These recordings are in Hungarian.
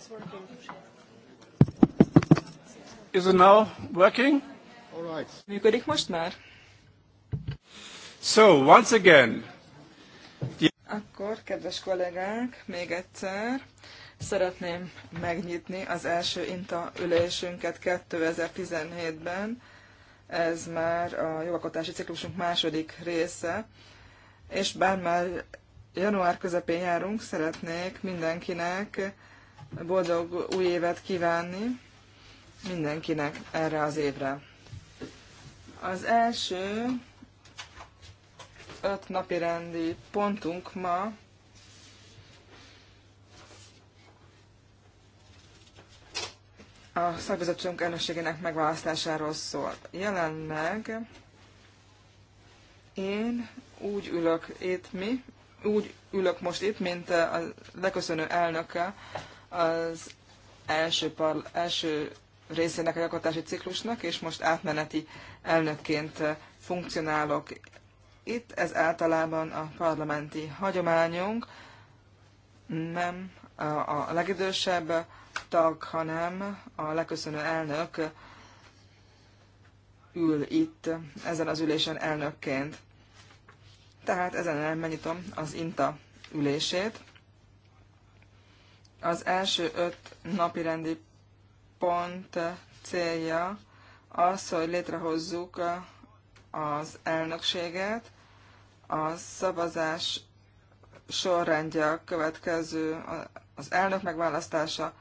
it's working. Is it now working? All right. Működik most már? So, once again. Akkor, kedves kollégák, még egyszer szeretném megnyitni az első INTA ülésünket 2017-ben. Ez már a jogalkotási ciklusunk második része, és bár már január közepén járunk, szeretnék mindenkinek boldog új évet kívánni mindenkinek erre az évre. Az első öt napi rendi pontunk ma a szakbizottságunk elnökségének megválasztásáról szól. Jelenleg én úgy ülök itt mi, úgy ülök most itt, mint a leköszönő elnöke az első, par, első részének a gyakorlatási ciklusnak, és most átmeneti elnökként funkcionálok itt. Ez általában a parlamenti hagyományunk, nem a legidősebb tag, hanem a leköszönő elnök ül itt ezen az ülésen elnökként. Tehát ezen megnyitom az INTA ülését. Az első öt napi rendi pont célja az, hogy létrehozzuk az elnökséget, a szavazás sorrendje a következő, az elnök megválasztása,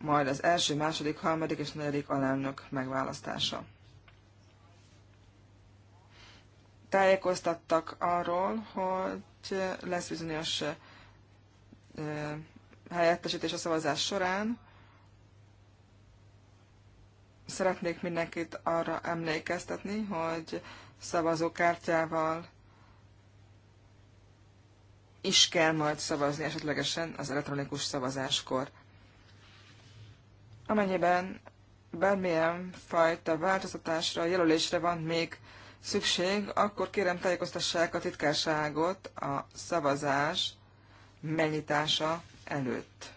majd az első, második, harmadik és negyedik alelnök megválasztása. Tájékoztattak arról, hogy lesz bizonyos helyettesítés a szavazás során. Szeretnék mindenkit arra emlékeztetni, hogy szavazókártyával is kell majd szavazni esetlegesen az elektronikus szavazáskor. Amennyiben bármilyen fajta változtatásra, jelölésre van még szükség, akkor kérem tájékoztassák a titkárságot a szavazás megnyitása előtt.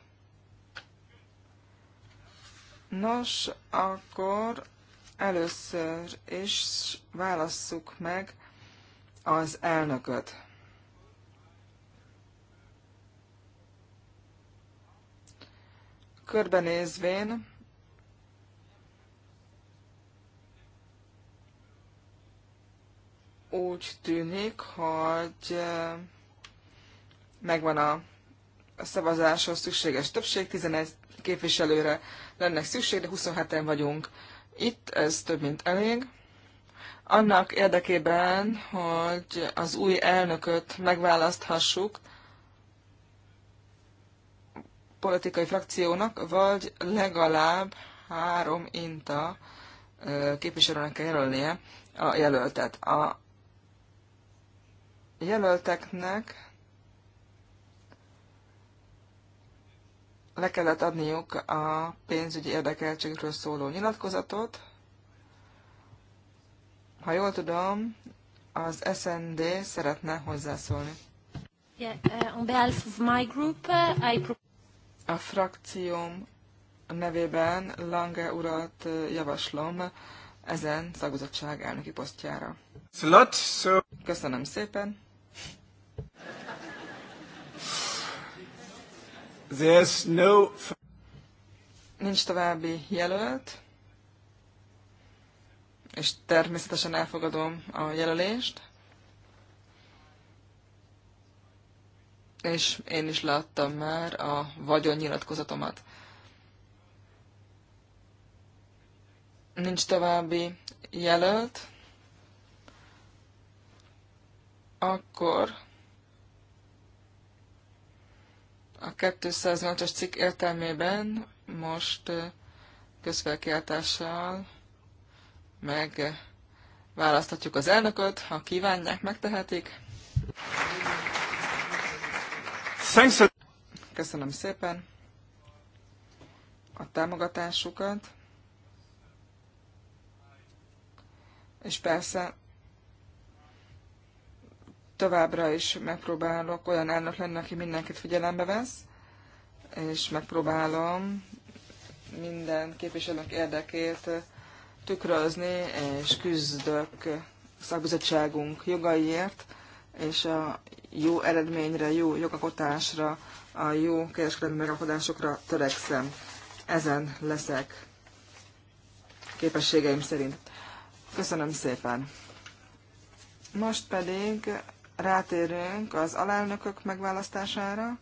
Nos, akkor először is válasszuk meg az elnököt. Körbenézvén úgy tűnik, hogy megvan a a szavazáshoz szükséges többség, 11 képviselőre lenne szükség, de 27-en vagyunk. Itt ez több, mint elég. Annak érdekében, hogy az új elnököt megválaszthassuk politikai frakciónak, vagy legalább három inta képviselőnek kell jelölnie a jelöltet. A jelölteknek le kellett adniuk a pénzügyi érdekeltségről szóló nyilatkozatot. Ha jól tudom, az SND szeretne hozzászólni. Uh, uh, a frakcióm nevében Lange urat uh, javaslom ezen szakbizottság elnöki posztjára. Köszönöm szépen. There's no... Nincs további jelölt, és természetesen elfogadom a jelölést. És én is láttam már a vagyonnyilatkozatomat. Nincs további jelölt. Akkor A 208-as cikk értelmében most közfelkiáltással meg választhatjuk az elnököt, ha kívánják, megtehetik. Köszönöm szépen a támogatásukat, és persze továbbra is megpróbálok olyan elnök lenni, aki mindenkit figyelembe vesz, és megpróbálom minden képviselők érdekét tükrözni, és küzdök szakbizottságunk jogaiért, és a jó eredményre, jó jogakotásra, a jó kereskedelmi megalkodásokra törekszem. Ezen leszek képességeim szerint. Köszönöm szépen! Most pedig rátérünk az alelnökök megválasztására.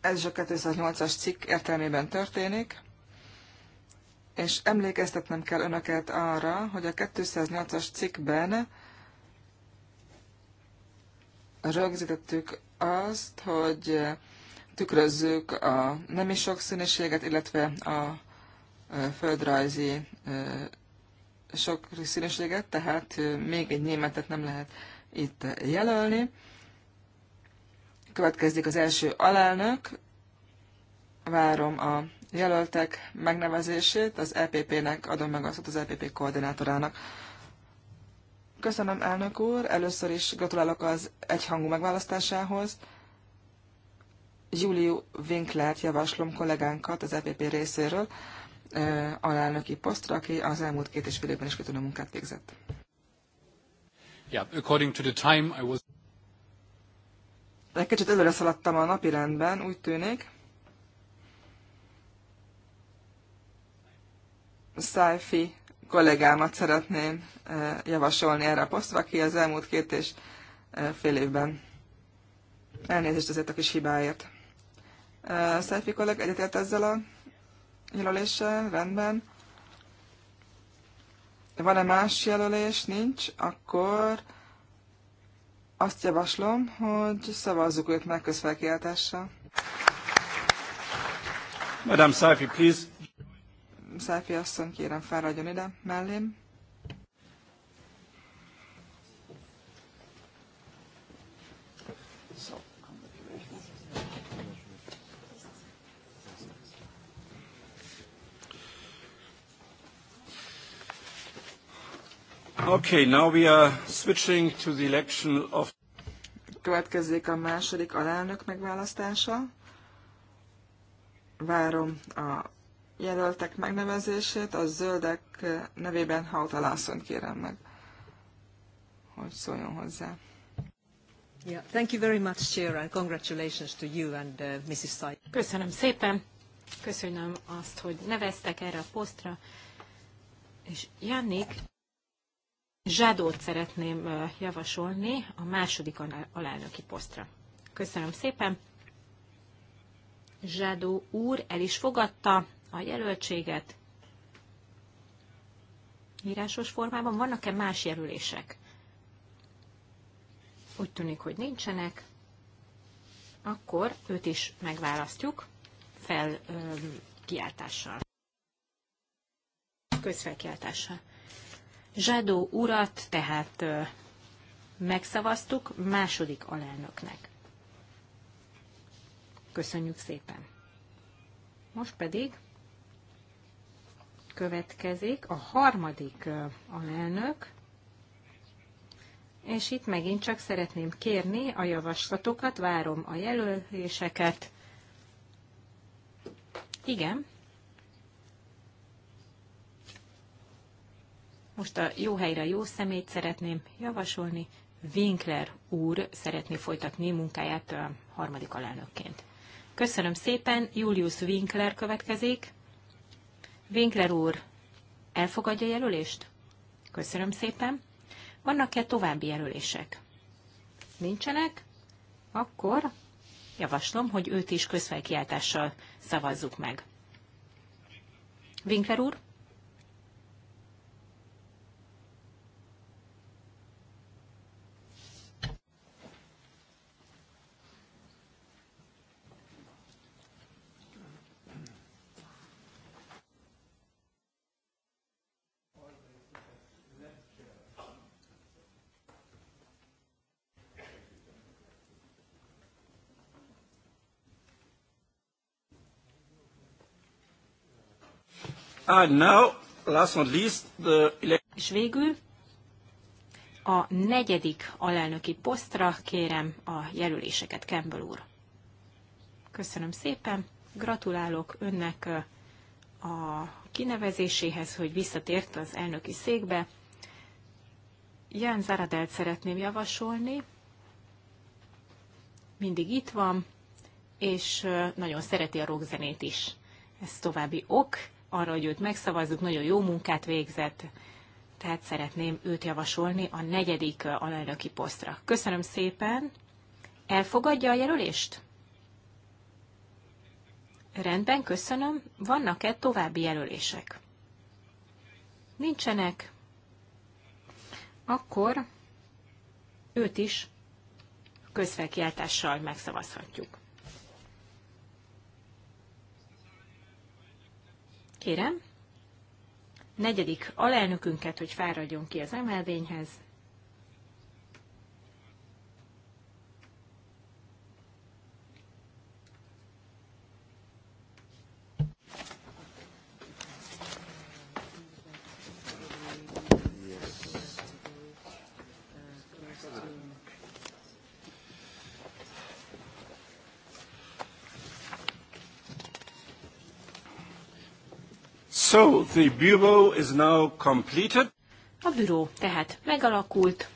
Ez is a 208-as cikk értelmében történik, és emlékeztetnem kell önöket arra, hogy a 208-as cikkben rögzítettük azt, hogy tükrözzük a nemi sokszínűséget, illetve a földrajzi sok színeséget, tehát még egy németet nem lehet itt jelölni. Következik az első alelnök. Várom a jelöltek megnevezését. Az EPP-nek adom meg azt az EPP koordinátorának. Köszönöm, elnök úr. Először is gratulálok az egyhangú megválasztásához. Júliu Winklert javaslom kollégánkat az EPP részéről, alelnöki posztra, aki az elmúlt két és fél évben is kitűnő munkát végzett. Yeah, according to the time I was... Egy kicsit előre szaladtam a napi rendben, úgy tűnik. Szájfi kollégámat szeretném javasolni erre a posztra, aki az elmúlt két és fél évben elnézést azért a kis hibáért. Szájfi kollég egyetért ezzel a jelölése? Rendben. Van-e más jelölés? Nincs. Akkor azt javaslom, hogy szavazzuk őt meg közfelkiáltással. Madame Saifi, please. Saifi asszony, kérem, fáradjon ide mellém. Okay, now we are switching to the election of... Következzék a második alelnök megválasztása. Várom a jelöltek megnevezését, a zöldek nevében Hauta Lászlót kérem meg, hogy szóljon hozzá. Yeah, thank you very much, Chair, and congratulations to you and uh, Mrs. Sy. Köszönöm szépen, köszönöm azt, hogy neveztek erre a posztra, és Jannik Zsadót szeretném javasolni a második alelnöki posztra. Köszönöm szépen. Zsadó úr el is fogadta a jelöltséget. Írásos formában vannak-e más jelölések? Úgy tűnik, hogy nincsenek. Akkor őt is megválasztjuk fel ö, kiáltással. Közfelkiáltással. Zsadó urat tehát megszavaztuk második alelnöknek. Köszönjük szépen! Most pedig következik a harmadik alelnök, és itt megint csak szeretném kérni a javaslatokat, várom a jelöléseket. Igen. Most a jó helyre jó szemét szeretném javasolni. Winkler úr szeretné folytatni munkáját a harmadik alelnökként. Köszönöm szépen, Julius Winkler következik. Winkler úr, elfogadja jelölést? Köszönöm szépen. Vannak-e további jelölések? Nincsenek? Akkor javaslom, hogy őt is közfelkiáltással szavazzuk meg. Winkler úr? And ah, now, last not least, the És végül a negyedik alelnöki posztra kérem a jelöléseket, Campbell úr. Köszönöm szépen, gratulálok önnek a kinevezéséhez, hogy visszatért az elnöki székbe. Jan Zaradelt szeretném javasolni, mindig itt van, és nagyon szereti a rockzenét is. Ez további ok, arra, hogy őt megszavazzuk, nagyon jó munkát végzett, tehát szeretném őt javasolni a negyedik alelnöki posztra. Köszönöm szépen. Elfogadja a jelölést? Rendben, köszönöm. Vannak-e további jelölések? Nincsenek. Akkor őt is közfelkiáltással megszavazhatjuk. Kérem, negyedik alelnökünket, hogy fáradjon ki az emelvényhez. So, the bureau is now completed. A büró tehát megalakult,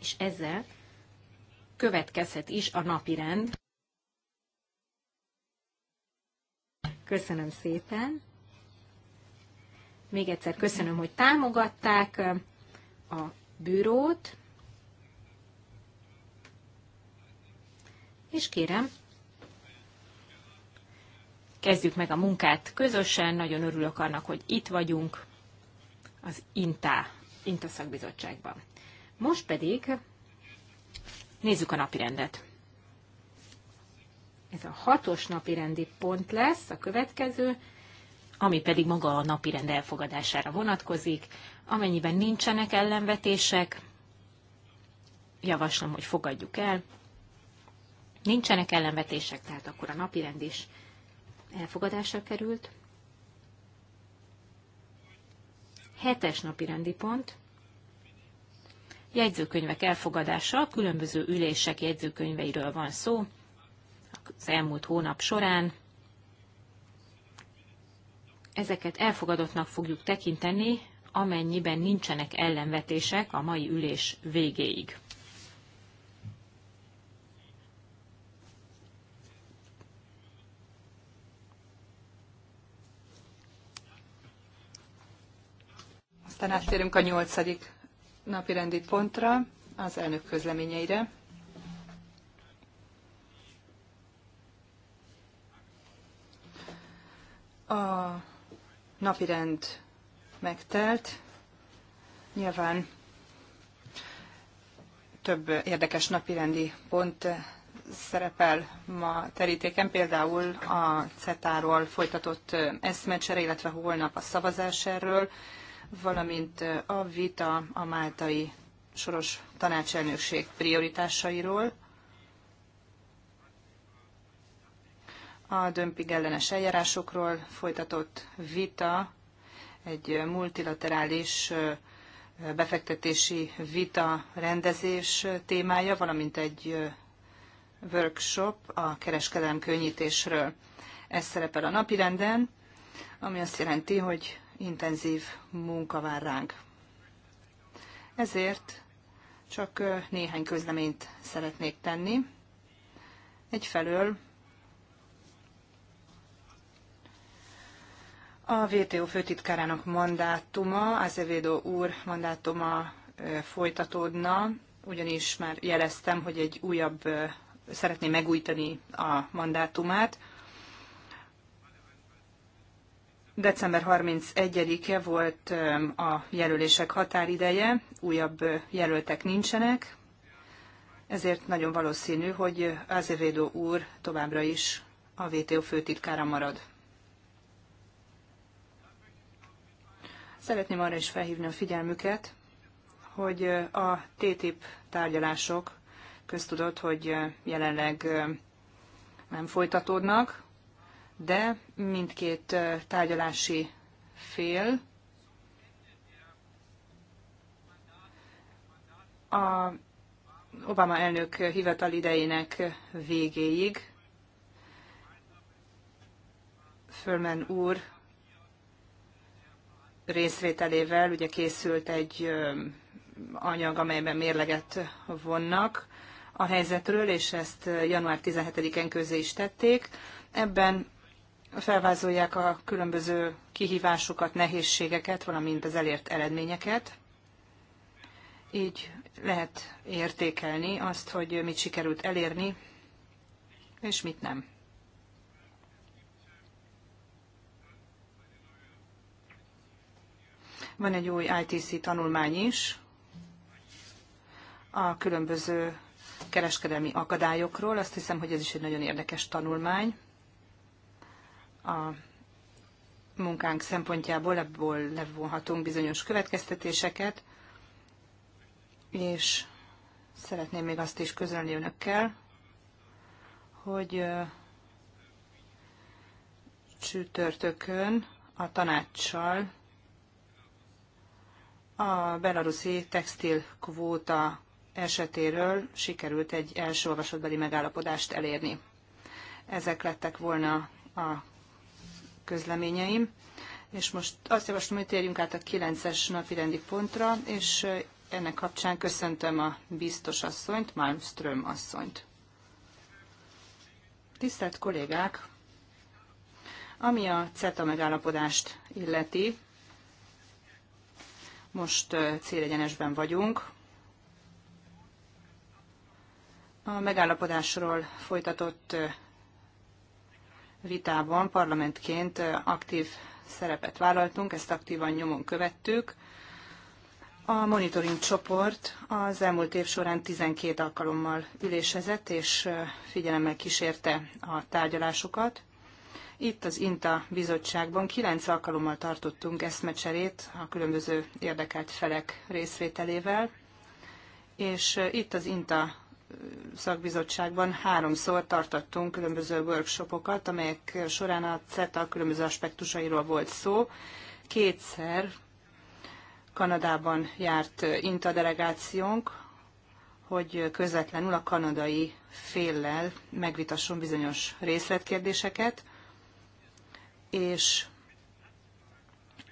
és ezzel következhet is a napi rend. Köszönöm szépen. Még egyszer köszönöm, hogy támogatták a bürót. És kérem, kezdjük meg a munkát közösen. Nagyon örülök annak, hogy itt vagyunk az INTA, INTA szakbizottságban. Most pedig nézzük a napirendet. Ez a hatos napirendi pont lesz a következő, ami pedig maga a napirend elfogadására vonatkozik. Amennyiben nincsenek ellenvetések, javaslom, hogy fogadjuk el. Nincsenek ellenvetések, tehát akkor a napirend is elfogadásra került. Hetes napi rendi pont. Jegyzőkönyvek elfogadása, különböző ülések jegyzőkönyveiről van szó az elmúlt hónap során. Ezeket elfogadottnak fogjuk tekinteni, amennyiben nincsenek ellenvetések a mai ülés végéig. Aztán áttérünk a nyolcadik napi rendi pontra, az elnök közleményeire. A napirend megtelt. Nyilván több érdekes napirendi pont szerepel ma terítéken, például a CETA-ról folytatott eszmecsere, illetve holnap a szavazás erről, valamint a vita a máltai soros tanácselnökség prioritásairól, a dömping ellenes eljárásokról folytatott vita, egy multilaterális befektetési vita rendezés témája, valamint egy workshop a kereskedelem könnyítésről. Ez szerepel a napirenden, ami azt jelenti, hogy intenzív munka vár ránk. Ezért csak néhány közleményt szeretnék tenni. Egyfelől a VTO főtitkárának mandátuma, Azevedo úr mandátuma folytatódna, ugyanis már jeleztem, hogy egy újabb, szeretné megújítani a mandátumát, December 31-e volt a jelölések határideje, újabb jelöltek nincsenek, ezért nagyon valószínű, hogy Azevedo úr továbbra is a VTO főtitkára marad. Szeretném arra is felhívni a figyelmüket, hogy a TTIP tárgyalások köztudott, hogy jelenleg nem folytatódnak, de mindkét tárgyalási fél a Obama elnök hivatal idejének végéig Fölmen úr részvételével ugye készült egy anyag, amelyben mérleget vonnak a helyzetről, és ezt január 17-en közé is tették. Ebben felvázolják a különböző kihívásokat, nehézségeket, valamint az elért eredményeket. Így lehet értékelni azt, hogy mit sikerült elérni, és mit nem. Van egy új ITC tanulmány is a különböző kereskedelmi akadályokról. Azt hiszem, hogy ez is egy nagyon érdekes tanulmány a munkánk szempontjából ebből levonhatunk bizonyos következtetéseket, és szeretném még azt is közölni önökkel, hogy csütörtökön a tanácssal a belaruszi textil kvóta esetéről sikerült egy első olvasatbeli megállapodást elérni. Ezek lettek volna a közleményeim, és most azt javaslom, hogy térjünk át a 9-es napi rendi pontra, és ennek kapcsán köszöntöm a biztos asszonyt, Malmström asszonyt. Tisztelt kollégák! Ami a CETA megállapodást illeti, most célegyenesben vagyunk. A megállapodásról folytatott vitában parlamentként aktív szerepet vállaltunk, ezt aktívan nyomon követtük. A monitoring csoport az elmúlt év során 12 alkalommal ülésezett, és figyelemmel kísérte a tárgyalásokat. Itt az INTA bizottságban 9 alkalommal tartottunk eszmecserét a különböző érdekelt felek részvételével, és itt az INTA szakbizottságban háromszor tartottunk különböző workshopokat, amelyek során a CETA különböző aspektusairól volt szó. Kétszer Kanadában járt INTA delegációnk, hogy közvetlenül a kanadai féllel megvitasson bizonyos részletkérdéseket, és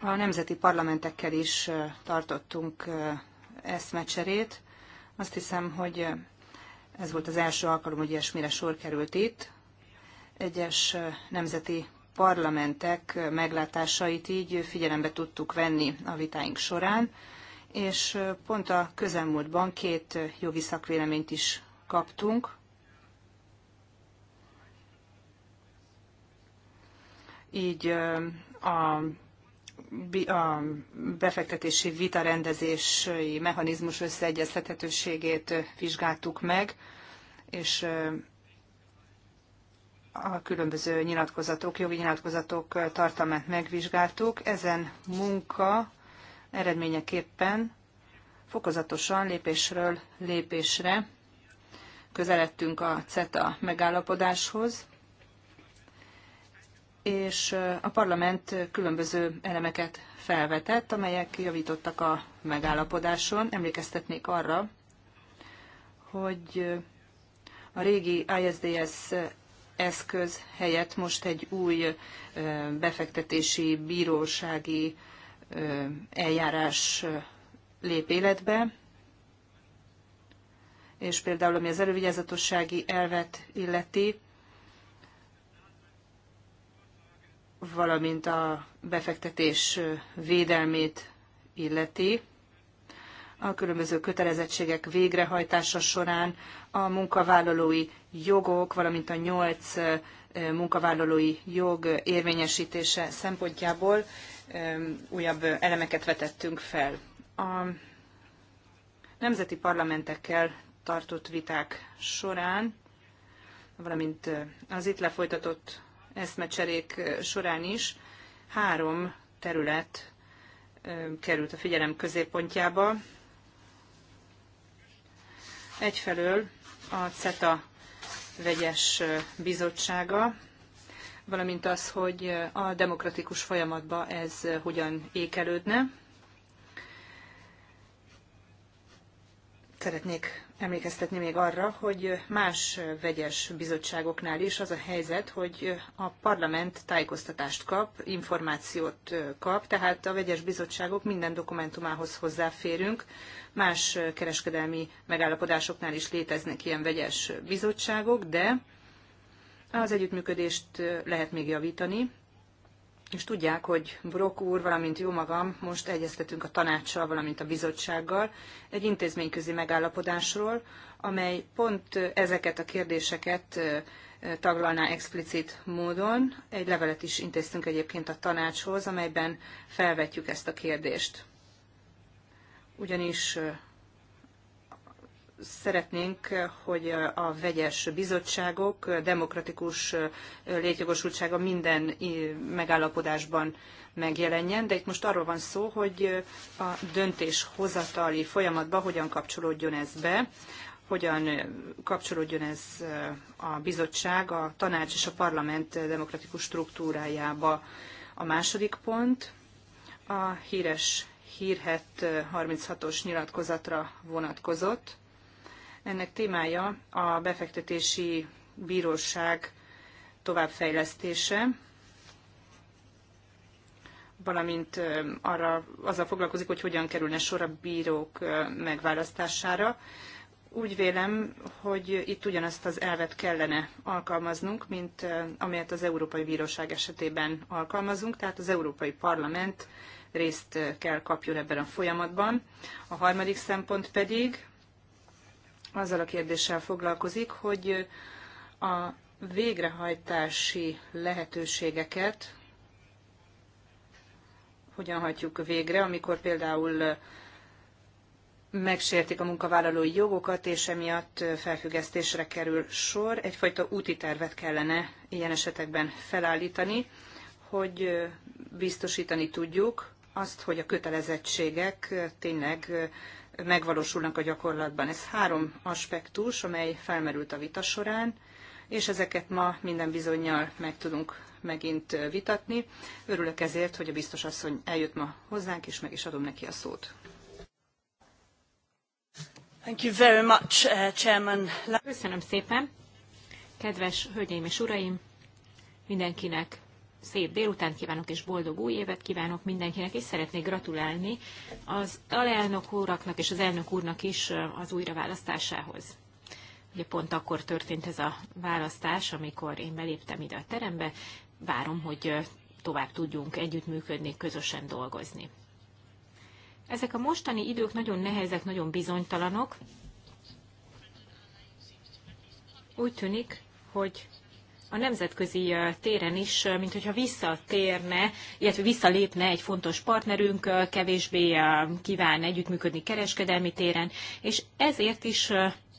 a nemzeti parlamentekkel is tartottunk eszmecserét. Azt hiszem, hogy ez volt az első alkalom, hogy ilyesmire sor került itt. Egyes nemzeti parlamentek meglátásait így figyelembe tudtuk venni a vitáink során, és pont a közelmúltban két jogi szakvéleményt is kaptunk. Így a a befektetési vitarendezési mechanizmus összeegyeztethetőségét vizsgáltuk meg, és a különböző nyilatkozatok, jogi nyilatkozatok tartalmát megvizsgáltuk. Ezen munka eredményeképpen fokozatosan, lépésről lépésre közeledtünk a CETA megállapodáshoz, és a parlament különböző elemeket felvetett, amelyek javítottak a megállapodáson. Emlékeztetnék arra, hogy a régi ISDS eszköz helyett most egy új befektetési bírósági eljárás lép életbe, és például ami az elővigyázatossági elvet illeti, valamint a befektetés védelmét illeti. A különböző kötelezettségek végrehajtása során a munkavállalói jogok, valamint a nyolc munkavállalói jog érvényesítése szempontjából újabb elemeket vetettünk fel. A nemzeti parlamentekkel tartott viták során, valamint az itt lefolytatott eszmecserék során is három terület került a figyelem középpontjába. Egyfelől a CETA vegyes bizottsága, valamint az, hogy a demokratikus folyamatba ez hogyan ékelődne. Szeretnék emlékeztetni még arra, hogy más vegyes bizottságoknál is az a helyzet, hogy a parlament tájékoztatást kap, információt kap, tehát a vegyes bizottságok minden dokumentumához hozzáférünk. Más kereskedelmi megállapodásoknál is léteznek ilyen vegyes bizottságok, de az együttműködést lehet még javítani, és tudják, hogy Brok úr, valamint jó magam, most egyeztetünk a tanácssal, valamint a bizottsággal egy intézményközi megállapodásról, amely pont ezeket a kérdéseket taglalná explicit módon. Egy levelet is intéztünk egyébként a tanácshoz, amelyben felvetjük ezt a kérdést. Ugyanis szeretnénk, hogy a vegyes bizottságok demokratikus létjogosultsága minden megállapodásban megjelenjen, de itt most arról van szó, hogy a döntéshozatali folyamatba hogyan kapcsolódjon ez be, hogyan kapcsolódjon ez a bizottság, a tanács és a parlament demokratikus struktúrájába. A második pont a híres hírhet 36-os nyilatkozatra vonatkozott, ennek témája a befektetési bíróság továbbfejlesztése, valamint arra, azzal foglalkozik, hogy hogyan kerülne sor a bírók megválasztására. Úgy vélem, hogy itt ugyanazt az elvet kellene alkalmaznunk, mint amelyet az Európai Bíróság esetében alkalmazunk, tehát az Európai Parlament részt kell kapjon ebben a folyamatban. A harmadik szempont pedig azzal a kérdéssel foglalkozik, hogy a végrehajtási lehetőségeket hogyan hajtjuk végre, amikor például megsértik a munkavállalói jogokat, és emiatt felfüggesztésre kerül sor. Egyfajta úti tervet kellene ilyen esetekben felállítani, hogy biztosítani tudjuk azt, hogy a kötelezettségek tényleg megvalósulnak a gyakorlatban. Ez három aspektus, amely felmerült a vita során, és ezeket ma minden bizonyal meg tudunk megint vitatni. Örülök ezért, hogy a biztos asszony eljött ma hozzánk, és meg is adom neki a szót. Thank you very much, uh, Chairman. Köszönöm szépen. Kedves hölgyeim és uraim, mindenkinek szép délután kívánok, és boldog új évet kívánok mindenkinek, és szeretnék gratulálni az alelnök úraknak és az elnök úrnak is az újraválasztásához. Ugye pont akkor történt ez a választás, amikor én beléptem ide a terembe. Várom, hogy tovább tudjunk együttműködni, közösen dolgozni. Ezek a mostani idők nagyon nehezek, nagyon bizonytalanok. Úgy tűnik, hogy a nemzetközi téren is, mint hogyha visszatérne, illetve visszalépne egy fontos partnerünk, kevésbé kíván együttműködni kereskedelmi téren, és ezért is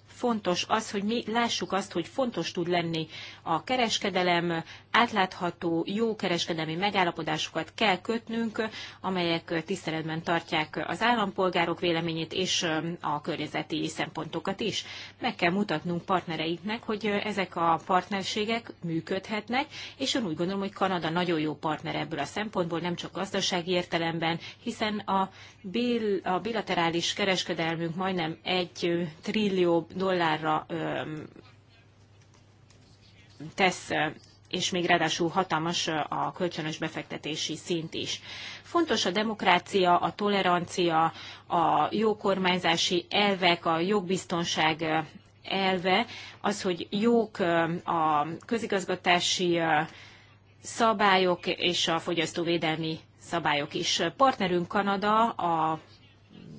fontos az, hogy mi lássuk azt, hogy fontos tud lenni a kereskedelem, átlátható, jó kereskedelmi megállapodásokat kell kötnünk, amelyek tiszteletben tartják az állampolgárok véleményét és um, a környezeti szempontokat is. Meg kell mutatnunk partnereinknek, hogy ezek a partnerségek működhetnek, és én úgy gondolom, hogy Kanada nagyon jó partner ebből a szempontból, nem csak gazdasági értelemben, hiszen a, bil, a bilaterális kereskedelmünk majdnem egy trillió dollárra um, tesz, és még ráadásul hatalmas a kölcsönös befektetési szint is. Fontos a demokrácia, a tolerancia, a jó kormányzási elvek, a jogbiztonság elve, az, hogy jók a közigazgatási szabályok és a fogyasztóvédelmi szabályok is. Partnerünk Kanada a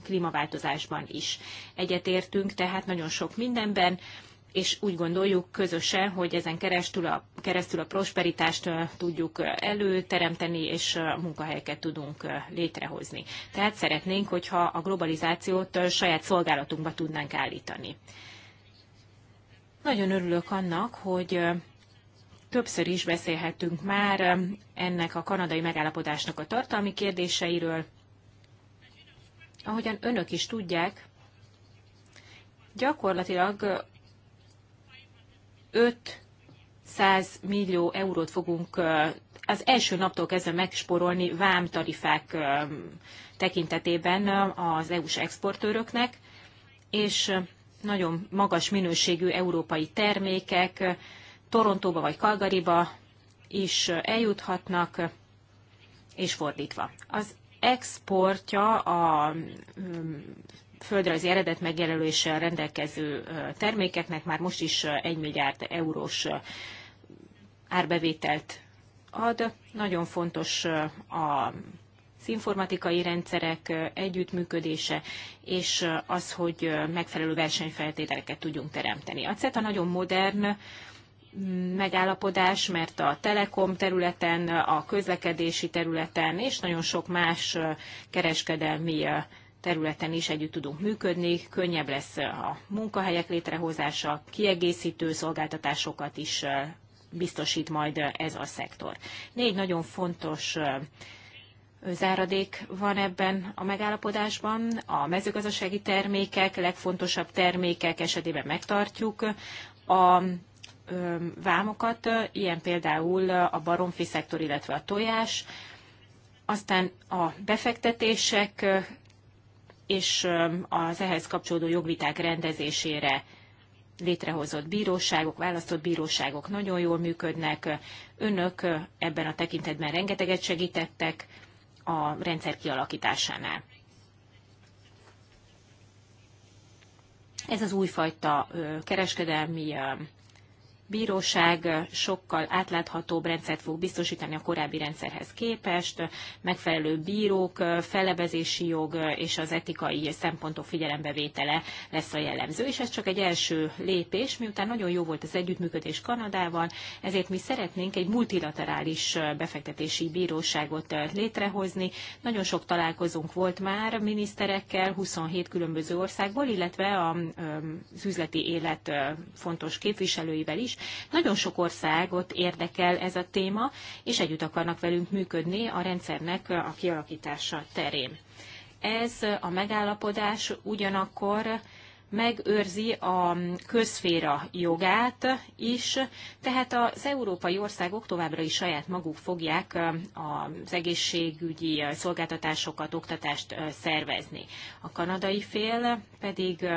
klímaváltozásban is. Egyetértünk tehát nagyon sok mindenben, és úgy gondoljuk közösen, hogy ezen keresztül a, keresztül a prosperitást tudjuk előteremteni, és munkahelyeket tudunk létrehozni. Tehát szeretnénk, hogyha a globalizációt saját szolgálatunkba tudnánk állítani. Nagyon örülök annak, hogy többször is beszélhetünk már ennek a kanadai megállapodásnak a tartalmi kérdéseiről. Ahogyan önök is tudják, gyakorlatilag 500 millió eurót fogunk az első naptól kezdve megsporolni vámtarifák tekintetében az EU-s exportőröknek, és nagyon magas minőségű európai termékek Torontóba vagy Kalgariba is eljuthatnak, és fordítva. Az exportja a földrajzi eredet megjelöléssel rendelkező termékeknek már most is 1 milliárd eurós árbevételt ad. Nagyon fontos a informatikai rendszerek együttműködése, és az, hogy megfelelő versenyfeltételeket tudjunk teremteni. A CETA nagyon modern megállapodás, mert a telekom területen, a közlekedési területen és nagyon sok más kereskedelmi területen is együtt tudunk működni, könnyebb lesz a munkahelyek létrehozása, kiegészítő szolgáltatásokat is biztosít majd ez a szektor. Négy nagyon fontos záradék van ebben a megállapodásban. A mezőgazdasági termékek, legfontosabb termékek esetében megtartjuk a vámokat, ilyen például a baromfi szektor, illetve a tojás, aztán a befektetések és az ehhez kapcsolódó jogviták rendezésére létrehozott bíróságok, választott bíróságok nagyon jól működnek. Önök ebben a tekintetben rengeteget segítettek a rendszer kialakításánál. Ez az újfajta kereskedelmi bíróság sokkal átláthatóbb rendszert fog biztosítani a korábbi rendszerhez képest, megfelelő bírók, fellebezési jog és az etikai szempontok figyelembevétele lesz a jellemző. És ez csak egy első lépés, miután nagyon jó volt az együttműködés Kanadával, ezért mi szeretnénk egy multilaterális befektetési bíróságot létrehozni. Nagyon sok találkozunk volt már miniszterekkel 27 különböző országból, illetve az üzleti élet fontos képviselőivel is, nagyon sok országot érdekel ez a téma, és együtt akarnak velünk működni a rendszernek a kialakítása terén. Ez a megállapodás ugyanakkor megőrzi a közféra jogát is, tehát az európai országok továbbra is saját maguk fogják az egészségügyi szolgáltatásokat, oktatást szervezni. A kanadai fél pedig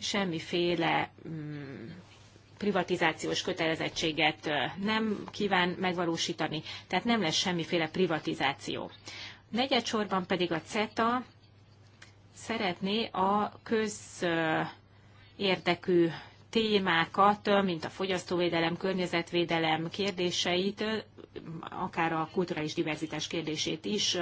semmiféle mm, privatizációs kötelezettséget nem kíván megvalósítani, tehát nem lesz semmiféle privatizáció. Negyedsorban pedig a CETA szeretné a közérdekű témákat, mint a fogyasztóvédelem, környezetvédelem kérdéseit, akár a kulturális diverzitás kérdését is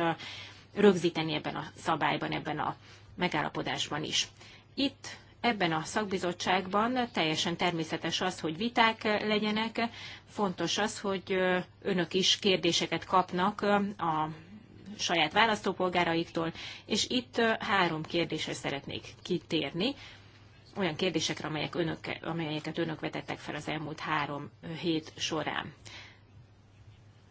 rögzíteni ebben a szabályban, ebben a megállapodásban is. Itt ebben a szakbizottságban teljesen természetes az, hogy viták legyenek, fontos az, hogy önök is kérdéseket kapnak a saját választópolgáraiktól, és itt három kérdésre szeretnék kitérni, olyan kérdésekre, amelyek önök, amelyeket önök vetettek fel az elmúlt három hét során.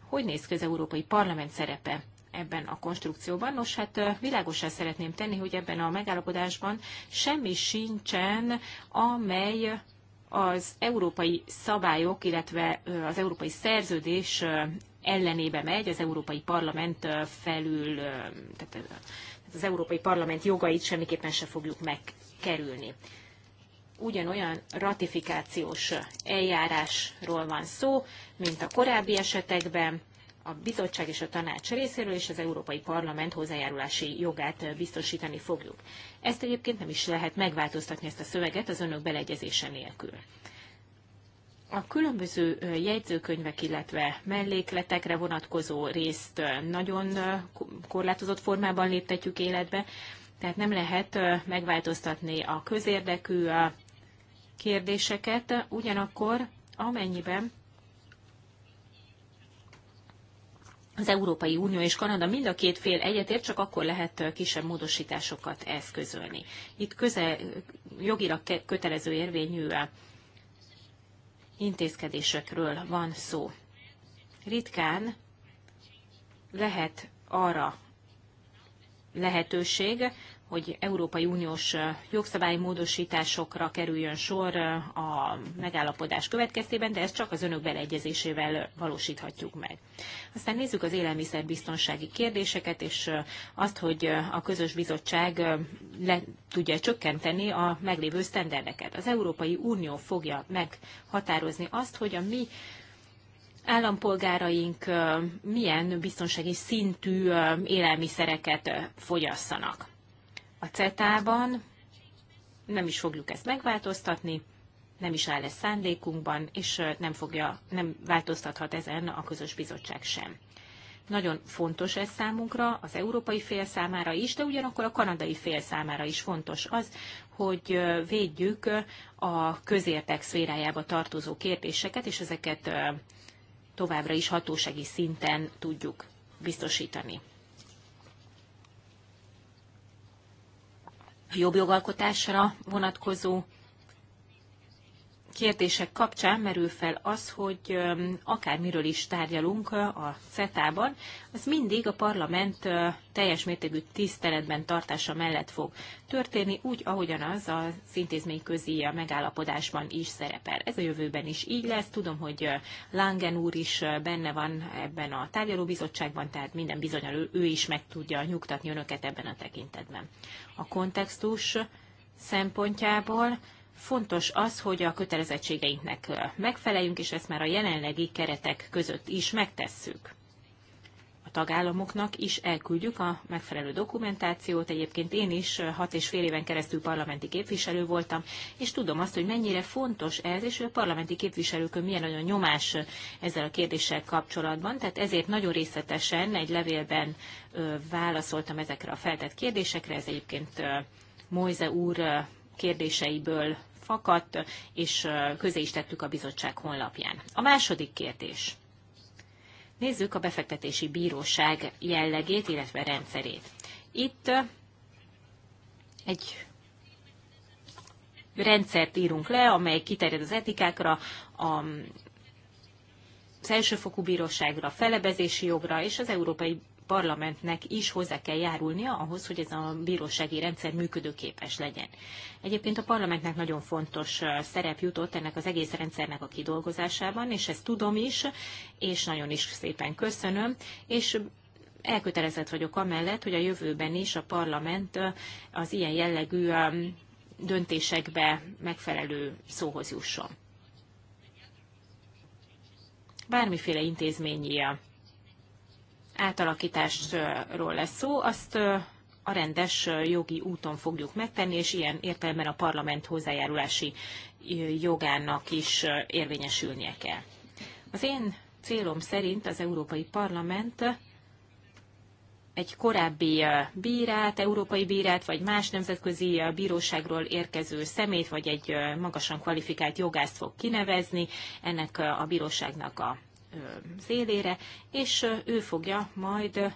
Hogy néz ki az Európai Parlament szerepe ebben a konstrukcióban. Nos, hát világosan szeretném tenni, hogy ebben a megállapodásban semmi sincsen, amely az európai szabályok, illetve az európai szerződés ellenébe megy, az Európai Parlament felül, tehát az Európai Parlament jogait semmiképpen se fogjuk megkerülni. Ugyanolyan ratifikációs eljárásról van szó, mint a korábbi esetekben, a bizottság és a tanács részéről, és az Európai Parlament hozzájárulási jogát biztosítani fogjuk. Ezt egyébként nem is lehet megváltoztatni ezt a szöveget az önök beleegyezése nélkül. A különböző jegyzőkönyvek, illetve mellékletekre vonatkozó részt nagyon korlátozott formában léptetjük életbe, tehát nem lehet megváltoztatni a közérdekű kérdéseket, ugyanakkor amennyiben az Európai Unió és Kanada mind a két fél egyetért, csak akkor lehet kisebb módosításokat eszközölni. Itt közel jogira kötelező érvényű intézkedésekről van szó. Ritkán lehet arra lehetőség, hogy Európai Uniós jogszabályi módosításokra kerüljön sor a megállapodás következtében, de ezt csak az önök beleegyezésével valósíthatjuk meg. Aztán nézzük az élelmiszerbiztonsági kérdéseket, és azt, hogy a közös bizottság le tudja csökkenteni a meglévő sztenderdeket. Az Európai Unió fogja meghatározni azt, hogy a mi állampolgáraink milyen biztonsági szintű élelmiszereket fogyasszanak a CETA-ban, nem is fogjuk ezt megváltoztatni, nem is áll ez szándékunkban, és nem, fogja, nem változtathat ezen a közös bizottság sem. Nagyon fontos ez számunkra, az európai fél számára is, de ugyanakkor a kanadai fél számára is fontos az, hogy védjük a közértek szférájába tartozó kérdéseket, és ezeket továbbra is hatósági szinten tudjuk biztosítani. jobb jogalkotásra vonatkozó kérdések kapcsán merül fel az, hogy akármiről is tárgyalunk a CETA-ban, az mindig a parlament teljes mértékű tiszteletben tartása mellett fog történni, úgy, ahogyan az az intézményközi megállapodásban is szerepel. Ez a jövőben is így lesz. Tudom, hogy Langen úr is benne van ebben a tárgyalóbizottságban, tehát minden bizonyal ő is meg tudja nyugtatni önöket ebben a tekintetben. A kontextus szempontjából Fontos az, hogy a kötelezettségeinknek megfeleljünk, és ezt már a jelenlegi keretek között is megtesszük. A tagállamoknak is elküldjük a megfelelő dokumentációt. Egyébként én is hat és fél éven keresztül parlamenti képviselő voltam, és tudom azt, hogy mennyire fontos ez, és a parlamenti képviselőkön milyen nagyon nyomás ezzel a kérdéssel kapcsolatban. Tehát ezért nagyon részletesen egy levélben válaszoltam ezekre a feltett kérdésekre. Ez egyébként Moise úr kérdéseiből fakadt, és közé is tettük a bizottság honlapján. A második kérdés. Nézzük a befektetési bíróság jellegét, illetve rendszerét. Itt egy rendszert írunk le, amely kiterjed az etikákra, a az elsőfokú bíróságra, felebezési jogra és az Európai parlamentnek is hozzá kell járulnia ahhoz, hogy ez a bírósági rendszer működőképes legyen. Egyébként a parlamentnek nagyon fontos szerep jutott ennek az egész rendszernek a kidolgozásában, és ezt tudom is, és nagyon is szépen köszönöm, és elkötelezett vagyok amellett, hogy a jövőben is a parlament az ilyen jellegű döntésekbe megfelelő szóhoz jusson. Bármiféle intézményi átalakításról lesz szó, azt a rendes jogi úton fogjuk megtenni, és ilyen értelemben a parlament hozzájárulási jogának is érvényesülnie kell. Az én célom szerint az Európai Parlament egy korábbi bírát, európai bírát, vagy más nemzetközi bíróságról érkező szemét, vagy egy magasan kvalifikált jogászt fog kinevezni ennek a bíróságnak a szélére, és ő fogja majd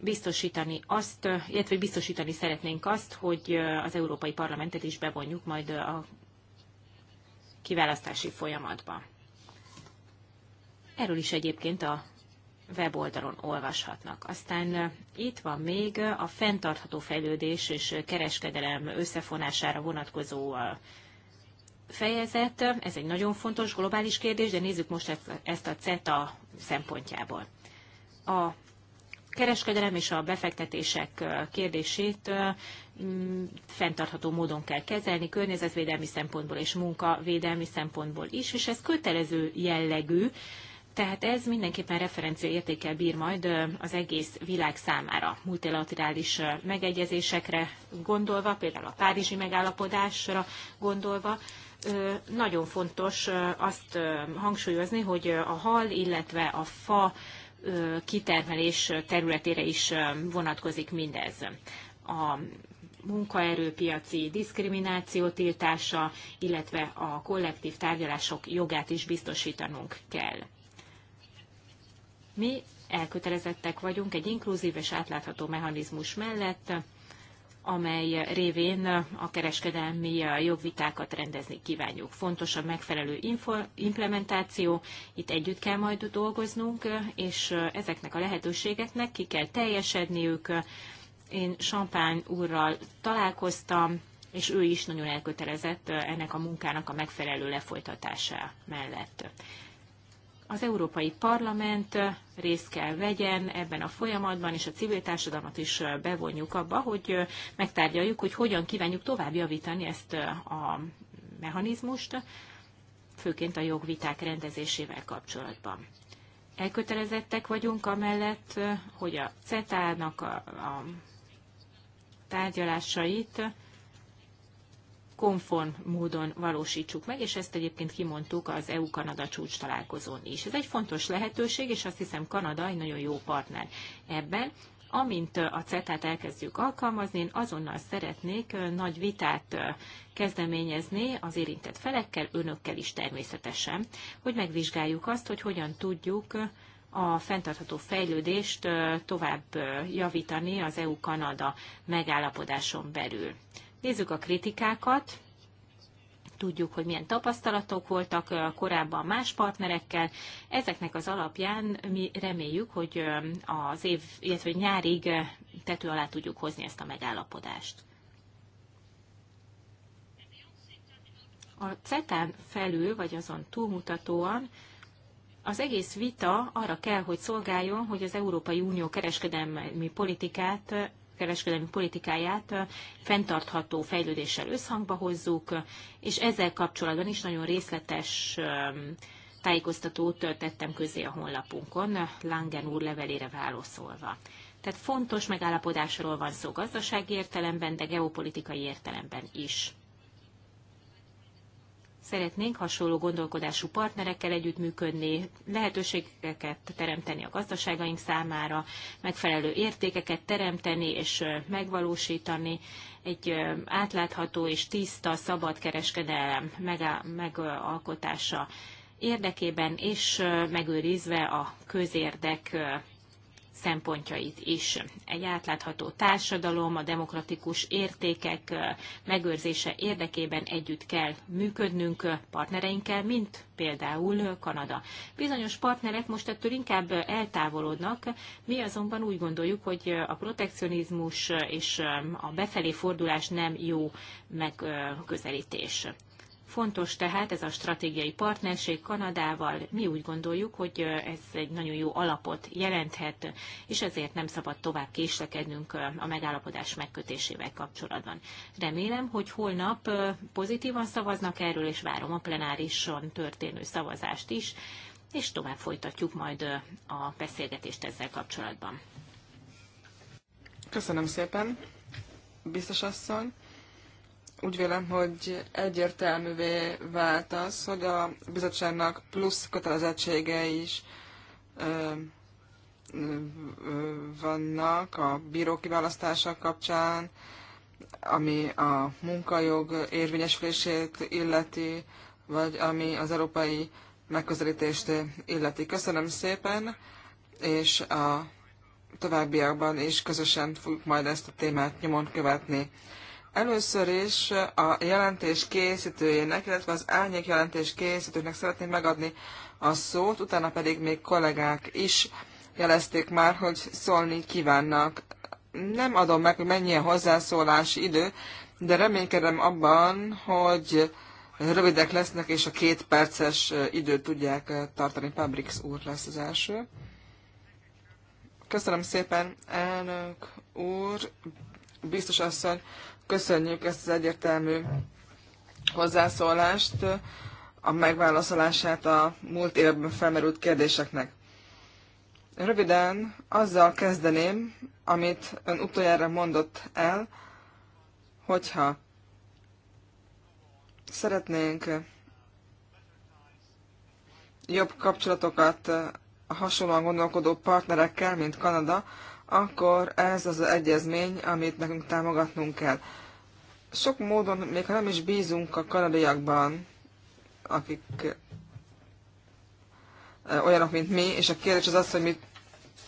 biztosítani azt, illetve biztosítani szeretnénk azt, hogy az Európai Parlamentet is bevonjuk majd a kiválasztási folyamatba. Erről is egyébként a weboldalon olvashatnak. Aztán itt van még a fenntartható fejlődés és kereskedelem összefonására vonatkozó fejezet, ez egy nagyon fontos globális kérdés, de nézzük most ezt a CETA szempontjából. A kereskedelem és a befektetések kérdését fenntartható módon kell kezelni, környezetvédelmi szempontból és munkavédelmi szempontból is, és ez kötelező jellegű, tehát ez mindenképpen referencia értékkel bír majd az egész világ számára. Multilaterális megegyezésekre gondolva, például a Párizsi megállapodásra gondolva, nagyon fontos azt hangsúlyozni, hogy a hal, illetve a fa kitermelés területére is vonatkozik mindez. A munkaerőpiaci diszkrimináció tiltása, illetve a kollektív tárgyalások jogát is biztosítanunk kell. Mi elkötelezettek vagyunk egy inkluzív és átlátható mechanizmus mellett, amely révén a kereskedelmi jogvitákat rendezni kívánjuk. Fontos a megfelelő implementáció, itt együtt kell majd dolgoznunk, és ezeknek a lehetőségeknek ki kell teljesedniük. Én Champagne úrral találkoztam, és ő is nagyon elkötelezett ennek a munkának a megfelelő lefolytatása mellett az Európai Parlament részt kell vegyen ebben a folyamatban, és a civil társadalmat is bevonjuk abba, hogy megtárgyaljuk, hogy hogyan kívánjuk tovább javítani ezt a mechanizmust, főként a jogviták rendezésével kapcsolatban. Elkötelezettek vagyunk amellett, hogy a CETA-nak a, a tárgyalásait konform módon valósítsuk meg, és ezt egyébként kimondtuk az EU-Kanada csúcs találkozón is. Ez egy fontos lehetőség, és azt hiszem Kanada egy nagyon jó partner ebben. Amint a CETA-t elkezdjük alkalmazni, én azonnal szeretnék nagy vitát kezdeményezni az érintett felekkel, önökkel is természetesen, hogy megvizsgáljuk azt, hogy hogyan tudjuk a fenntartható fejlődést tovább javítani az EU-Kanada megállapodáson belül. Nézzük a kritikákat. Tudjuk, hogy milyen tapasztalatok voltak korábban más partnerekkel. Ezeknek az alapján mi reméljük, hogy az év, illetve nyárig tető alá tudjuk hozni ezt a megállapodást. A CETÁN felül, vagy azon túlmutatóan, az egész vita arra kell, hogy szolgáljon, hogy az Európai Unió kereskedelmi politikát kereskedelmi politikáját fenntartható fejlődéssel összhangba hozzuk, és ezzel kapcsolatban is nagyon részletes tájékoztatót tettem közé a honlapunkon, Langen úr levelére válaszolva. Tehát fontos megállapodásról van szó gazdasági értelemben, de geopolitikai értelemben is. Szeretnénk hasonló gondolkodású partnerekkel együttműködni, lehetőségeket teremteni a gazdaságaink számára, megfelelő értékeket teremteni és megvalósítani, egy átlátható és tiszta, szabad kereskedelem megalkotása érdekében, és megőrizve a közérdek szempontjait is. Egy átlátható társadalom, a demokratikus értékek megőrzése érdekében együtt kell működnünk partnereinkkel, mint például Kanada. Bizonyos partnerek most ettől inkább eltávolodnak, mi azonban úgy gondoljuk, hogy a protekcionizmus és a befelé fordulás nem jó megközelítés. Fontos tehát ez a stratégiai partnerség Kanadával. Mi úgy gondoljuk, hogy ez egy nagyon jó alapot jelenthet, és ezért nem szabad tovább késlekednünk a megállapodás megkötésével kapcsolatban. Remélem, hogy holnap pozitívan szavaznak erről, és várom a plenárison történő szavazást is, és tovább folytatjuk majd a beszélgetést ezzel kapcsolatban. Köszönöm szépen, biztos asszony úgy vélem, hogy egyértelművé vált az, hogy a bizottságnak plusz kötelezettsége is ö, ö, vannak a bíró kiválasztása kapcsán, ami a munkajog érvényesülését illeti, vagy ami az európai megközelítést illeti. Köszönöm szépen, és a továbbiakban is közösen fogjuk majd ezt a témát nyomon követni. Először is a jelentés készítőjének, illetve az elnyék jelentés készítőnek szeretném megadni a szót, utána pedig még kollégák is jelezték már, hogy szólni kívánnak. Nem adom meg, hogy mennyi a hozzászólási idő, de reménykedem abban, hogy rövidek lesznek, és a két perces időt tudják tartani. Pabrix úr lesz az első. Köszönöm szépen, elnök úr, biztos asszony, Köszönjük ezt az egyértelmű hozzászólást, a megválaszolását a múlt évben felmerült kérdéseknek. Röviden azzal kezdeném, amit ön utoljára mondott el, hogyha szeretnénk jobb kapcsolatokat a hasonlóan gondolkodó partnerekkel, mint Kanada, akkor ez az egyezmény, amit nekünk támogatnunk kell. Sok módon, még ha nem is bízunk a kanadaiakban, akik olyanok, mint mi, és a kérdés az az, hogy mi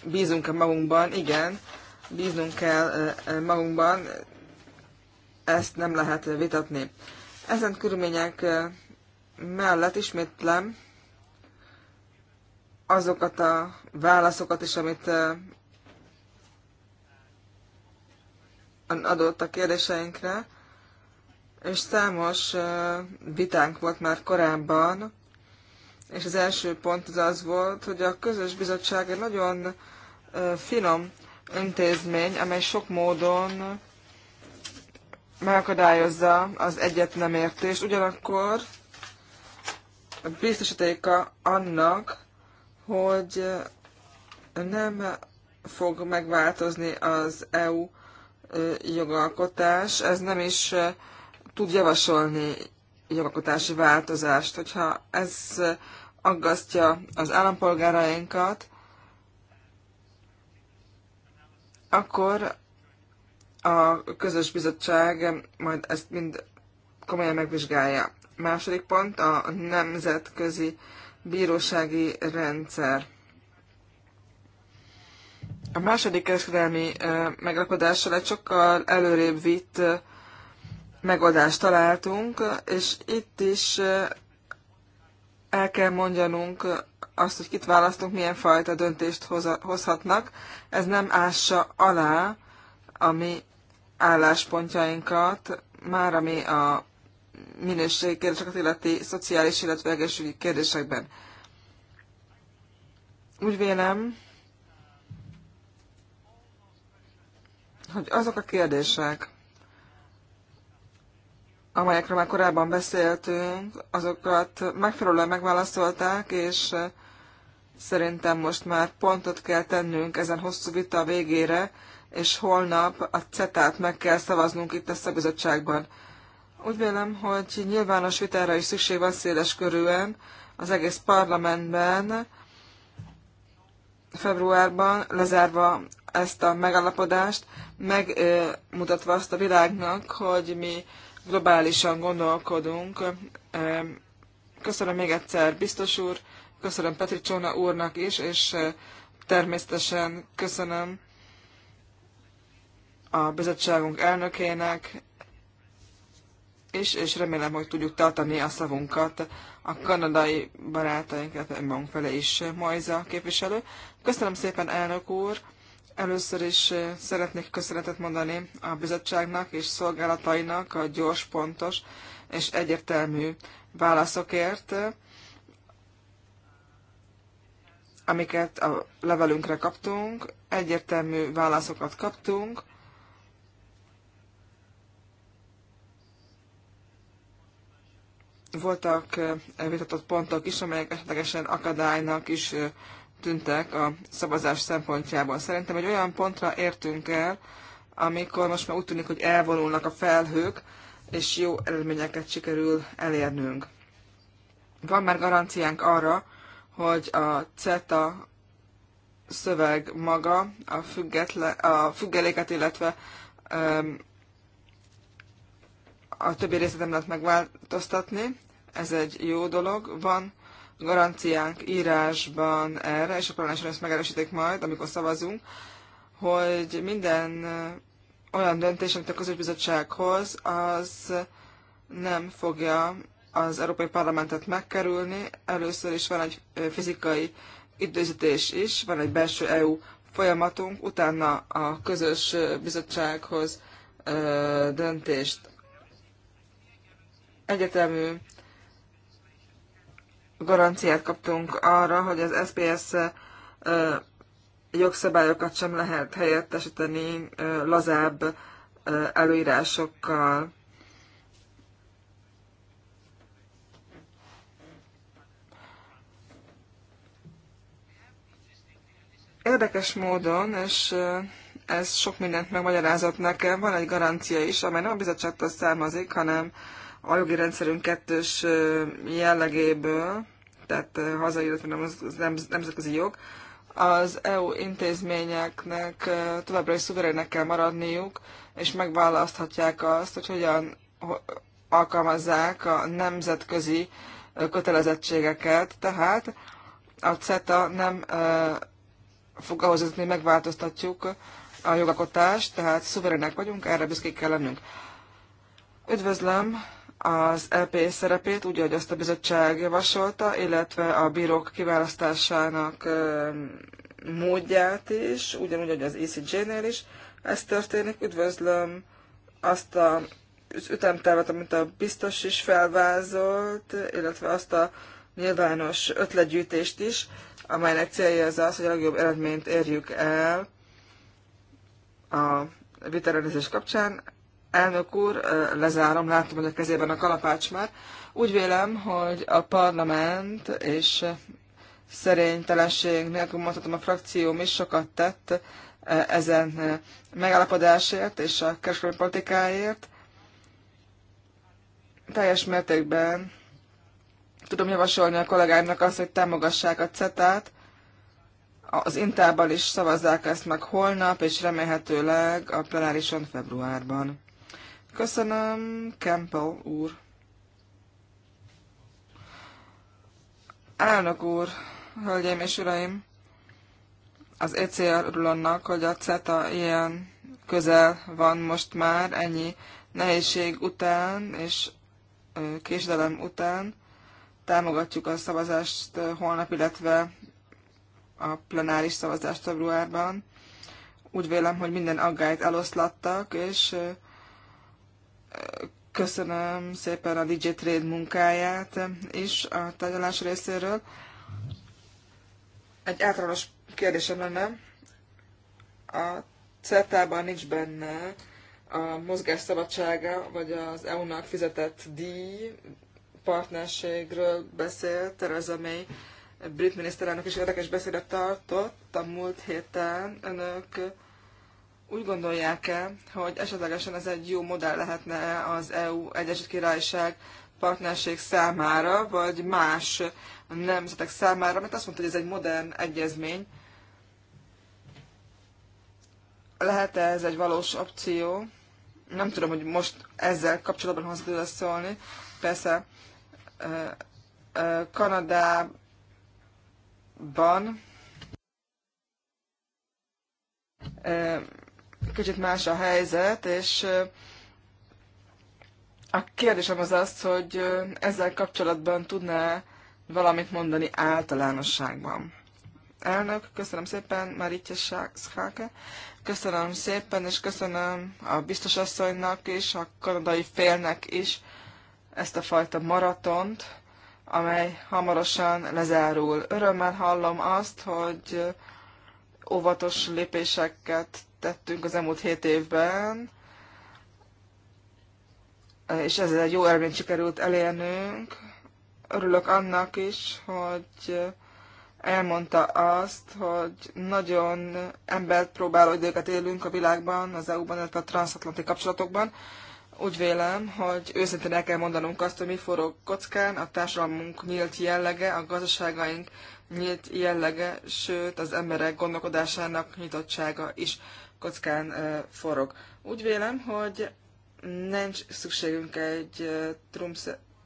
bízunk-e magunkban. Igen, bíznunk kell magunkban, ezt nem lehet vitatni. Ezen körülmények mellett ismétlem azokat a válaszokat is, amit adott a kérdéseinkre, és számos vitánk volt már korábban, és az első pont az az volt, hogy a közös bizottság egy nagyon finom intézmény, amely sok módon megakadályozza az egyet nem értést, ugyanakkor biztosítéka annak, hogy nem fog megváltozni az EU jogalkotás, ez nem is tud javasolni jogalkotási változást. Hogyha ez aggasztja az állampolgárainkat, akkor a közös bizottság majd ezt mind komolyan megvizsgálja. Második pont a nemzetközi bírósági rendszer a második kereskedelmi megrakodással egy sokkal előrébb vitt megoldást találtunk, és itt is el kell mondjanunk azt, hogy kit választunk, milyen fajta döntést hozhatnak. Ez nem ássa alá a mi álláspontjainkat, már ami a minőségi kérdéseket illeti szociális, illetve egészségügyi kérdésekben. Úgy vélem, hogy azok a kérdések, amelyekről már korábban beszéltünk, azokat megfelelően megválaszolták, és eh, szerintem most már pontot kell tennünk ezen hosszú vita végére, és holnap a CETÁT meg kell szavaznunk itt a szabizottságban. Úgy vélem, hogy nyilvános vitára is szükség van széles körülön az egész parlamentben, februárban, lezárva ezt a megállapodást, megmutatva azt a világnak, hogy mi globálisan gondolkodunk. Köszönöm még egyszer, biztos úr, köszönöm Petri Csóna úrnak is, és eh, természetesen köszönöm a bizottságunk elnökének, és, és remélem, hogy tudjuk tartani a szavunkat a kanadai barátainkat önmagunk felé is, Majza képviselő. Köszönöm szépen, elnök úr! Először is szeretnék köszönetet mondani a bizottságnak és szolgálatainak a gyors, pontos és egyértelmű válaszokért, amiket a levelünkre kaptunk. Egyértelmű válaszokat kaptunk, voltak vitatott pontok is, amelyek esetlegesen akadálynak is tűntek a szavazás szempontjából. Szerintem egy olyan pontra értünk el, amikor most már úgy tűnik, hogy elvonulnak a felhők, és jó eredményeket sikerül elérnünk. Van már garanciánk arra, hogy a CETA szöveg maga, a, függetle a függeléket, illetve um, a többi részletem lehet megváltoztatni. Ez egy jó dolog. Van garanciánk írásban erre, és a plenárisan ezt megerősítik majd, amikor szavazunk, hogy minden olyan döntés, amit a közös bizottsághoz, az nem fogja az Európai Parlamentet megkerülni. Először is van egy fizikai időzítés is, van egy belső EU folyamatunk, utána a közös bizottsághoz döntést. Egyetemű garanciát kaptunk arra, hogy az SPS jogszabályokat sem lehet helyettesíteni lazább előírásokkal. Érdekes módon, és ez sok mindent megmagyarázott nekem, van egy garancia is, amely nem a bizottságtól származik, hanem a jogi rendszerünk kettős jellegéből, tehát hazai, illetve nem, nem, nemzetközi jog, az EU intézményeknek továbbra is szuverének kell maradniuk, és megválaszthatják azt, hogy hogyan alkalmazzák a nemzetközi kötelezettségeket, tehát a CETA nem fog ahhoz vezetni, megváltoztatjuk a jogakotást, tehát szuverének vagyunk, erre büszkék kell lennünk. Üdvözlöm az EP szerepét, úgy, ahogy azt a bizottság javasolta, illetve a bírók kiválasztásának módját is, ugyanúgy, ahogy az ECJ-nél is ez történik. Üdvözlöm azt a, az ütemtervet, amit a biztos is felvázolt, illetve azt a nyilvános ötletgyűjtést is, amelynek célja az az, hogy a legjobb eredményt érjük el a vitarendezés kapcsán. Elnök úr, lezárom, látom, hogy a kezében a kalapács már. Úgy vélem, hogy a parlament és szerénytelenség nélkül mondhatom a frakcióm is sokat tett ezen megállapodásért és a kereskedelmi politikáért. Teljes mértékben tudom javasolni a kollégáimnak azt, hogy támogassák a CETA-t, az Intában is szavazzák ezt meg holnap, és remélhetőleg a plenárison februárban. Köszönöm, Campbell úr. Elnök úr, hölgyeim és uraim, az ECR örül annak, hogy a CETA ilyen közel van most már, ennyi nehézség után és késdelem után. Támogatjuk a szavazást holnap, illetve a plenáris szavazást februárban. Úgy vélem, hogy minden aggályt eloszlattak, és köszönöm szépen a DJ Trade munkáját is a tárgyalás részéről. Egy általános kérdésem lenne. A CETA-ban nincs benne a mozgás szabadsága, vagy az EU-nak fizetett díj partnerségről beszélt Theresa May brit miniszterelnök is érdekes beszédet tartott a múlt héten. Önök úgy gondolják-e, hogy esetlegesen ez egy jó modell lehetne az EU Egyesült Királyság partnerség számára, vagy más nemzetek számára, mert azt mondta, hogy ez egy modern egyezmény. lehet -e ez egy valós opció? Nem tudom, hogy most ezzel kapcsolatban hozzá tudja szólni. Persze Kanadában kicsit más a helyzet, és a kérdésem az az, hogy ezzel kapcsolatban tudná valamit mondani általánosságban. Elnök, köszönöm szépen, Maritja Scháke, köszönöm szépen, és köszönöm a biztosasszonynak és a kanadai félnek is ezt a fajta maratont, amely hamarosan lezárul. Örömmel hallom azt, hogy óvatos lépéseket tettünk az elmúlt 7 évben, és ezzel egy jó eredményt sikerült elérnünk. Örülök annak is, hogy elmondta azt, hogy nagyon embert próbáló időket élünk a világban, az EU-ban, illetve a transatlanti kapcsolatokban. Úgy vélem, hogy őszintén el kell mondanunk azt, hogy mi forog kockán, a társadalmunk nyílt jellege, a gazdaságaink nyílt jellege, sőt az emberek gondolkodásának nyitottsága is kockán forog. Úgy vélem, hogy nincs szükségünk egy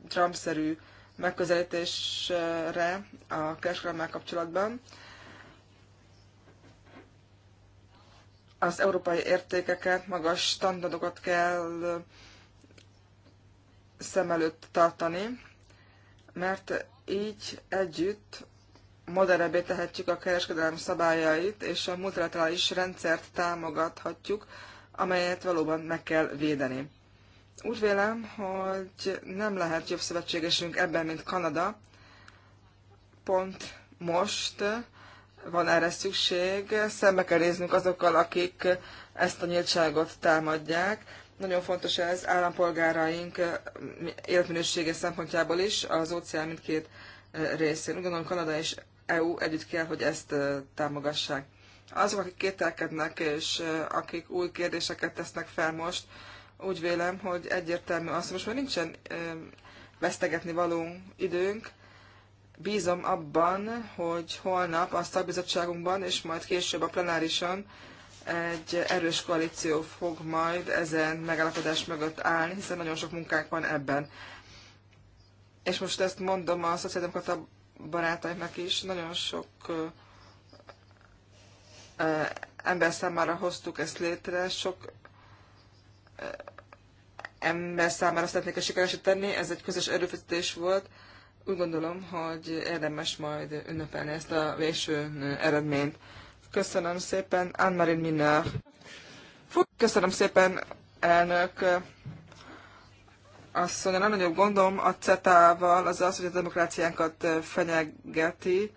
Trump-szerű megközelítésre a kereskedelmmel kapcsolatban. Az európai értékeket, magas standardokat kell szem előtt tartani, mert így együtt modernebbé tehetjük a kereskedelem szabályait, és a multilaterális rendszert támogathatjuk, amelyet valóban meg kell védeni. Úgy vélem, hogy nem lehet jobb szövetségesünk ebben, mint Kanada. Pont most van erre szükség, szembe kell néznünk azokkal, akik ezt a nyíltságot támadják. Nagyon fontos ez állampolgáraink életminősége szempontjából is az óceán mindkét részén. Úgy gondolom Kanada és EU együtt kell, hogy ezt támogassák. Azok, akik kételkednek, és akik új kérdéseket tesznek fel most, úgy vélem, hogy egyértelmű az, hogy most már nincsen vesztegetni való időnk. Bízom abban, hogy holnap a szakbizottságunkban, és majd később a plenárison egy erős koalíció fog majd ezen megállapodás mögött állni, hiszen nagyon sok munkánk van ebben. És most ezt mondom a szociáldemokrata barátaimnak is. Nagyon sok ember számára hoztuk ezt létre, sok ember számára szeretnék ezt sikeresíteni, ez egy közös erőfeszítés volt. Úgy gondolom, hogy érdemes majd ünnepelni ezt a végső eredményt. Köszönöm szépen, Anne-Marie Minner. Köszönöm szépen, elnök mondja, a legnagyobb gondom a CETA-val az az, hogy a demokráciánkat fenyegeti.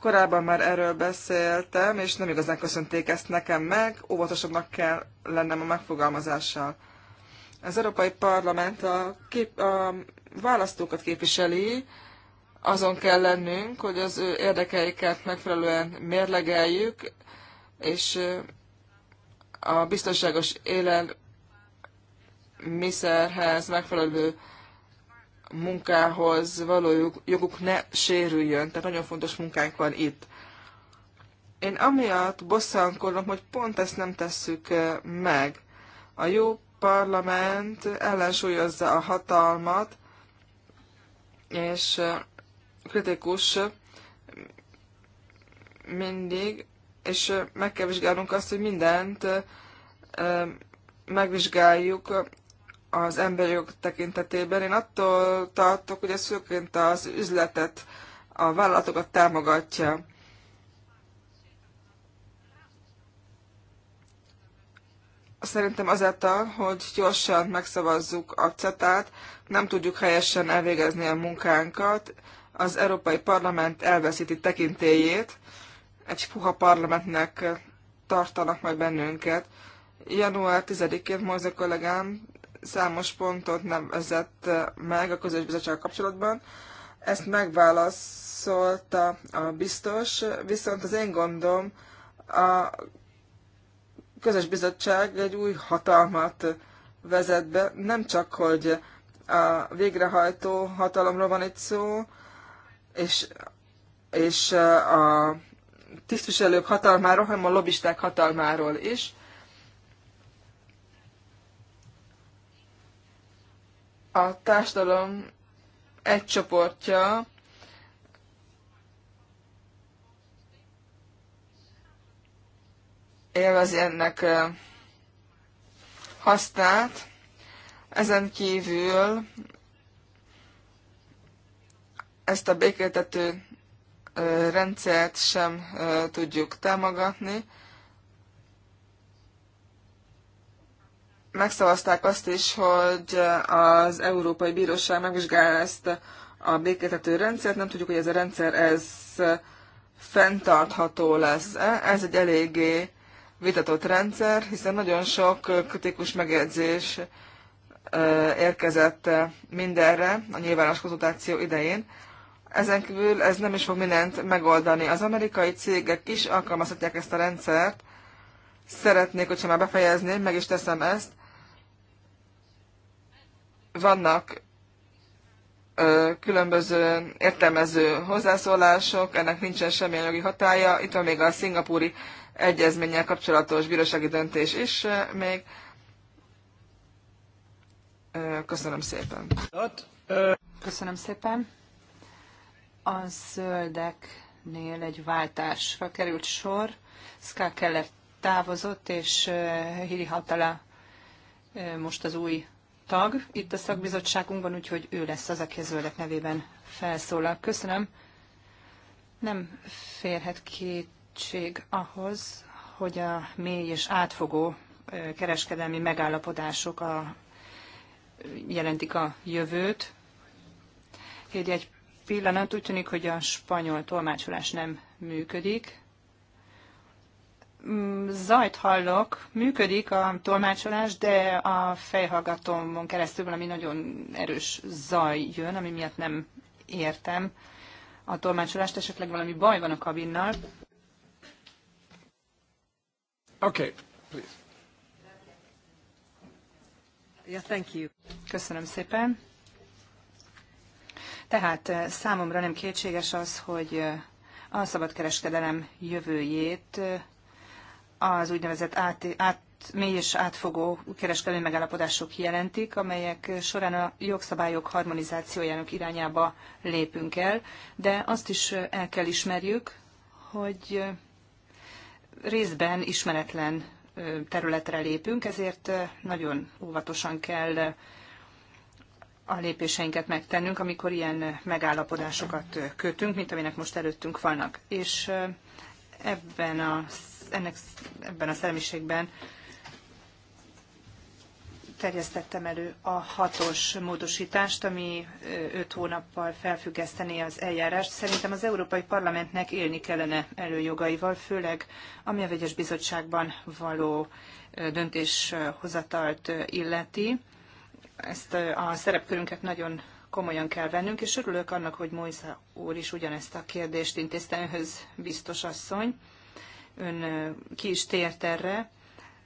Korábban már erről beszéltem, és nem igazán köszönték ezt nekem meg, óvatosabbnak kell lennem a megfogalmazással. Az Európai Parlament a, kép, a választókat képviseli, azon kell lennünk, hogy az ő érdekeiket megfelelően mérlegeljük, és a biztonságos élel miszerhez, megfelelő munkához való joguk ne sérüljön. Tehát nagyon fontos munkánk van itt. Én amiatt bosszankolom, hogy pont ezt nem tesszük eh, meg. A jó parlament ellensúlyozza a hatalmat, és eh, kritikus mindig, és eh, meg kell vizsgálnunk azt, hogy mindent megvizsgáljuk az emberi jog tekintetében. Én attól tartok, hogy ez főként az üzletet, a vállalatokat támogatja. Szerintem azáltal, hogy gyorsan megszavazzuk a CETÁT, nem tudjuk helyesen elvégezni a munkánkat, az Európai Parlament elveszíti tekintélyét, egy puha parlamentnek tartanak majd bennünket. Január 10-én Moze kollégám számos pontot nevezett eh, meg a közös bizottság kapcsolatban. Ezt megválaszolta a biztos, viszont az én gondom a közös bizottság egy új hatalmat vezet be, nem csak, hogy a végrehajtó hatalomról van itt szó, és, és eh, a tisztviselők hatalmáról, hanem a lobbisták hatalmáról is. a társadalom egy csoportja élvezi ennek hasznát. Ezen kívül ezt a békéltető rendszert sem tudjuk támogatni. megszavazták azt is, hogy az Európai Bíróság megvizsgálja ezt a békétető rendszert. Nem tudjuk, hogy ez a rendszer ez fenntartható lesz. Ez egy eléggé vitatott rendszer, hiszen nagyon sok kritikus megjegyzés érkezett mindenre a nyilvános konzultáció idején. Ezen kívül ez nem is fog mindent megoldani. Az amerikai cégek is alkalmazhatják ezt a rendszert. Szeretnék, hogyha már befejezném, meg is teszem ezt vannak különböző értelmező hozzászólások, ennek nincsen semmilyen jogi hatája. Itt van még a szingapúri egyezménnyel kapcsolatos bírósági döntés is még. Köszönöm szépen. Köszönöm szépen. A zöldeknél egy váltásra került sor. Ska Keller távozott, és Hiri Hatala most az új tag itt a szakbizottságunkban, úgyhogy ő lesz az, aki a zöldek nevében felszólal. Köszönöm. Nem férhet kétség ahhoz, hogy a mély és átfogó kereskedelmi megállapodások a, jelentik a jövőt. Így egy pillanat, úgy tűnik, hogy a spanyol tolmácsolás nem működik. Mm, zajt hallok, működik a tolmácsolás, de a fejhallgatómon keresztül valami nagyon erős zaj jön, ami miatt nem értem a tolmácsolást, esetleg valami baj van a kabinnal. Oké, okay, please. Yeah, thank you. Köszönöm szépen. Tehát eh, számomra nem kétséges az, hogy eh, a szabadkereskedelem jövőjét eh, az úgynevezett át, át, mély és átfogó kereskedelmi megállapodások jelentik, amelyek során a jogszabályok harmonizációjának irányába lépünk el, de azt is el kell ismerjük, hogy részben ismeretlen területre lépünk, ezért nagyon óvatosan kell a lépéseinket megtennünk, amikor ilyen megállapodásokat kötünk, mint aminek most előttünk vannak. És ebben a ennek, ebben a szellemiségben terjesztettem elő a hatos módosítást, ami öt hónappal felfüggesztené az eljárást. Szerintem az Európai Parlamentnek élni kellene előjogaival, főleg ami a vegyes bizottságban való döntéshozatalt illeti. Ezt a szerepkörünket nagyon komolyan kell vennünk, és örülök annak, hogy Mojza úr is ugyanezt a kérdést intézte önhöz, biztos asszony ön ki is tért erre,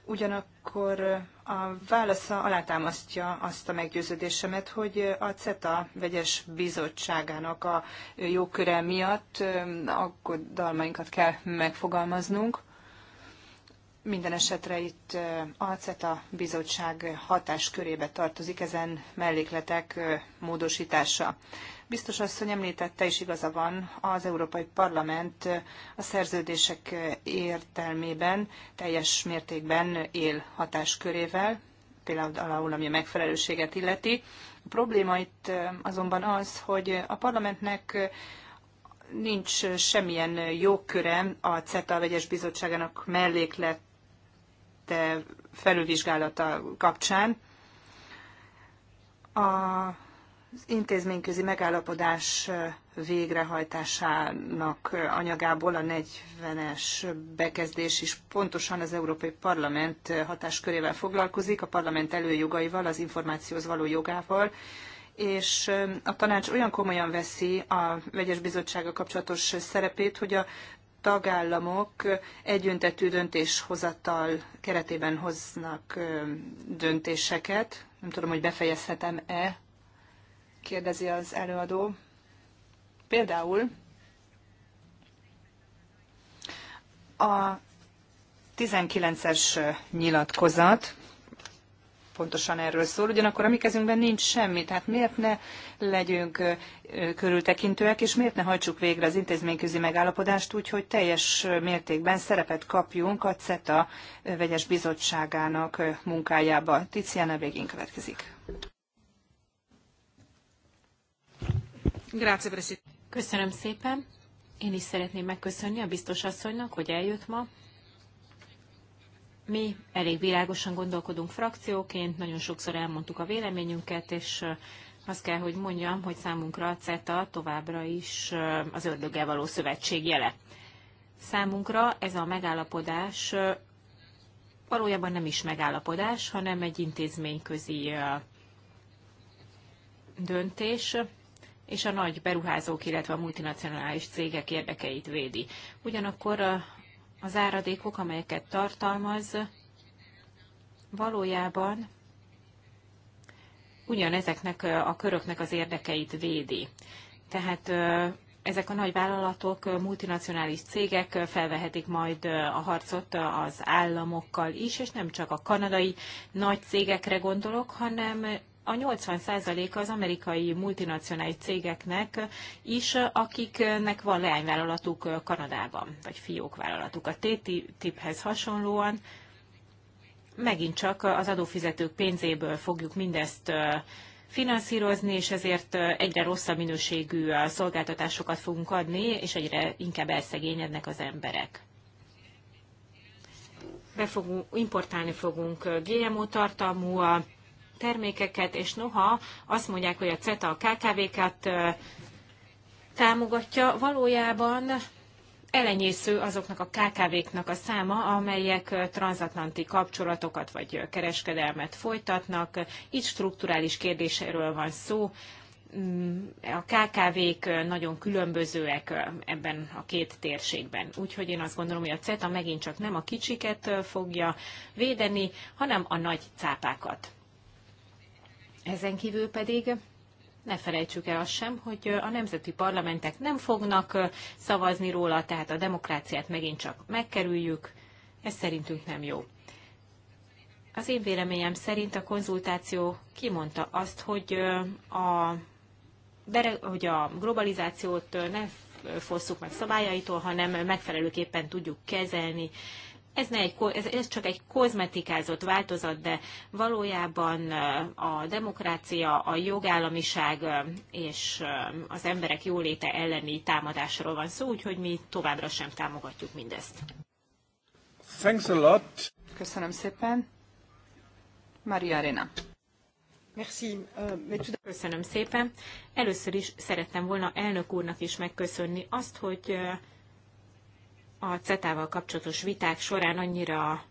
ugyanakkor a válasza alátámasztja azt a meggyőződésemet, hogy a CETA vegyes bizottságának a jóköre miatt aggodalmainkat kell megfogalmaznunk. Minden esetre itt a CETA bizottság hatáskörébe tartozik ezen mellékletek módosítása. Biztos asszony említette, és igaza van, az Európai Parlament a szerződések értelmében teljes mértékben él hatáskörével, például ami a megfelelőséget illeti. A probléma itt azonban az, hogy a parlamentnek nincs semmilyen jogköre a CETA vegyes bizottságának melléklete felülvizsgálata kapcsán. A intézményközi megállapodás végrehajtásának anyagából a 40-es bekezdés is pontosan az Európai Parlament hatáskörével foglalkozik, a parlament előjogaival, az információhoz való jogával, és a tanács olyan komolyan veszi a vegyes bizottsága kapcsolatos szerepét, hogy a tagállamok egyöntetű döntéshozattal keretében hoznak döntéseket. Nem tudom, hogy befejezhetem-e kérdezi az előadó. Például a 19-es nyilatkozat, pontosan erről szól, ugyanakkor a mi kezünkben nincs semmi, tehát miért ne legyünk körültekintőek, és miért ne hajtsuk végre az intézményközi megállapodást úgy, hogy teljes mértékben szerepet kapjunk a CETA vegyes bizottságának munkájába. Tiziana végén következik. Grazie, Presidente. Köszönöm szépen. Én is szeretném megköszönni a biztos asszonynak, hogy eljött ma. Mi elég világosan gondolkodunk frakcióként, nagyon sokszor elmondtuk a véleményünket, és azt kell, hogy mondjam, hogy számunkra a CETA továbbra is az ördöggel való szövetség jele. Számunkra ez a megállapodás valójában nem is megállapodás, hanem egy intézményközi döntés, és a nagy beruházók, illetve a multinacionális cégek érdekeit védi. Ugyanakkor az áradékok, amelyeket tartalmaz, valójában ugyanezeknek a köröknek az érdekeit védi. Tehát ezek a nagy vállalatok, multinacionális cégek felvehetik majd a harcot az államokkal is, és nem csak a kanadai nagy cégekre gondolok, hanem a 80 százaléka az amerikai multinacionális cégeknek is, akiknek van leányvállalatuk Kanadában, vagy fiókvállalatuk. A TTIP-hez hasonlóan megint csak az adófizetők pénzéből fogjuk mindezt finanszírozni, és ezért egyre rosszabb minőségű szolgáltatásokat fogunk adni, és egyre inkább elszegényednek az emberek. Be fogunk, importálni fogunk GMO tartalmú termékeket, és noha azt mondják, hogy a CETA a KKV-kat támogatja, valójában elenyésző azoknak a KKV-knak a száma, amelyek transatlanti kapcsolatokat vagy kereskedelmet folytatnak. Itt strukturális kérdésről van szó. Mm, a KKV-k nagyon különbözőek ebben a két térségben. Úgyhogy én azt gondolom, hogy a CETA megint csak nem a kicsiket fogja védeni, hanem a nagy cápákat. Ezen kívül pedig ne felejtsük el azt sem, hogy a nemzeti parlamentek nem fognak szavazni róla, tehát a demokráciát megint csak megkerüljük. Ez szerintünk nem jó. Az én véleményem szerint a konzultáció kimondta azt, hogy a, hogy a globalizációt ne fosszuk meg szabályaitól, hanem megfelelőképpen tudjuk kezelni ez, ne egy, ez, ez csak egy kozmetikázott változat, de valójában a demokrácia, a jogállamiság és az emberek jóléte elleni támadásról van szó, úgyhogy mi továbbra sem támogatjuk mindezt. Thanks a lot. Köszönöm szépen. Maria Arena. Euh, Köszönöm szépen. Először is szerettem volna elnök úrnak is megköszönni azt, hogy a CETA-val kapcsolatos viták során annyira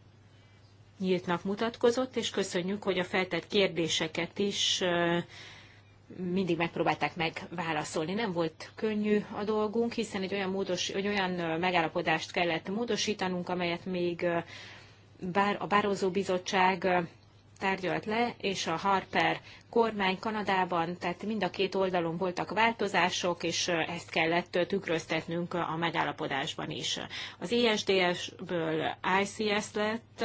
nyíltnak mutatkozott, és köszönjük, hogy a feltett kérdéseket is mindig megpróbálták megválaszolni. Nem volt könnyű a dolgunk, hiszen egy olyan, módos, egy olyan megállapodást kellett módosítanunk, amelyet még bár a Bározó Bizottság tárgyalt le, és a Harper kormány Kanadában, tehát mind a két oldalon voltak változások, és ezt kellett tükröztetnünk a megállapodásban is. Az ISDS-ből ICS lett,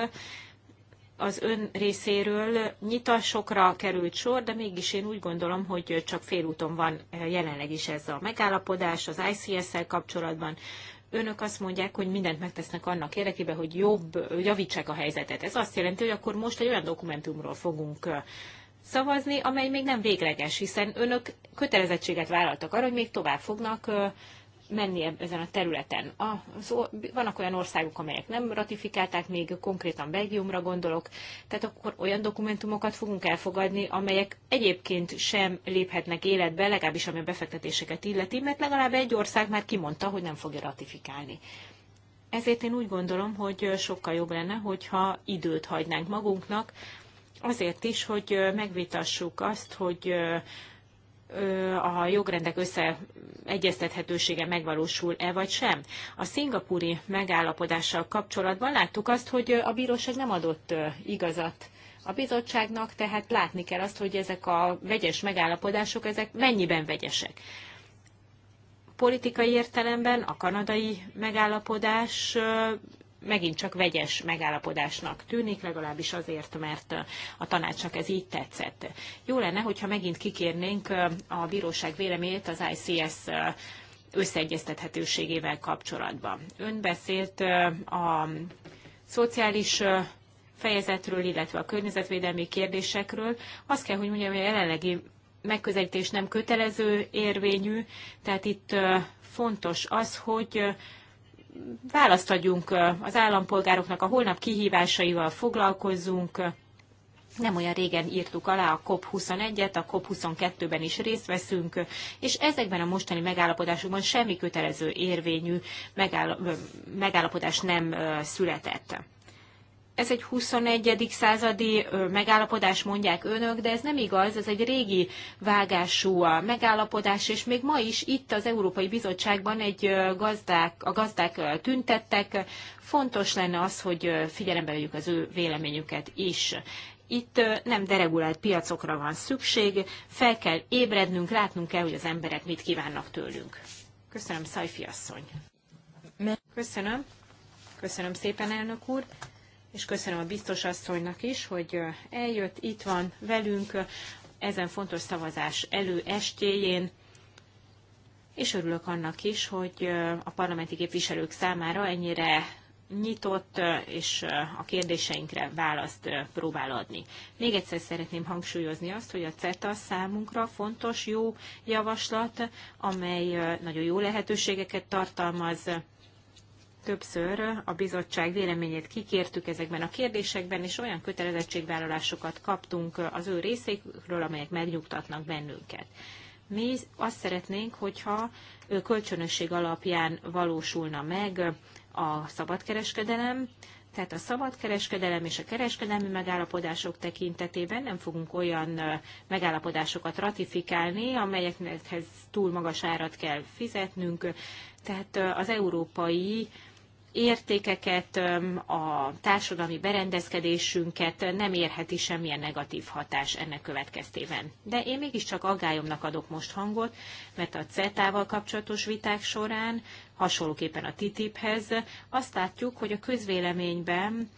az ön részéről nyitásokra került sor, de mégis én úgy gondolom, hogy csak félúton van jelenleg is ez a megállapodás az ICS-szel kapcsolatban önök azt mondják, hogy mindent megtesznek annak érdekében, hogy jobb, javítsák a helyzetet. Ez azt jelenti, hogy akkor most egy olyan dokumentumról fogunk szavazni, amely még nem végleges, hiszen önök kötelezettséget vállaltak arra, hogy még tovább fognak menni ezen a területen. A, szó, vannak olyan országok, amelyek nem ratifikálták, még konkrétan Belgiumra gondolok, tehát akkor olyan dokumentumokat fogunk elfogadni, amelyek egyébként sem léphetnek életbe, legalábbis ami a befektetéseket illeti, mert legalább egy ország már kimondta, hogy nem fogja ratifikálni. Ezért én úgy gondolom, hogy sokkal jobb lenne, hogyha időt hagynánk magunknak, azért is, hogy megvitassuk azt, hogy a jogrendek összeegyeztethetősége megvalósul-e vagy sem. A szingapúri megállapodással kapcsolatban láttuk azt, hogy a bíróság nem adott igazat a bizottságnak, tehát látni kell azt, hogy ezek a vegyes megállapodások, ezek mennyiben vegyesek. Politikai értelemben a kanadai megállapodás megint csak vegyes megállapodásnak tűnik, legalábbis azért, mert a tanácsnak ez így tetszett. Jó lenne, hogyha megint kikérnénk a bíróság véleményét az ICS összeegyeztethetőségével kapcsolatban. Ön beszélt a szociális fejezetről, illetve a környezetvédelmi kérdésekről. Azt kell, hogy mondjam, hogy a jelenlegi megközelítés nem kötelező érvényű, tehát itt fontos az, hogy választ adjunk az állampolgároknak, a holnap kihívásaival foglalkozzunk. Nem olyan régen írtuk alá a COP21-et, a COP22-ben is részt veszünk, és ezekben a mostani megállapodásokban semmi kötelező érvényű megállapodás nem született ez egy 21. századi megállapodás mondják önök, de ez nem igaz, ez egy régi vágású megállapodás, és még ma is itt az Európai Bizottságban egy gazdák, a gazdák tüntettek. Fontos lenne az, hogy figyelembe vegyük az ő véleményüket is. Itt nem deregulált piacokra van szükség, fel kell ébrednünk, látnunk kell, hogy az emberek mit kívánnak tőlünk. Köszönöm, Szajfi asszony. Köszönöm. Köszönöm szépen, elnök úr és köszönöm a biztos asszonynak is, hogy eljött, itt van velünk ezen fontos szavazás estéjén, és örülök annak is, hogy a parlamenti képviselők számára ennyire nyitott és a kérdéseinkre választ próbál adni. Még egyszer szeretném hangsúlyozni azt, hogy a CETA számunkra fontos, jó javaslat, amely nagyon jó lehetőségeket tartalmaz többször a bizottság véleményét kikértük ezekben a kérdésekben, és olyan kötelezettségvállalásokat kaptunk az ő részéről, amelyek megnyugtatnak bennünket. Mi azt szeretnénk, hogyha kölcsönösség alapján valósulna meg a szabadkereskedelem, tehát a szabadkereskedelem és a kereskedelmi megállapodások tekintetében nem fogunk olyan megállapodásokat ratifikálni, amelyekhez túl magas árat kell fizetnünk. Tehát az európai értékeket, a társadalmi berendezkedésünket nem érheti semmilyen negatív hatás ennek következtében. De én mégiscsak aggályomnak adok most hangot, mert a CETA-val kapcsolatos viták során, hasonlóképpen a TTIP-hez, azt látjuk, hogy a közvéleményben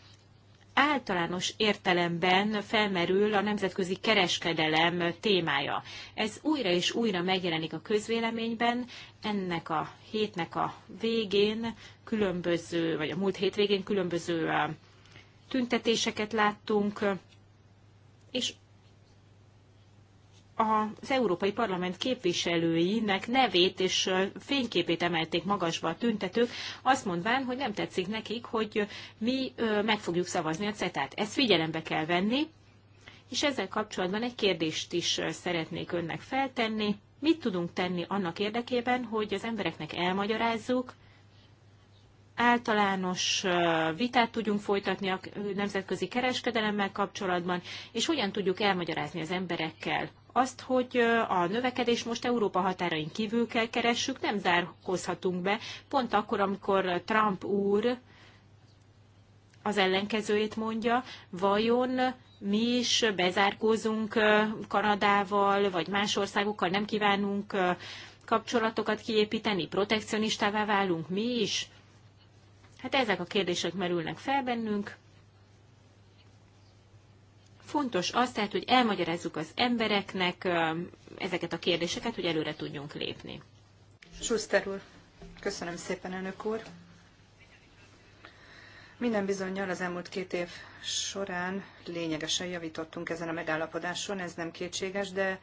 általános értelemben felmerül a nemzetközi kereskedelem témája. Ez újra és újra megjelenik a közvéleményben. Ennek a hétnek a végén különböző, vagy a múlt hétvégén különböző tüntetéseket láttunk, és az Európai Parlament képviselőinek nevét és fényképét emelték magasba a tüntetők, azt mondván, hogy nem tetszik nekik, hogy mi meg fogjuk szavazni a CETÁT. Ezt figyelembe kell venni, és ezzel kapcsolatban egy kérdést is szeretnék önnek feltenni. Mit tudunk tenni annak érdekében, hogy az embereknek elmagyarázzuk, általános vitát tudjunk folytatni a nemzetközi kereskedelemmel kapcsolatban, és hogyan tudjuk elmagyarázni az emberekkel azt, hogy a növekedés most Európa határain kívül kell keressük, nem zárkozhatunk be, pont akkor, amikor Trump úr az ellenkezőjét mondja, vajon mi is bezárkózunk Kanadával, vagy más országokkal, nem kívánunk kapcsolatokat kiépíteni, protekcionistává válunk mi is? Hát ezek a kérdések merülnek fel bennünk. Fontos az tehát, hogy elmagyarázzuk az embereknek ezeket a kérdéseket, hogy előre tudjunk lépni. Schuster úr, köszönöm szépen önök úr. Minden bizonyal az elmúlt két év során lényegesen javítottunk ezen a megállapodáson, ez nem kétséges, de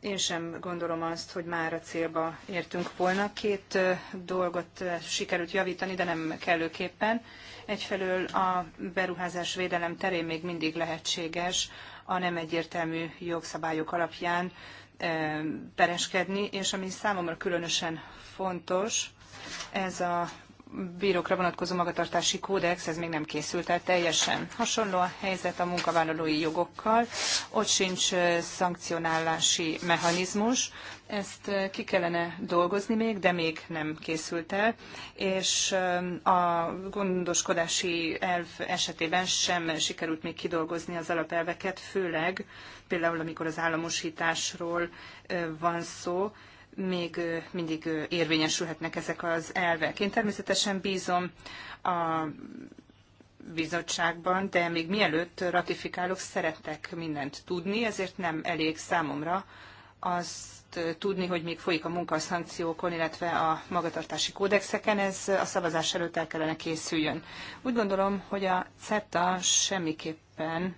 én sem gondolom azt, hogy már a célba értünk volna. Két dolgot sikerült javítani, de nem kellőképpen. Egyfelől a beruházás védelem terén még mindig lehetséges a nem egyértelmű jogszabályok alapján pereskedni, és ami számomra különösen fontos, ez a bírókra vonatkozó magatartási kódex, ez még nem készült el teljesen. Hasonló a helyzet a munkavállalói jogokkal, ott sincs szankcionálási mechanizmus, ezt ki kellene dolgozni még, de még nem készült el, és a gondoskodási elv esetében sem sikerült még kidolgozni az alapelveket, főleg például amikor az államosításról van szó, még mindig érvényesülhetnek ezek az elvek. Én természetesen bízom a bizottságban, de még mielőtt ratifikálok, szeretek mindent tudni, ezért nem elég számomra azt tudni, hogy még folyik a munka a szankciókon, illetve a magatartási kódexeken, ez a szavazás előtt el kellene készüljön. Úgy gondolom, hogy a CETA semmiképpen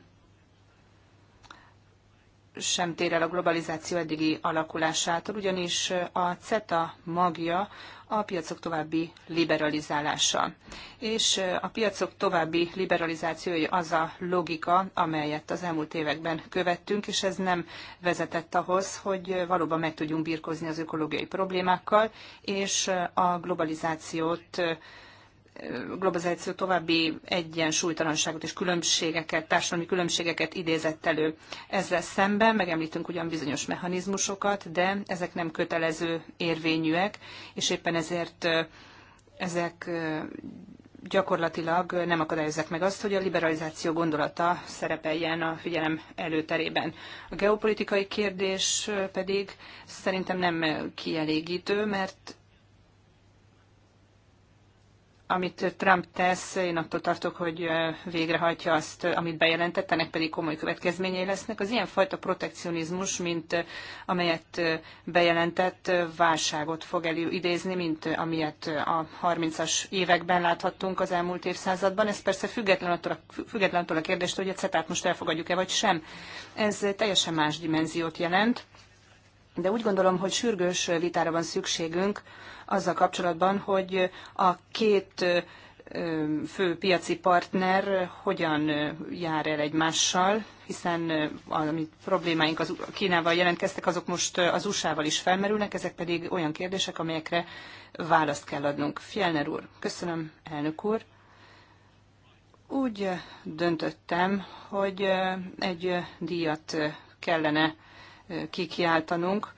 sem tér el a globalizáció eddigi alakulásától, ugyanis a CETA magja a piacok további liberalizálása. És a piacok további liberalizációja az a logika, amelyet az elmúlt években követtünk, és ez nem vezetett ahhoz, hogy valóban meg tudjunk birkozni az ökológiai problémákkal, és a globalizációt globalizáció további egyensúlytalanságot és különbségeket, társadalmi különbségeket idézett elő. Ezzel szemben megemlítünk ugyan bizonyos mechanizmusokat, de ezek nem kötelező érvényűek, és éppen ezért ezek gyakorlatilag nem akadályozzák meg azt, hogy a liberalizáció gondolata szerepeljen a figyelem előterében. A geopolitikai kérdés pedig szerintem nem kielégítő, mert amit Trump tesz, én attól tartok, hogy végrehajtja azt, amit bejelentett, ennek pedig komoly következményei lesznek. Az ilyenfajta protekcionizmus, mint amelyet bejelentett, válságot fog előidézni, mint amilyet a 30-as években láthattunk az elmúlt évszázadban. Ez persze független attól a, független attól a kérdést, hogy a CETÁT most elfogadjuk-e vagy sem. Ez teljesen más dimenziót jelent, de úgy gondolom, hogy sürgős vitára van szükségünk, azzal kapcsolatban, hogy a két fő piaci partner hogyan jár el egymással, hiszen ami problémáink az Kínával jelentkeztek, azok most az USA-val is felmerülnek, ezek pedig olyan kérdések, amelyekre választ kell adnunk. Fjellner úr, köszönöm, elnök úr. Úgy döntöttem, hogy egy díjat kellene kikiáltanunk.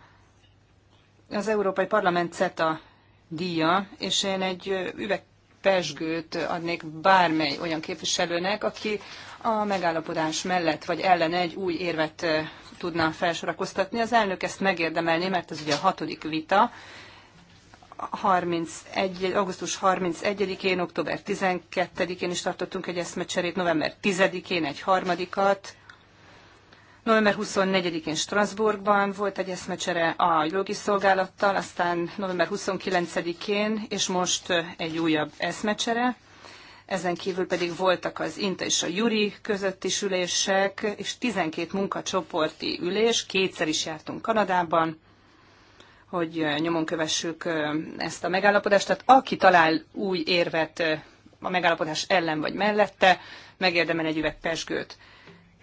Az Európai Parlament CETA díja, és én egy üveg adnék bármely olyan képviselőnek, aki a megállapodás mellett vagy ellen egy új érvet tudna felsorakoztatni. Az elnök ezt megérdemelné, mert ez ugye a hatodik vita, 31, augusztus 31-én, október 12-én is tartottunk egy eszmecserét, november 10-én egy harmadikat, November 24-én Strasbourgban volt egy eszmecsere a jogi szolgálattal, aztán november 29-én, és most egy újabb eszmecsere. Ezen kívül pedig voltak az INTA és a JURI közötti ülések, és 12 munkacsoporti ülés, kétszer is jártunk Kanadában, hogy nyomon kövessük ezt a megállapodást. Tehát aki talál új érvet a megállapodás ellen vagy mellette, megérdemel egy üveg pesgőt.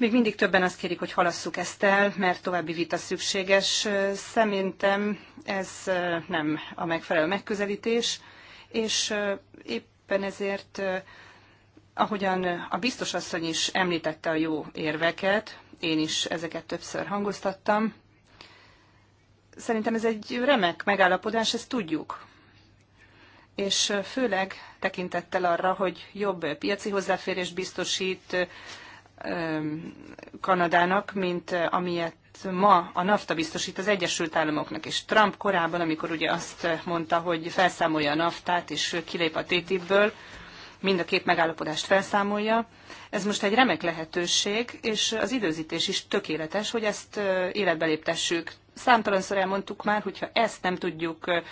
Még mindig többen azt kérik, hogy halasszuk ezt el, mert további vita szükséges. Szerintem ez nem a megfelelő megközelítés, és éppen ezért, ahogyan a biztos asszony is említette a jó érveket, én is ezeket többször hangoztattam, szerintem ez egy remek megállapodás, ezt tudjuk. És főleg tekintettel arra, hogy jobb piaci hozzáférés biztosít, Kanadának, mint amilyet ma a NAFTA biztosít az Egyesült Államoknak, és Trump korábban, amikor ugye azt mondta, hogy felszámolja a NAFTA-t és kilép a TTIP-ből, mind a két megállapodást felszámolja. Ez most egy remek lehetőség, és az időzítés is tökéletes, hogy ezt életbe léptessük. Számtalanszor elmondtuk már, hogyha ezt nem tudjuk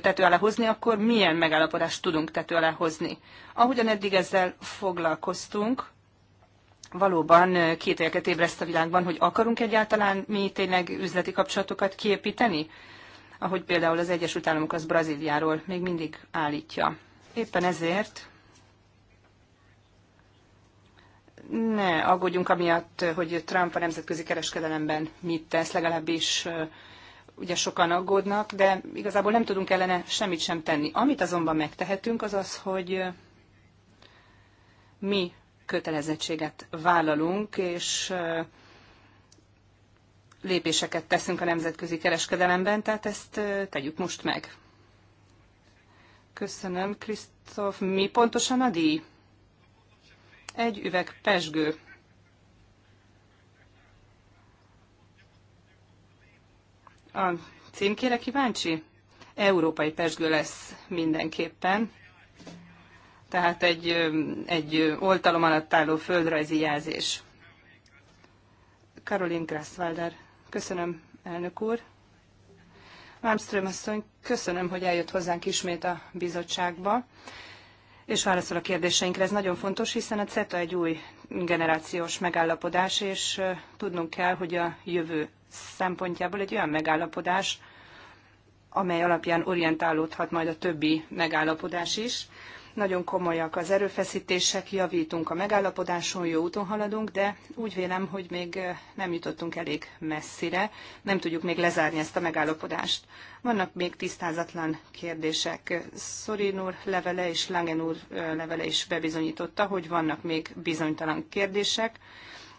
tető alá hozni, akkor milyen megállapodást tudunk tető alá hozni. Ahogyan eddig ezzel foglalkoztunk, valóban kételyeket ébreszt a világban, hogy akarunk egyáltalán mi tényleg üzleti kapcsolatokat kiépíteni, ahogy például az Egyesült Államok az Brazíliáról még mindig állítja. Éppen ezért ne aggódjunk amiatt, hogy Trump a nemzetközi kereskedelemben mit tesz, legalábbis ugye sokan aggódnak, de igazából nem tudunk ellene semmit sem tenni. Amit azonban megtehetünk, az az, hogy mi kötelezettséget vállalunk, és lépéseket teszünk a nemzetközi kereskedelemben, tehát ezt tegyük most meg. Köszönöm, Krisztof. Mi pontosan a díj? Egy üveg pesgő. A címkére kíváncsi? Európai pesgő lesz mindenképpen tehát egy, egy oltalom alatt álló földrajzi jelzés. Karolin Grasswalder, köszönöm, elnök úr. Malmström asszony, köszönöm, hogy eljött hozzánk ismét a bizottságba, és válaszol a kérdéseinkre. Ez nagyon fontos, hiszen a CETA egy új generációs megállapodás, és tudnunk kell, hogy a jövő szempontjából egy olyan megállapodás, amely alapján orientálódhat majd a többi megállapodás is. Nagyon komolyak az erőfeszítések, javítunk a megállapodáson, jó úton haladunk, de úgy vélem, hogy még nem jutottunk elég messzire, nem tudjuk még lezárni ezt a megállapodást. Vannak még tisztázatlan kérdések. Szorin úr levele és Langen úr levele is bebizonyította, hogy vannak még bizonytalan kérdések.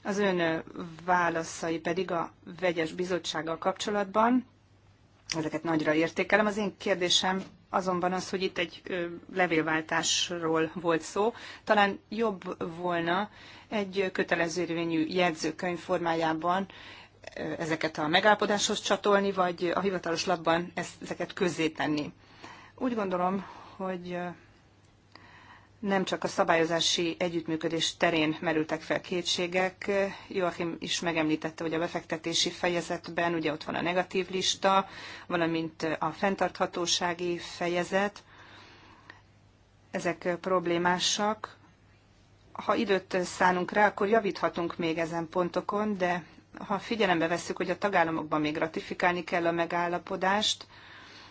Az ön válaszai pedig a vegyes bizottsággal kapcsolatban, ezeket nagyra értékelem. Az én kérdésem azonban az, hogy itt egy levélváltásról volt szó, talán jobb volna egy kötelező érvényű jegyzőkönyv formájában ezeket a megállapodáshoz csatolni, vagy a hivatalos labban ezeket közzétenni. Úgy gondolom, hogy nem csak a szabályozási együttműködés terén merültek fel kétségek. Joachim is megemlítette, hogy a befektetési fejezetben ugye ott van a negatív lista, valamint a fenntarthatósági fejezet. Ezek problémásak. Ha időt szánunk rá, akkor javíthatunk még ezen pontokon, de ha figyelembe vesszük, hogy a tagállamokban még ratifikálni kell a megállapodást,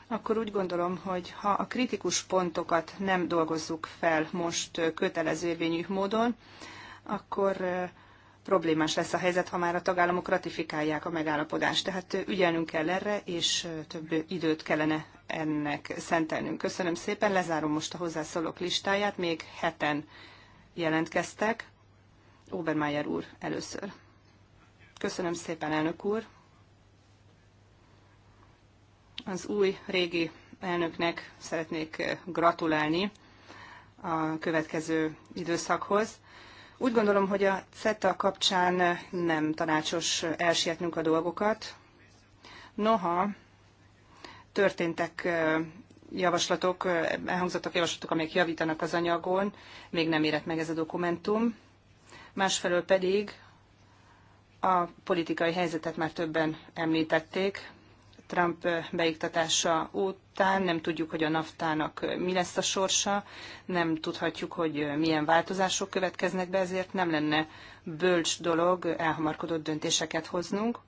akkor úgy gondolom, hogy ha a kritikus pontokat nem dolgozzuk fel most kötelező érvényű módon, akkor problémás lesz a helyzet, ha már a tagállamok ratifikálják a megállapodást. Tehát ügyelnünk kell erre, és több időt kellene ennek szentelnünk. Köszönöm szépen, lezárom most a hozzászólók listáját, még heten jelentkeztek. Obermeier úr először. Köszönöm szépen, elnök úr. Az új régi elnöknek szeretnék gratulálni a következő időszakhoz. Úgy gondolom, hogy a CETA kapcsán nem tanácsos elsietnünk a dolgokat. Noha történtek javaslatok, elhangzottak javaslatok, amelyek javítanak az anyagon, még nem érett meg ez a dokumentum. Másfelől pedig a politikai helyzetet már többen említették, Trump beiktatása után, nem tudjuk, hogy a naftának mi lesz a sorsa, nem tudhatjuk, hogy milyen változások következnek be, ezért nem lenne bölcs dolog elhamarkodott döntéseket hoznunk,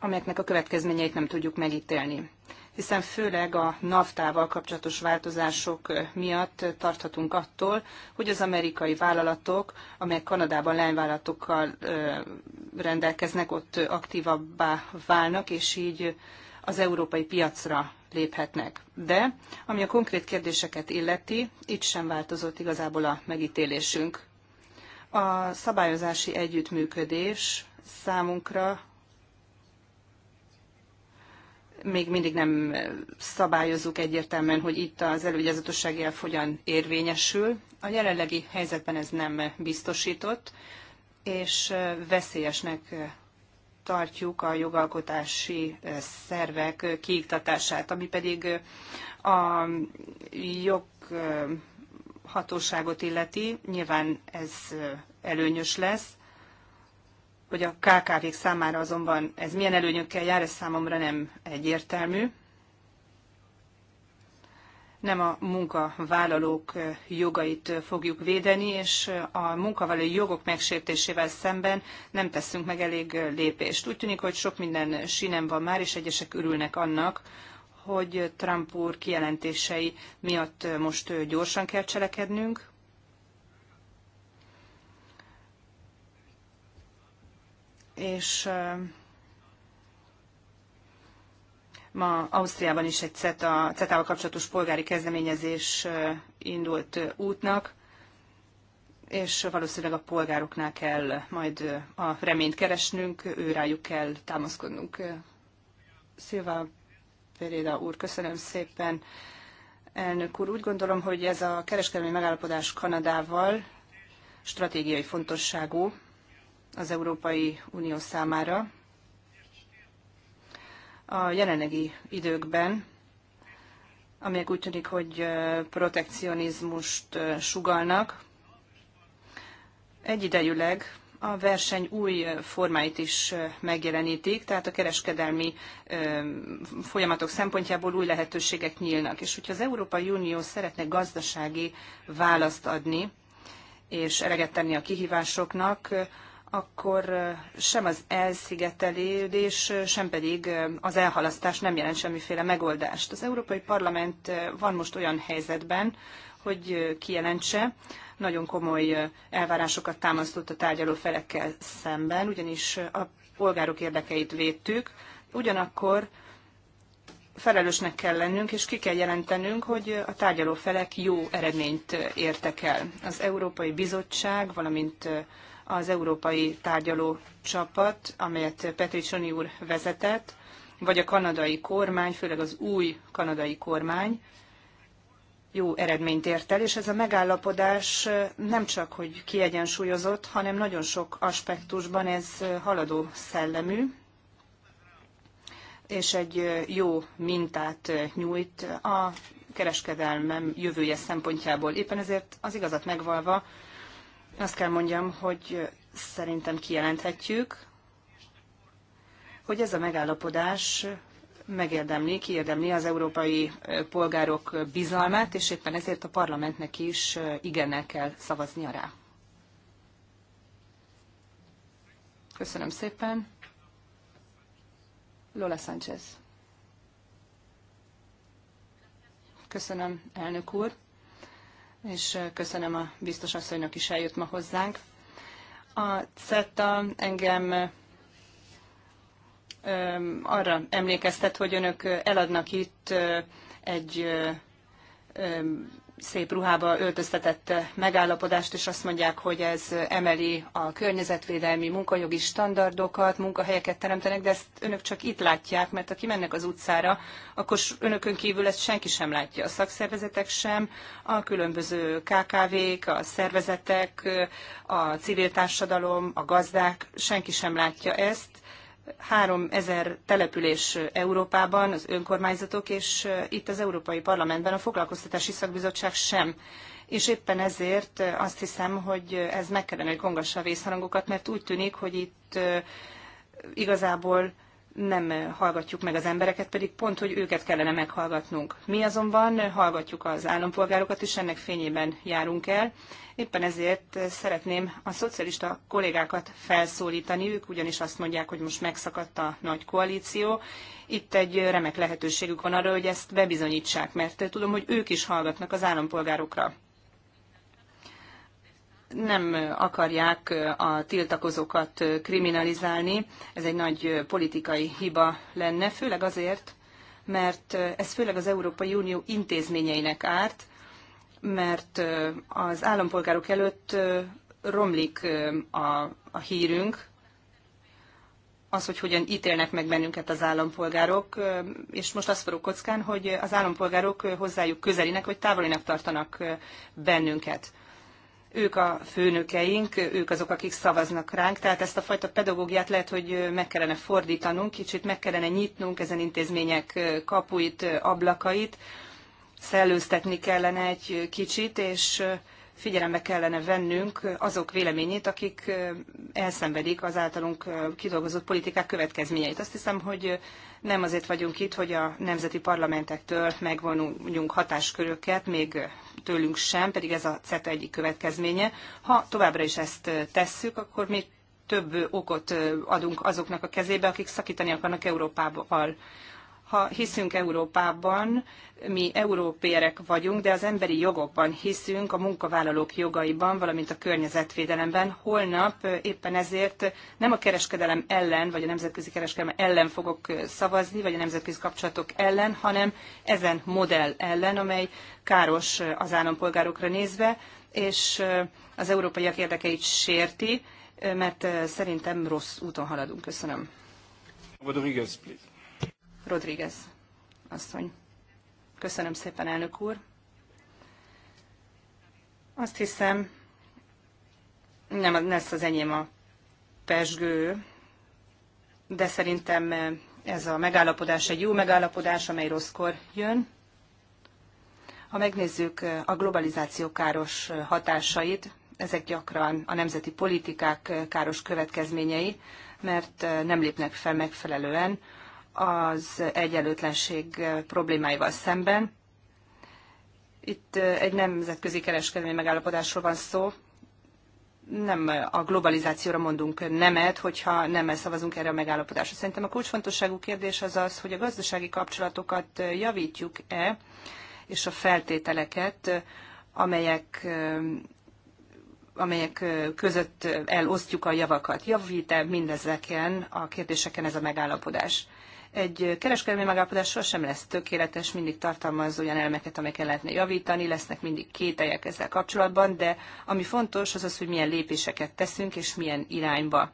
amelyeknek a következményeit nem tudjuk megítélni hiszen főleg a NAFTA-val kapcsolatos változások miatt tarthatunk attól, hogy az amerikai vállalatok, amelyek Kanadában lányvállalatokkal rendelkeznek, ott aktívabbá válnak, és így az európai piacra léphetnek. De, ami a konkrét kérdéseket illeti, itt sem változott igazából a megítélésünk. A szabályozási együttműködés számunkra még mindig nem szabályozunk egyértelműen, hogy itt az elővigyázatossági elv hogyan érvényesül. A jelenlegi helyzetben ez nem biztosított, és veszélyesnek tartjuk a jogalkotási szervek kiiktatását, ami pedig a joghatóságot illeti. Nyilván ez előnyös lesz, hogy a KKV-k számára azonban ez milyen előnyökkel jár, ez számomra nem egyértelmű. Nem a munkavállalók jogait fogjuk védeni, és a munkavállalói jogok megsértésével szemben nem teszünk meg elég lépést. Úgy tűnik, hogy sok minden sinem van már, és egyesek örülnek annak, hogy Trump úr kijelentései miatt most gyorsan kell cselekednünk, és ma Ausztriában is egy CETA, CETA-val kapcsolatos polgári kezdeményezés indult útnak, és valószínűleg a polgároknál kell majd a reményt keresnünk, őrájuk kell támaszkodnunk. Szilva Péréda úr, köszönöm szépen. Elnök úr, úgy gondolom, hogy ez a kereskedelmi megállapodás Kanadával stratégiai fontosságú, az Európai Unió számára. A jelenlegi időkben, amelyek úgy tűnik, hogy protekcionizmust sugalnak, egyidejűleg a verseny új formáit is megjelenítik, tehát a kereskedelmi folyamatok szempontjából új lehetőségek nyílnak. És hogyha az Európai Unió szeretne gazdasági választ adni, és eleget tenni a kihívásoknak, akkor sem az elszigetelődés, sem pedig az elhalasztás nem jelent semmiféle megoldást. Az Európai Parlament van most olyan helyzetben, hogy kijelentse, nagyon komoly elvárásokat támasztott a tárgyaló felekkel szemben, ugyanis a polgárok érdekeit védtük, ugyanakkor felelősnek kell lennünk, és ki kell jelentenünk, hogy a tárgyaló felek jó eredményt értek el. Az Európai Bizottság, valamint az európai tárgyaló csapat, amelyet Petricsioni úr vezetett, vagy a kanadai kormány, főleg az új kanadai kormány jó eredményt ért el, és ez a megállapodás nem csak, hogy kiegyensúlyozott, hanem nagyon sok aspektusban ez haladó szellemű, és egy jó mintát nyújt a kereskedelmem jövője szempontjából. Éppen ezért az igazat megvalva azt kell mondjam, hogy szerintem kijelenthetjük, hogy ez a megállapodás megérdemli, kiérdemli az európai polgárok bizalmát, és éppen ezért a parlamentnek is igennel kell szavaznia rá. Köszönöm szépen. Lola Sánchez. Köszönöm, elnök úr és köszönöm a biztos asszonynak is eljött ma hozzánk. A CETA engem arra emlékeztet, hogy önök eladnak itt egy szép ruhába öltöztetett megállapodást, és azt mondják, hogy ez emeli a környezetvédelmi munkajogi standardokat, munkahelyeket teremtenek, de ezt önök csak itt látják, mert ha kimennek az utcára, akkor önökön kívül ezt senki sem látja. A szakszervezetek sem, a különböző KKV-k, a szervezetek, a civil társadalom, a gazdák, senki sem látja ezt 3000 település Európában, az önkormányzatok, és itt az Európai Parlamentben a Foglalkoztatási Szakbizottság sem. És éppen ezért azt hiszem, hogy ez meg kellene, hogy kongassa a vészharangokat, mert úgy tűnik, hogy itt igazából nem hallgatjuk meg az embereket, pedig pont, hogy őket kellene meghallgatnunk. Mi azonban hallgatjuk az állampolgárokat, és ennek fényében járunk el. Éppen ezért szeretném a szocialista kollégákat felszólítani, ők ugyanis azt mondják, hogy most megszakadt a nagy koalíció. Itt egy remek lehetőségük van arra, hogy ezt bebizonyítsák, mert tudom, hogy ők is hallgatnak az állampolgárokra nem akarják a tiltakozókat kriminalizálni. Ez egy nagy politikai hiba lenne, főleg azért, mert ez főleg az Európai Unió intézményeinek árt, mert az állampolgárok előtt romlik a, a hírünk, az, hogy hogyan ítélnek meg bennünket az állampolgárok, és most azt forró kockán, hogy az állampolgárok hozzájuk közelinek vagy távolinak tartanak bennünket ők a főnökeink, ők azok, akik szavaznak ránk, tehát ezt a fajta pedagógiát lehet, hogy meg kellene fordítanunk, kicsit meg kellene nyitnunk ezen intézmények kapuit, ablakait, szellőztetni kellene egy kicsit, és figyelembe kellene vennünk azok véleményét, akik elszenvedik az általunk kidolgozott politikák következményeit. Azt hiszem, hogy nem azért vagyunk itt, hogy a nemzeti parlamentektől megvonuljunk hatásköröket, még tőlünk sem, pedig ez a CETA egyik következménye. Ha továbbra is ezt tesszük, akkor még több okot adunk azoknak a kezébe, akik szakítani akarnak Európával. Ha hiszünk Európában, mi európérek vagyunk, de az emberi jogokban hiszünk, a munkavállalók jogaiban, valamint a környezetvédelemben. Holnap éppen ezért nem a kereskedelem ellen, vagy a nemzetközi kereskedelem ellen fogok szavazni, vagy a nemzetközi kapcsolatok ellen, hanem ezen modell ellen, amely káros az állampolgárokra nézve, és az európaiak érdekeit sérti, mert szerintem rossz úton haladunk. Köszönöm. Rodriguez, please. Rodríguez asszony. Köszönöm szépen, elnök úr. Azt hiszem, nem lesz az enyém a pesgő, de szerintem ez a megállapodás egy jó megállapodás, amely rosszkor jön. Ha megnézzük a globalizáció káros hatásait, ezek gyakran a nemzeti politikák káros következményei, mert nem lépnek fel megfelelően az egyenlőtlenség problémáival szemben. Itt egy nemzetközi kereskedelmi megállapodásról van szó, nem a globalizációra mondunk nemet, hogyha nem szavazunk erre a megállapodásra. Szerintem a kulcsfontosságú kérdés az az, hogy a gazdasági kapcsolatokat javítjuk-e, és a feltételeket, amelyek amelyek között elosztjuk a javakat. Javít-e mindezeken a kérdéseken ez a megállapodás? egy kereskedelmi megállapodás sosem lesz tökéletes, mindig tartalmaz olyan elemeket, amelyeket lehetne javítani, lesznek mindig kételjek ezzel kapcsolatban, de ami fontos az az, hogy milyen lépéseket teszünk és milyen irányba.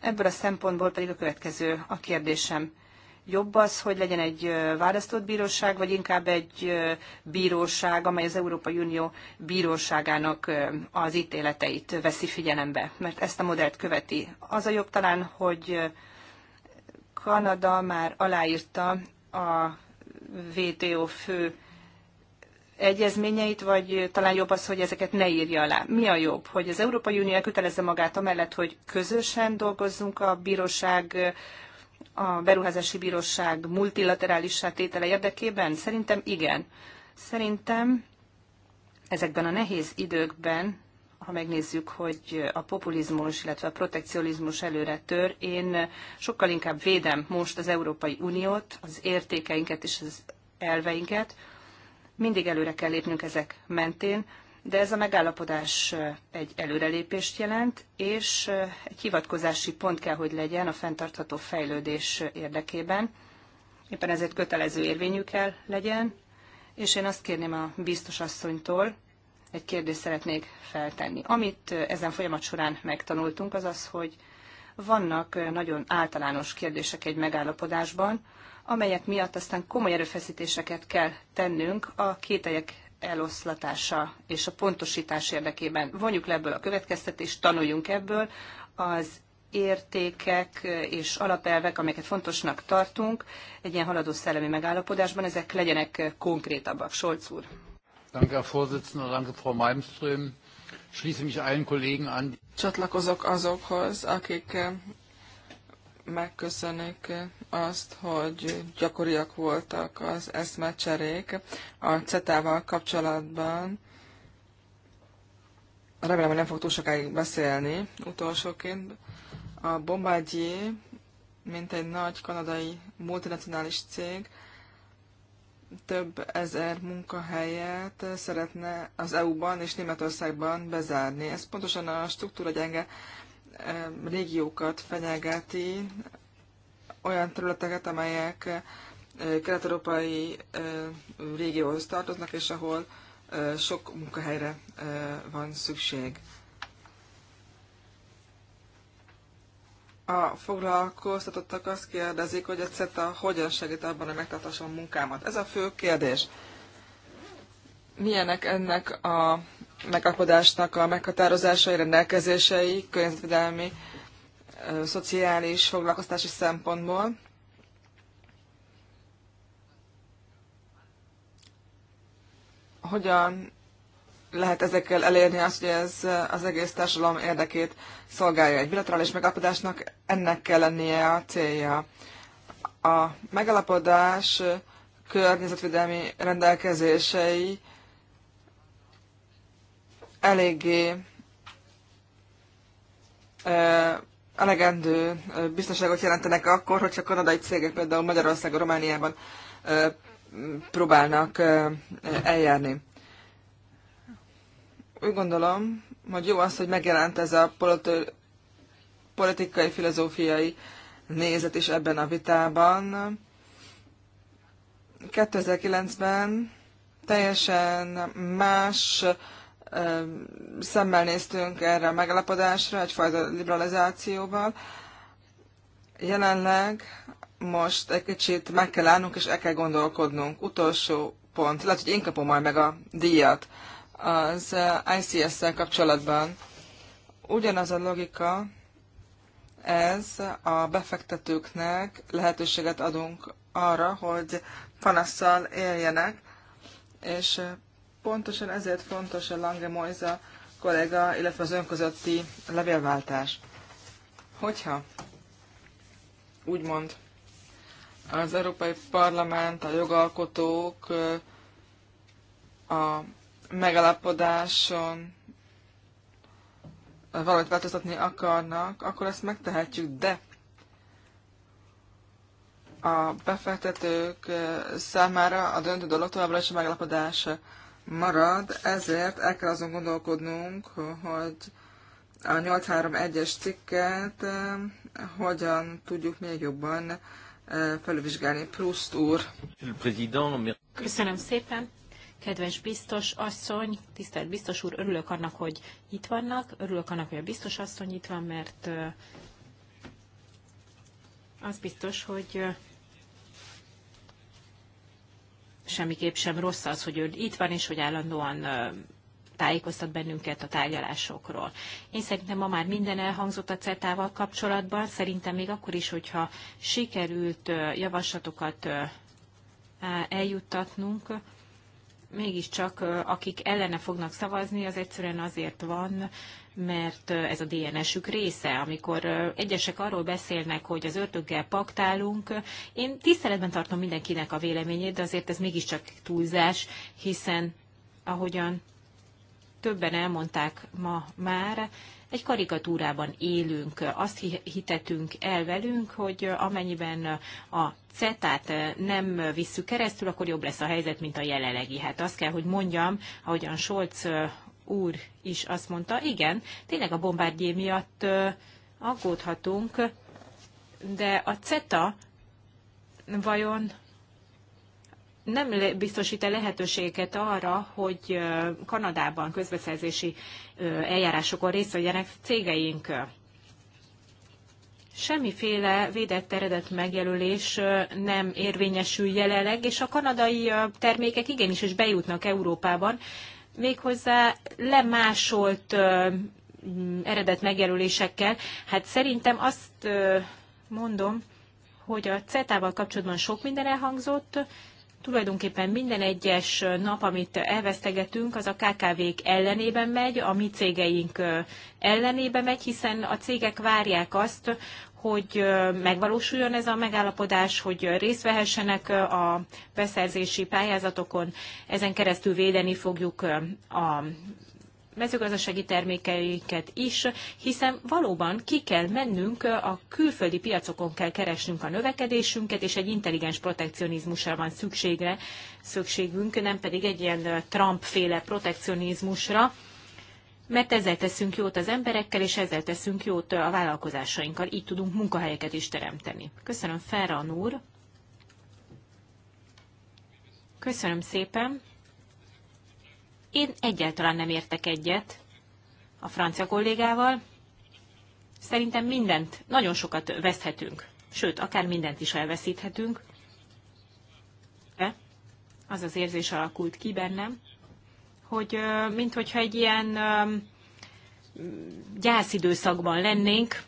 Ebből a szempontból pedig a következő a kérdésem. Jobb az, hogy legyen egy választott bíróság, vagy inkább egy bíróság, amely az Európai Unió bíróságának az ítéleteit veszi figyelembe, mert ezt a modellt követi. Az a jobb talán, hogy Kanada már aláírta a WTO fő egyezményeit, vagy talán jobb az, hogy ezeket ne írja alá. Mi a jobb? Hogy az Európai Unió kötelezze magát amellett, hogy közösen dolgozzunk a bíróság, a beruházási bíróság multilaterális tétele érdekében? Szerintem igen. Szerintem ezekben a nehéz időkben ha megnézzük, hogy a populizmus, illetve a protekcionizmus előre tör, én sokkal inkább védem most az Európai Uniót, az értékeinket és az elveinket. Mindig előre kell lépnünk ezek mentén, de ez a megállapodás egy előrelépést jelent, és egy hivatkozási pont kell, hogy legyen a fenntartható fejlődés érdekében. Éppen ezért kötelező érvényű kell legyen, és én azt kérném a biztos asszonytól, egy kérdést szeretnék feltenni. Amit ezen folyamat során megtanultunk, az az, hogy vannak nagyon általános kérdések egy megállapodásban, amelyek miatt aztán komoly erőfeszítéseket kell tennünk a kételyek eloszlatása és a pontosítás érdekében. Vonjuk le ebből a következtetést, tanuljunk ebből, az értékek és alapelvek, amelyeket fontosnak tartunk egy ilyen haladó szellemi megállapodásban, ezek legyenek konkrétabbak. Solc úr. Danke, Herr Vorsitzender, danke, Frau Malmström. Schließe mich allen Kollegen an. Csatlakozok azokhoz, akik eh, megköszönik eh, azt, hogy gyakoriak voltak az eszmecserék a CETA-val kapcsolatban. Remélem, hogy nem fog túl sokáig beszélni. Utolsóként a Bombardier, mint egy nagy kanadai multinacionális cég, több ezer munkahelyet szeretne az EU-ban és Németországban bezárni. Ez pontosan a struktúra gyenge régiókat fenyegeti, olyan területeket, amelyek kelet-európai régióhoz tartoznak, és ahol sok munkahelyre van szükség. a foglalkoztatottak azt kérdezik, hogy a CETA hogyan segít abban, hogy megtartasson a munkámat. Ez a fő kérdés. Milyenek ennek a megakadásnak a meghatározásai, rendelkezései, környezetvédelmi, szociális, foglalkoztási szempontból? Hogyan lehet ezekkel elérni azt, hogy ez eh, az egész társadalom érdekét szolgálja. Egy bilaterális megállapodásnak ennek kell lennie a célja. A megállapodás eh, környezetvédelmi rendelkezései eléggé eh, elegendő biztonságot jelentenek akkor, hogyha kanadai cégek például Magyarországon, Romániában próbálnak eljárni úgy gondolom, hogy jó az, hogy megjelent ez a politikai, filozófiai nézet is ebben a vitában. 2009-ben teljesen más szemmel néztünk erre a megalapodásra, egyfajta liberalizációval. Jelenleg most egy kicsit meg kell állnunk, és el kell gondolkodnunk. Utolsó pont. Lehet, hogy én kapom majd meg a díjat az eh, ICS-szel kapcsolatban. Ugyanaz a logika, ez a befektetőknek lehetőséget adunk arra, hogy panasszal éljenek, és eh, pontosan ezért fontos a Lange Moisa kollega, illetve az önközötti levélváltás. Hogyha úgymond az Európai Parlament, a jogalkotók, eh, a megalapodáson valamit változtatni akarnak, akkor ezt megtehetjük, de a befektetők számára a döntő dolog továbbra is a megalapodás marad, ezért el kell azon gondolkodnunk, hogy a 831-es cikket um, hogyan tudjuk még jobban uh, felülvizsgálni. Proust úr! Köszönöm szépen! Kedves biztos asszony, tisztelt biztos úr, örülök annak, hogy itt vannak, örülök annak, hogy a biztos asszony itt van, mert az biztos, hogy semmiképp sem rossz az, hogy ő itt van, és hogy állandóan tájékoztat bennünket a tárgyalásokról. Én szerintem ma már minden elhangzott a CETA-val kapcsolatban, szerintem még akkor is, hogyha sikerült javaslatokat eljuttatnunk, mégiscsak akik ellene fognak szavazni, az egyszerűen azért van, mert ez a DNS-ük része. Amikor egyesek arról beszélnek, hogy az ördöggel paktálunk, én tiszteletben tartom mindenkinek a véleményét, de azért ez mégiscsak túlzás, hiszen ahogyan többen elmondták ma már, egy karikatúrában élünk. Azt hitetünk el velünk, hogy amennyiben a CETÁT nem visszük keresztül, akkor jobb lesz a helyzet, mint a jelenlegi. Hát azt kell, hogy mondjam, ahogyan Scholz úr is azt mondta, igen, tényleg a bombárdié miatt aggódhatunk, de a CETA vajon nem biztosít-e lehetőséget arra, hogy Kanadában közbeszerzési eljárásokon részt vegyenek cégeink? Semmiféle védett eredet megjelölés nem érvényesül jelenleg, és a kanadai termékek igenis is bejutnak Európában, méghozzá lemásolt eredet megjelölésekkel. Hát szerintem azt mondom, hogy a CETA-val kapcsolatban sok minden elhangzott, tulajdonképpen minden egyes nap, amit elvesztegetünk, az a KKV-k ellenében megy, a mi cégeink ellenében megy, hiszen a cégek várják azt, hogy megvalósuljon ez a megállapodás, hogy részt vehessenek a beszerzési pályázatokon, ezen keresztül védeni fogjuk a mezőgazdasági termékeiket is, hiszen valóban ki kell mennünk, a külföldi piacokon kell keresnünk a növekedésünket, és egy intelligens protekcionizmusra van szükségre, szükségünk, nem pedig egy ilyen Trump-féle protekcionizmusra, mert ezzel teszünk jót az emberekkel, és ezzel teszünk jót a vállalkozásainkkal. Így tudunk munkahelyeket is teremteni. Köszönöm, Ferran úr! Köszönöm szépen! Én egyáltalán nem értek egyet a francia kollégával. Szerintem mindent, nagyon sokat veszhetünk, sőt, akár mindent is elveszíthetünk. De az az érzés alakult ki bennem, hogy minthogyha egy ilyen gyászidőszakban lennénk,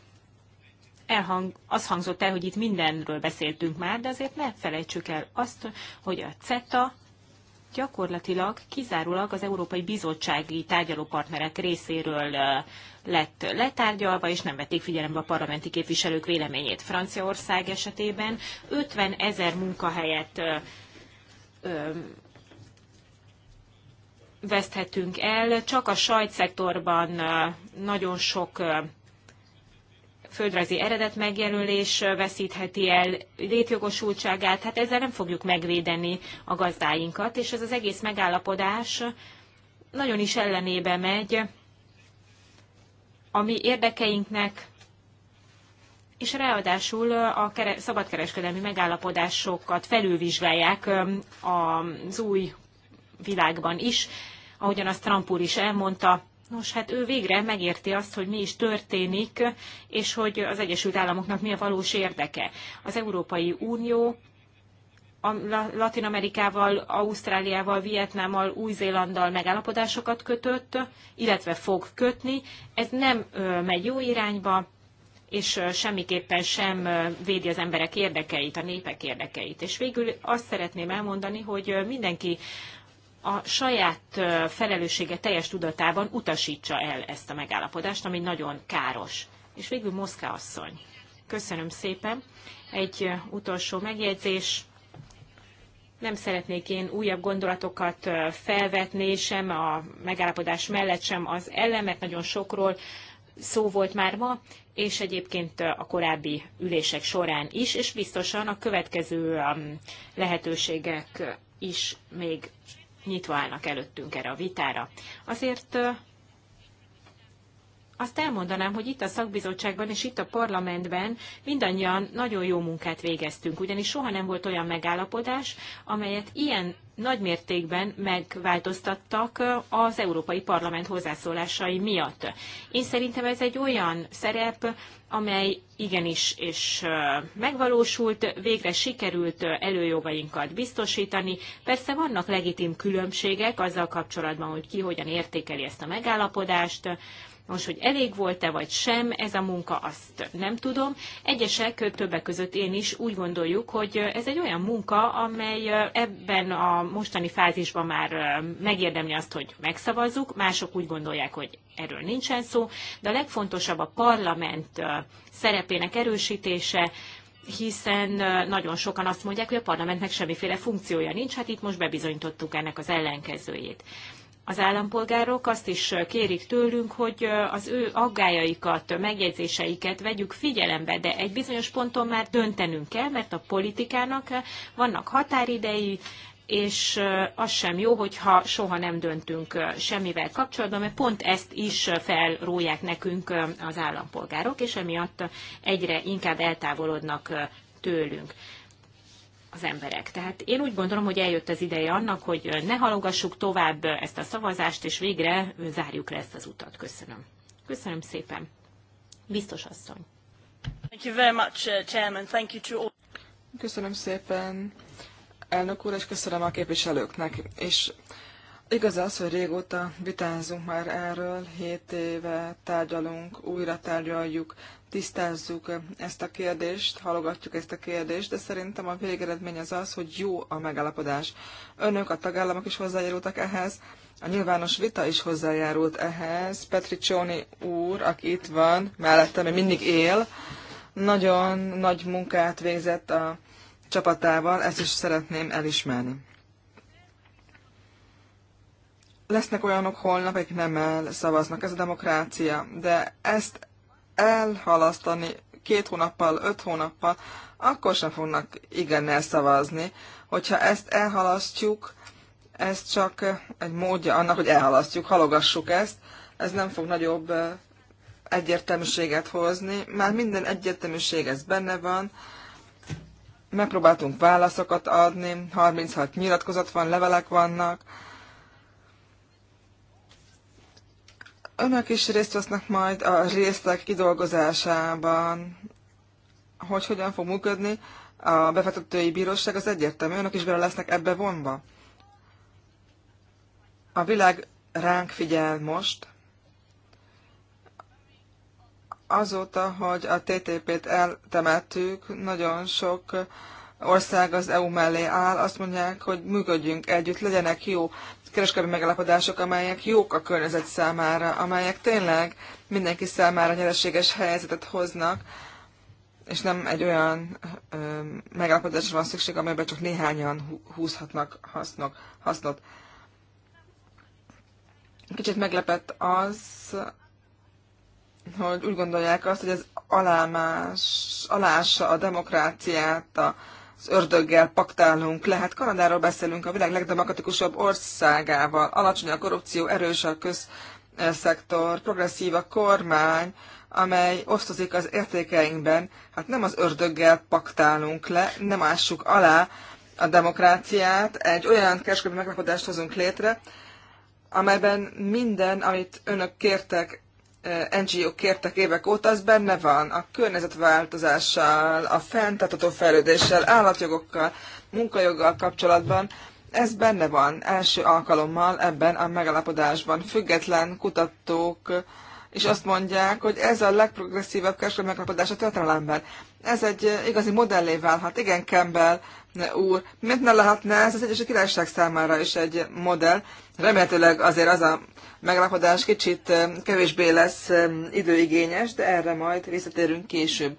elhang, az hangzott el, hogy itt mindenről beszéltünk már, de azért ne felejtsük el azt, hogy a CETA gyakorlatilag kizárólag az Európai Bizottsági tárgyalópartnerek részéről lett letárgyalva, és nem vették figyelembe a parlamenti képviselők véleményét. Franciaország esetében 50 ezer munkahelyet veszthetünk el, csak a sajtszektorban nagyon sok földrajzi eredet megjelölés veszítheti el létjogosultságát, hát ezzel nem fogjuk megvédeni a gazdáinkat, és ez az egész megállapodás nagyon is ellenébe megy a mi érdekeinknek, és ráadásul a szabadkereskedelmi megállapodásokat felülvizsgálják az új világban is, ahogyan azt Trump úr is elmondta, Nos, hát ő végre megérti azt, hogy mi is történik, és hogy az Egyesült Államoknak mi a valós érdeke. Az Európai Unió Latin Amerikával, Ausztráliával, Vietnámmal, Új-Zélanddal megállapodásokat kötött, illetve fog kötni. Ez nem megy jó irányba, és semmiképpen sem védi az emberek érdekeit, a népek érdekeit. És végül azt szeretném elmondani, hogy mindenki a saját felelőssége teljes tudatában utasítsa el ezt a megállapodást, ami nagyon káros. És végül Moszká asszony. Köszönöm szépen. Egy utolsó megjegyzés. Nem szeretnék én újabb gondolatokat felvetni, sem a megállapodás mellett, sem az ellen, mert nagyon sokról szó volt már ma, és egyébként a korábbi ülések során is, és biztosan a következő lehetőségek is még nyitva állnak előttünk erre a vitára. Azért azt elmondanám, hogy itt a szakbizottságban és itt a parlamentben mindannyian nagyon jó munkát végeztünk, ugyanis soha nem volt olyan megállapodás, amelyet ilyen nagy mértékben megváltoztattak az Európai Parlament hozzászólásai miatt. Én szerintem ez egy olyan szerep, amely igenis és megvalósult, végre sikerült előjogainkat biztosítani. Persze vannak legitim különbségek azzal kapcsolatban, hogy ki hogyan értékeli ezt a megállapodást, most, hogy elég volt-e vagy sem, ez a munka, azt nem tudom. Egyesek, többek között én is úgy gondoljuk, hogy ez egy olyan munka, amely ebben a mostani fázisban már megérdemli azt, hogy megszavazzuk. Mások úgy gondolják, hogy erről nincsen szó, de a legfontosabb a parlament szerepének erősítése, hiszen nagyon sokan azt mondják, hogy a parlamentnek semmiféle funkciója nincs, hát itt most bebizonyítottuk ennek az ellenkezőjét az állampolgárok azt is kérik tőlünk, hogy az ő aggájaikat, megjegyzéseiket vegyük figyelembe, de egy bizonyos ponton már döntenünk kell, mert a politikának vannak határidei, és az sem jó, hogyha soha nem döntünk semmivel kapcsolatban, mert pont ezt is felróják nekünk az állampolgárok, és emiatt egyre inkább eltávolodnak tőlünk az emberek. Tehát én úgy gondolom, hogy eljött az ideje annak, hogy ne halogassuk tovább ezt a szavazást, és végre zárjuk le ezt az utat. Köszönöm. Köszönöm szépen. Biztos asszony. Thank you very much, uh, Chairman. Thank you to all... Köszönöm szépen, elnök úr, és köszönöm a képviselőknek. És igaz az, hogy régóta vitázunk már erről, hét éve tárgyalunk, újra tárgyaljuk tisztázzuk ezt a kérdést, halogatjuk ezt a kérdést, de szerintem a végeredmény az az, hogy jó a megállapodás. Önök, a tagállamok is hozzájárultak ehhez, a nyilvános vita is hozzájárult ehhez. Csóni úr, aki itt van, mellettem még mindig él, nagyon nagy munkát végzett a csapatával, ezt is szeretném elismerni. Lesznek olyanok holnap, akik nem szavaznak, ez a demokrácia, de ezt elhalasztani két hónappal, öt hónappal, akkor sem fognak igennel szavazni. Hogyha ezt elhalasztjuk, ez csak egy módja annak, hogy elhalasztjuk, halogassuk ezt, ez nem fog nagyobb egyértelműséget hozni, már minden egyértelműség ez benne van, megpróbáltunk válaszokat adni, 36 nyilatkozat van, levelek vannak, önök is részt vesznek majd a részek kidolgozásában, hogy hogyan fog működni a befektetői bíróság, az egyértelmű, önök is bele lesznek ebbe vonva. A világ ránk figyel most, azóta, hogy a TTP-t eltemettük, nagyon sok ország az EU mellé áll, azt mondják, hogy működjünk együtt, legyenek jó kereskedelmi megállapodások, amelyek jók a környezet számára, amelyek tényleg mindenki számára nyereséges helyzetet hoznak, és nem egy olyan megállapodásra van szükség, amelyben csak néhányan húzhatnak hasznok, hasznot. Kicsit meglepett az, hogy úgy gondolják azt, hogy ez alámás, alása a demokráciát, a az ördöggel paktálunk lehet Kanadáról beszélünk, a világ legdemokratikusabb országával. Alacsony a korrupció, erős a közszektor, progresszív a kormány, amely osztozik az értékeinkben. Hát nem az ördöggel paktálunk le, nem ássuk alá a demokráciát. Egy olyan kereskedelmi meglapodást hozunk létre, amelyben minden, amit önök kértek, NGO kértek évek óta, az benne van a környezetváltozással, a fenntartató fejlődéssel, állatjogokkal, munkajoggal kapcsolatban. Ez benne van első alkalommal ebben a megalapodásban. Független kutatók és azt mondják, hogy ez a legprogresszívebb kereskedelmi megalapodás a történelemben. Ez egy igazi modellé válhat. Igen, Campbell úr, miért ne lehetne ez az Egyesült Királyság számára is egy modell? Remélhetőleg azért az a megalapodás kicsit kevésbé lesz időigényes, de erre majd visszatérünk később.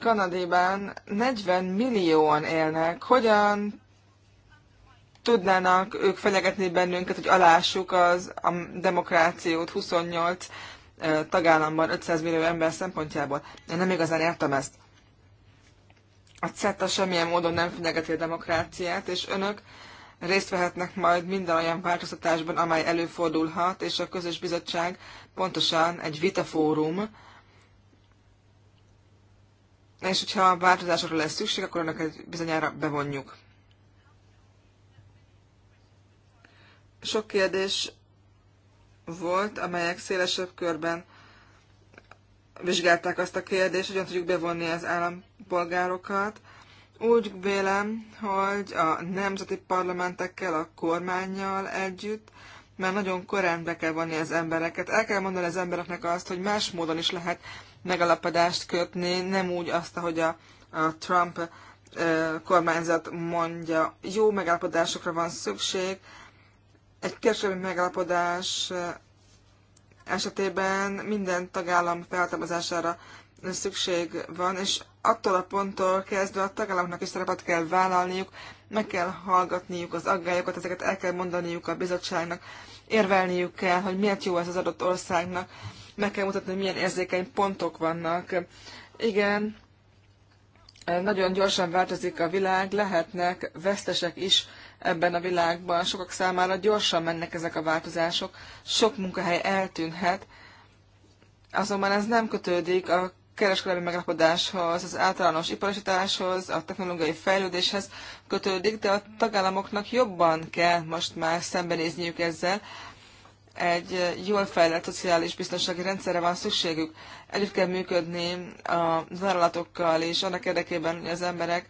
Kanadában 40 millióan élnek. Hogyan tudnának ők fenyegetni bennünket, hogy alássuk az a demokrációt 28 tagállamban 500 millió ember szempontjából. Én nem igazán értem ezt. A CETA semmilyen módon nem fenyegeti a demokráciát, és önök részt vehetnek majd minden olyan változtatásban, amely előfordulhat, és a közös bizottság pontosan egy vitafórum, és hogyha a változásokra lesz szükség, akkor annak bizonyára bevonjuk. Sok kérdés volt, amelyek szélesebb körben vizsgálták azt a kérdést, hogyan tudjuk bevonni az állampolgárokat, úgy vélem, hogy a nemzeti parlamentekkel, a kormányjal együtt mert nagyon korán be kell vonni az embereket. El kell mondani az embereknek azt, hogy más módon is lehet megalapodást kötni, nem úgy azt, ahogy a, a Trump kormányzat mondja, jó megalapodásokra van szükség. Egy kereskedelmi megalapodás esetében minden tagállam feltámazására szükség van, és attól a ponttól kezdve a tagállamoknak is szerepet kell vállalniuk, meg kell hallgatniuk az aggályokat, ezeket el kell mondaniuk a bizottságnak, érvelniük kell, hogy miért jó ez az adott országnak, meg kell mutatni, hogy milyen érzékeny pontok vannak. Igen, nagyon gyorsan változik a világ, lehetnek vesztesek is ebben a világban. Sokak számára gyorsan mennek ezek a változások, sok munkahely eltűnhet, azonban ez nem kötődik a kereskedelmi megállapodáshoz, az általános iparosításhoz, a technológiai fejlődéshez kötődik, de a tagállamoknak jobban kell most már szembenézniük ezzel. Egy jól fejlett szociális biztonsági rendszerre van szükségük. Együtt kell működni a vállalatokkal, és annak érdekében, hogy az emberek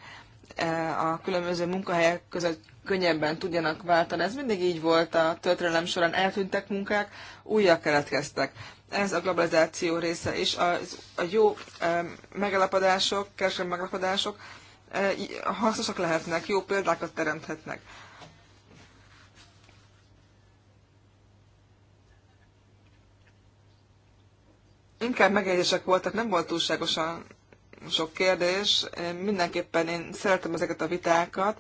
e, a különböző munkahelyek között könnyebben tudjanak váltani. Ez mindig így volt a történelem során. Eltűntek munkák, újak keletkeztek ez a globalizáció része, és a, a jó megalapodások, kereskedelmi megalapodások eh, hasznosak lehetnek, jó példákat teremthetnek. Inkább megjegyzések voltak, nem volt túlságosan sok kérdés. Mindenképpen én szeretem ezeket a vitákat.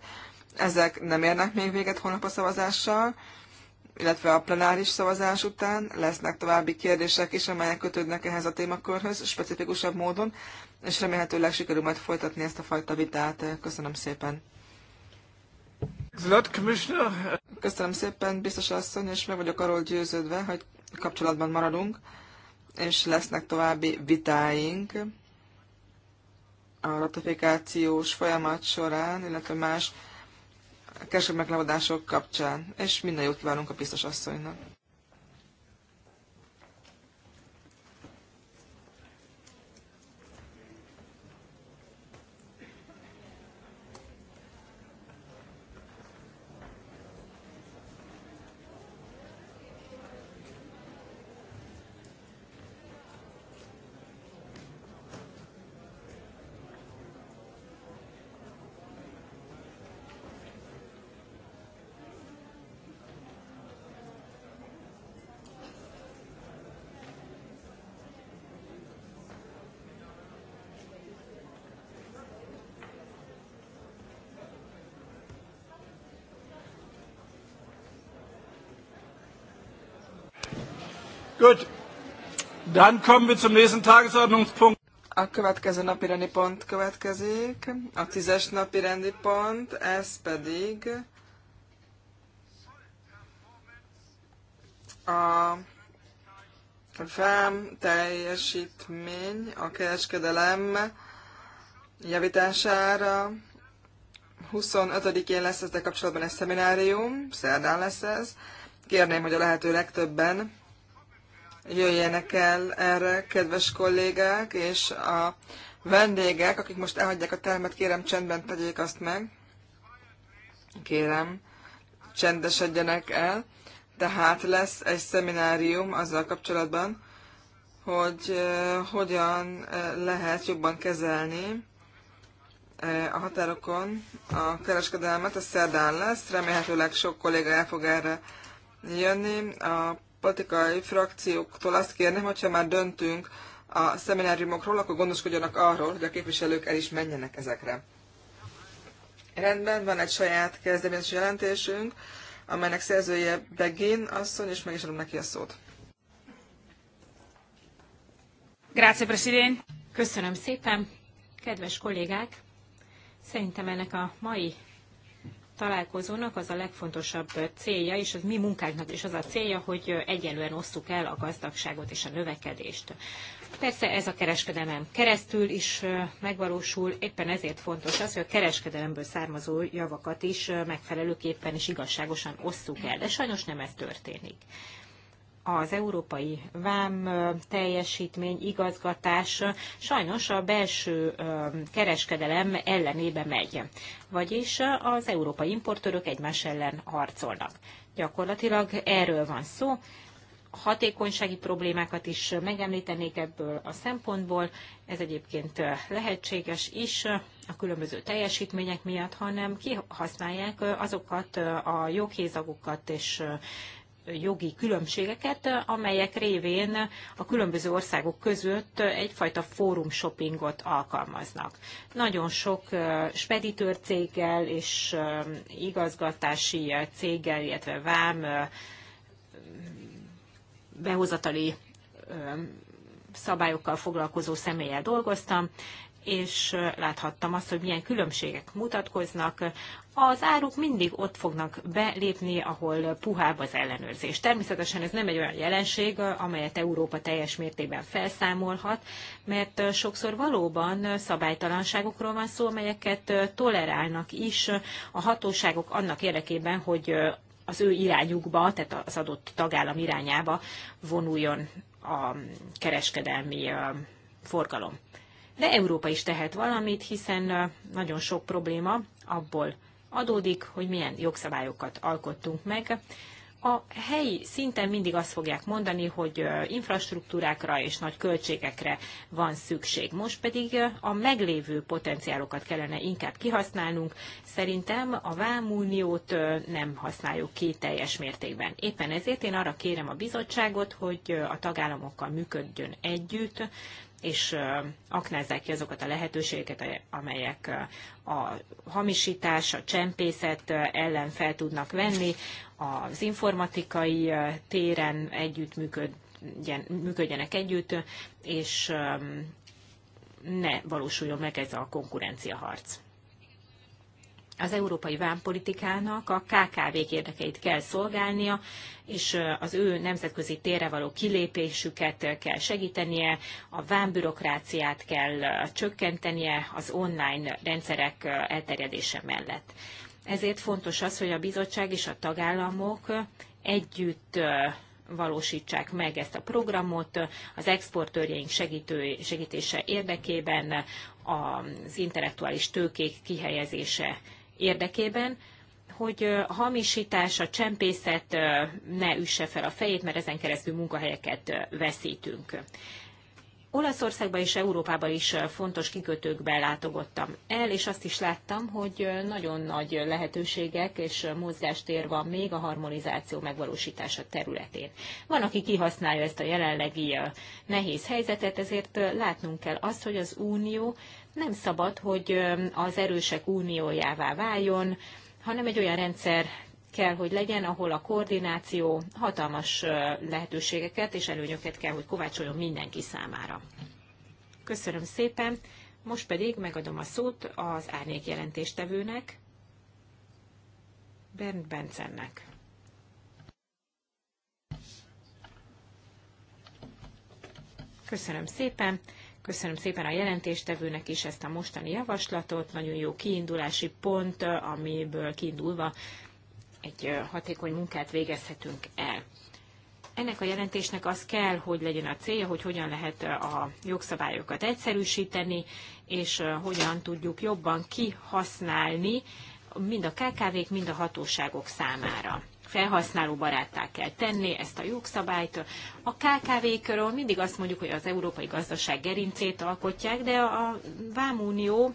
Ezek nem érnek még véget holnap a szavazással illetve a plenáris szavazás után lesznek további kérdések is, amelyek kötődnek ehhez a témakörhöz specifikusabb módon, és remélhetőleg sikerül majd folytatni ezt a fajta vitát. Köszönöm szépen! Köszönöm szépen, biztos asszony, és meg vagyok arról győződve, hogy kapcsolatban maradunk, és lesznek további vitáink a ratifikációs folyamat során, illetve más kereskedelmi kapcsán, és minden jót kívánunk a biztos asszonynak. Gut. Dann kommen wir zum nächsten Tagesordnungspunkt. A következő napi rendi pont következik, a tízes napi rendi pont, ez pedig a fem teljesítmény a kereskedelem javítására. 25-én lesz ezzel kapcsolatban egy szeminárium, szerdán lesz ez. Kérném, hogy a lehető legtöbben jöjjenek el erre, kedves kollégák, és a vendégek, akik most elhagyják a termet, kérem csendben tegyék azt meg. Kérem, csendesedjenek el. Tehát lesz egy szeminárium azzal kapcsolatban, hogy eh, hogyan eh, lehet jobban kezelni eh, a határokon a kereskedelmet. A szerdán lesz, remélhetőleg sok kolléga el fog erre jönni. A politikai frakcióktól azt kérném, hogyha már döntünk a szemináriumokról, akkor gondoskodjanak arról, hogy a képviselők el is menjenek ezekre. Rendben, van egy saját kezdeményezési jelentésünk, amelynek szerzője Begin asszony, és meg is adom neki a szót. Grazie, President. Köszönöm szépen, kedves kollégák! Szerintem ennek a mai találkozónak az a legfontosabb célja, és az mi munkánknak is az a célja, hogy egyenlően osszuk el a gazdagságot és a növekedést. Persze ez a kereskedelem keresztül is megvalósul, éppen ezért fontos az, hogy a kereskedelemből származó javakat is megfelelőképpen és igazságosan osszuk el, de sajnos nem ez történik az európai vám teljesítmény, igazgatás sajnos a belső kereskedelem ellenébe megy. Vagyis az európai importőrök egymás ellen harcolnak. Gyakorlatilag erről van szó. Hatékonysági problémákat is megemlítenék ebből a szempontból. Ez egyébként lehetséges is a különböző teljesítmények miatt, hanem kihasználják azokat a joghézagokat és jogi különbségeket, amelyek révén a különböző országok között egyfajta fórum shoppingot alkalmaznak. Nagyon sok speditőr céggel és igazgatási céggel, illetve vám behozatali szabályokkal foglalkozó személlyel dolgoztam, és láthattam azt, hogy milyen különbségek mutatkoznak az áruk mindig ott fognak belépni, ahol puhább az ellenőrzés. Természetesen ez nem egy olyan jelenség, amelyet Európa teljes mértékben felszámolhat, mert sokszor valóban szabálytalanságokról van szó, amelyeket tolerálnak is a hatóságok annak érdekében, hogy az ő irányukba, tehát az adott tagállam irányába vonuljon a kereskedelmi forgalom. De Európa is tehet valamit, hiszen nagyon sok probléma abból adódik, hogy milyen jogszabályokat alkottunk meg. A helyi szinten mindig azt fogják mondani, hogy infrastruktúrákra és nagy költségekre van szükség. Most pedig a meglévő potenciálokat kellene inkább kihasználnunk. Szerintem a vámúniót nem használjuk ki teljes mértékben. Éppen ezért én arra kérem a bizottságot, hogy a tagállamokkal működjön együtt, és aknázzák ki azokat a lehetőségeket, amelyek a hamisítás, a csempészet ellen fel tudnak venni, az informatikai téren együtt működjenek együtt, és ne valósuljon meg ez a konkurenciaharc az európai vámpolitikának a KKV-k érdekeit kell szolgálnia, és az ő nemzetközi térre való kilépésüket kell segítenie, a vámbürokráciát kell csökkentenie az online rendszerek elterjedése mellett. Ezért fontos az, hogy a bizottság és a tagállamok együtt valósítsák meg ezt a programot az exportőrjeink segítő, segítése érdekében, az intellektuális tőkék kihelyezése érdekében, hogy a hamisítás, a csempészet ne üsse fel a fejét, mert ezen keresztül munkahelyeket veszítünk. Olaszországban és Európában is fontos kikötőkben látogattam el, és azt is láttam, hogy nagyon nagy lehetőségek és mozgástér van még a harmonizáció megvalósítása területén. Van, aki kihasználja ezt a jelenlegi nehéz helyzetet, ezért látnunk kell azt, hogy az Unió nem szabad, hogy az erősek uniójává váljon, hanem egy olyan rendszer kell, hogy legyen, ahol a koordináció hatalmas lehetőségeket és előnyöket kell, hogy kovácsoljon mindenki számára. Köszönöm szépen, most pedig megadom a szót az árnyék jelentéstevőnek, Bernd Bencennek. Köszönöm szépen. Köszönöm szépen a jelentéstevőnek is ezt a mostani javaslatot, nagyon jó kiindulási pont, amiből kiindulva egy hatékony munkát végezhetünk el. Ennek a jelentésnek az kell, hogy legyen a célja, hogy hogyan lehet a jogszabályokat egyszerűsíteni, és hogyan tudjuk jobban kihasználni mind a KKV-k, mind a hatóságok számára felhasználó baráttá kell tenni ezt a jogszabályt. A kkv körül mindig azt mondjuk, hogy az európai gazdaság gerincét alkotják, de a Vámunió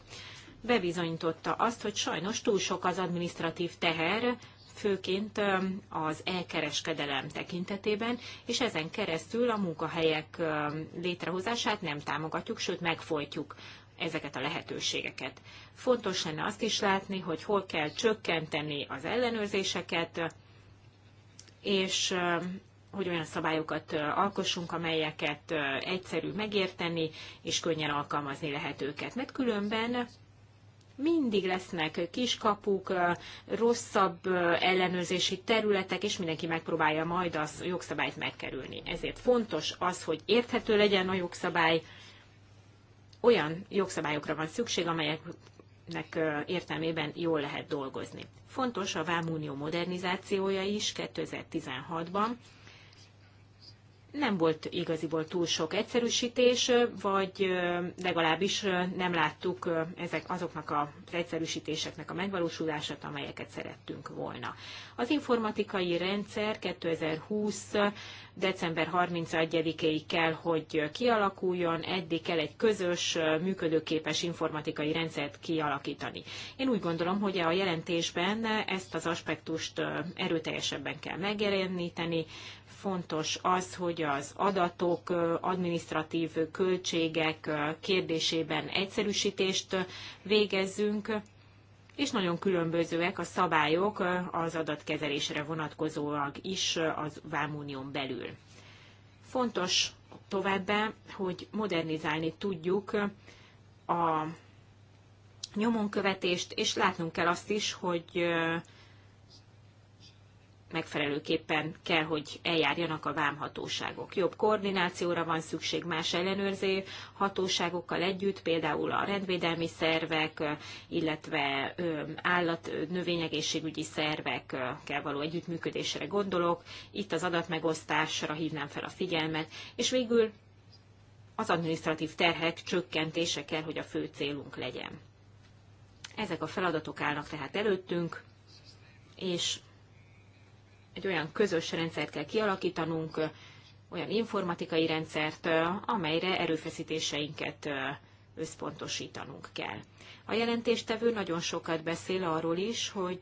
bebizonyította azt, hogy sajnos túl sok az administratív teher, főként az elkereskedelem tekintetében, és ezen keresztül a munkahelyek létrehozását nem támogatjuk, sőt megfolytjuk ezeket a lehetőségeket. Fontos lenne azt is látni, hogy hol kell csökkenteni az ellenőrzéseket, és hogy olyan szabályokat alkossunk, amelyeket egyszerű megérteni, és könnyen alkalmazni lehet őket. Mert különben mindig lesznek kiskapuk, rosszabb ellenőrzési területek, és mindenki megpróbálja majd a jogszabályt megkerülni. Ezért fontos az, hogy érthető legyen a jogszabály, olyan jogszabályokra van szükség, amelyek nek értelmében jól lehet dolgozni. Fontos a Vámunió modernizációja is 2016-ban, nem volt igaziból túl sok egyszerűsítés, vagy legalábbis nem láttuk ezek, azoknak az egyszerűsítéseknek a megvalósulását, amelyeket szerettünk volna. Az informatikai rendszer 2020. december 31-éig kell, hogy kialakuljon, eddig kell egy közös, működőképes informatikai rendszert kialakítani. Én úgy gondolom, hogy a jelentésben ezt az aspektust erőteljesebben kell megjeleníteni, fontos az, hogy az adatok, administratív költségek kérdésében egyszerűsítést végezzünk, és nagyon különbözőek a szabályok az adatkezelésre vonatkozóak is az Vámunión belül. Fontos továbbá, hogy modernizálni tudjuk a nyomonkövetést, és látnunk kell azt is, hogy megfelelőképpen kell, hogy eljárjanak a vámhatóságok. Jobb koordinációra van szükség más ellenőrző hatóságokkal együtt, például a rendvédelmi szervek, illetve állat, növényegészségügyi szervekkel való együttműködésre gondolok. Itt az adatmegosztásra hívnám fel a figyelmet, és végül az administratív terhek csökkentése kell, hogy a fő célunk legyen. Ezek a feladatok állnak tehát előttünk, és egy olyan közös rendszert kell kialakítanunk, olyan informatikai rendszert, amelyre erőfeszítéseinket összpontosítanunk kell. A jelentéstevő nagyon sokat beszél arról is, hogy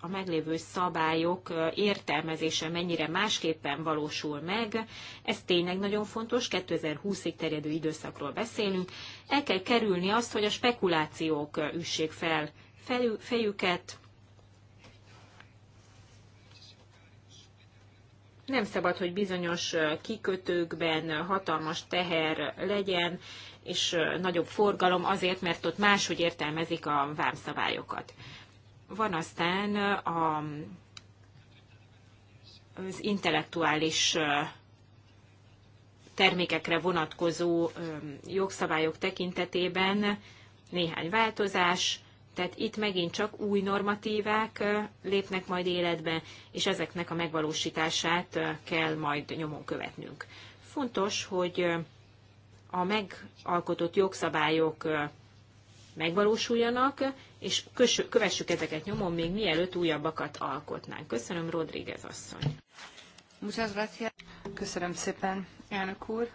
a meglévő szabályok értelmezése mennyire másképpen valósul meg. Ez tényleg nagyon fontos, 2020-ig terjedő időszakról beszélünk. El kell kerülni azt, hogy a spekulációk üssék fel fejüket, Nem szabad, hogy bizonyos kikötőkben hatalmas teher legyen, és nagyobb forgalom azért, mert ott máshogy értelmezik a vámszabályokat. Van aztán a, az intellektuális termékekre vonatkozó jogszabályok tekintetében néhány változás, tehát itt megint csak új normatívák lépnek majd életbe, és ezeknek a megvalósítását kell majd nyomon követnünk. Fontos, hogy a megalkotott jogszabályok megvalósuljanak, és kövessük ezeket nyomon még mielőtt újabbakat alkotnánk. Köszönöm, Rodríguez asszony. Köszönöm szépen, elnök úr.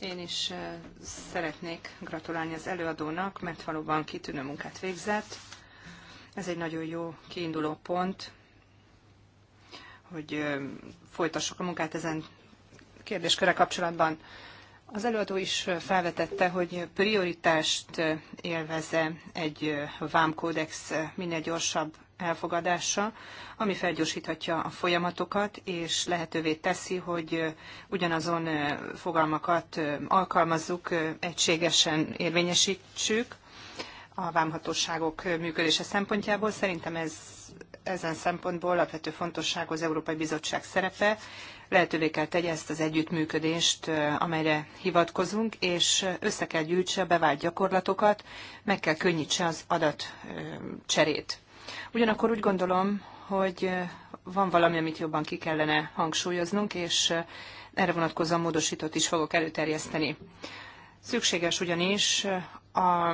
Én is szeretnék gratulálni az előadónak, mert valóban kitűnő munkát végzett. Ez egy nagyon jó kiinduló pont, hogy folytassuk a munkát ezen kérdéskörre kapcsolatban. Az előadó is felvetette, hogy prioritást élveze egy vámkódex minél gyorsabb elfogadása, ami felgyorsíthatja a folyamatokat, és lehetővé teszi, hogy ugyanazon fogalmakat alkalmazzuk, egységesen érvényesítsük a vámhatóságok működése szempontjából. Szerintem ez ezen szempontból alapvető fontosság az Európai Bizottság szerepe. Lehetővé kell tegye ezt az együttműködést, amelyre hivatkozunk, és össze kell gyűjtse a bevált gyakorlatokat, meg kell könnyítse az adatcserét. Ugyanakkor úgy gondolom, hogy van valami, amit jobban ki kellene hangsúlyoznunk, és erre vonatkozóan módosítót is fogok előterjeszteni. Szükséges ugyanis a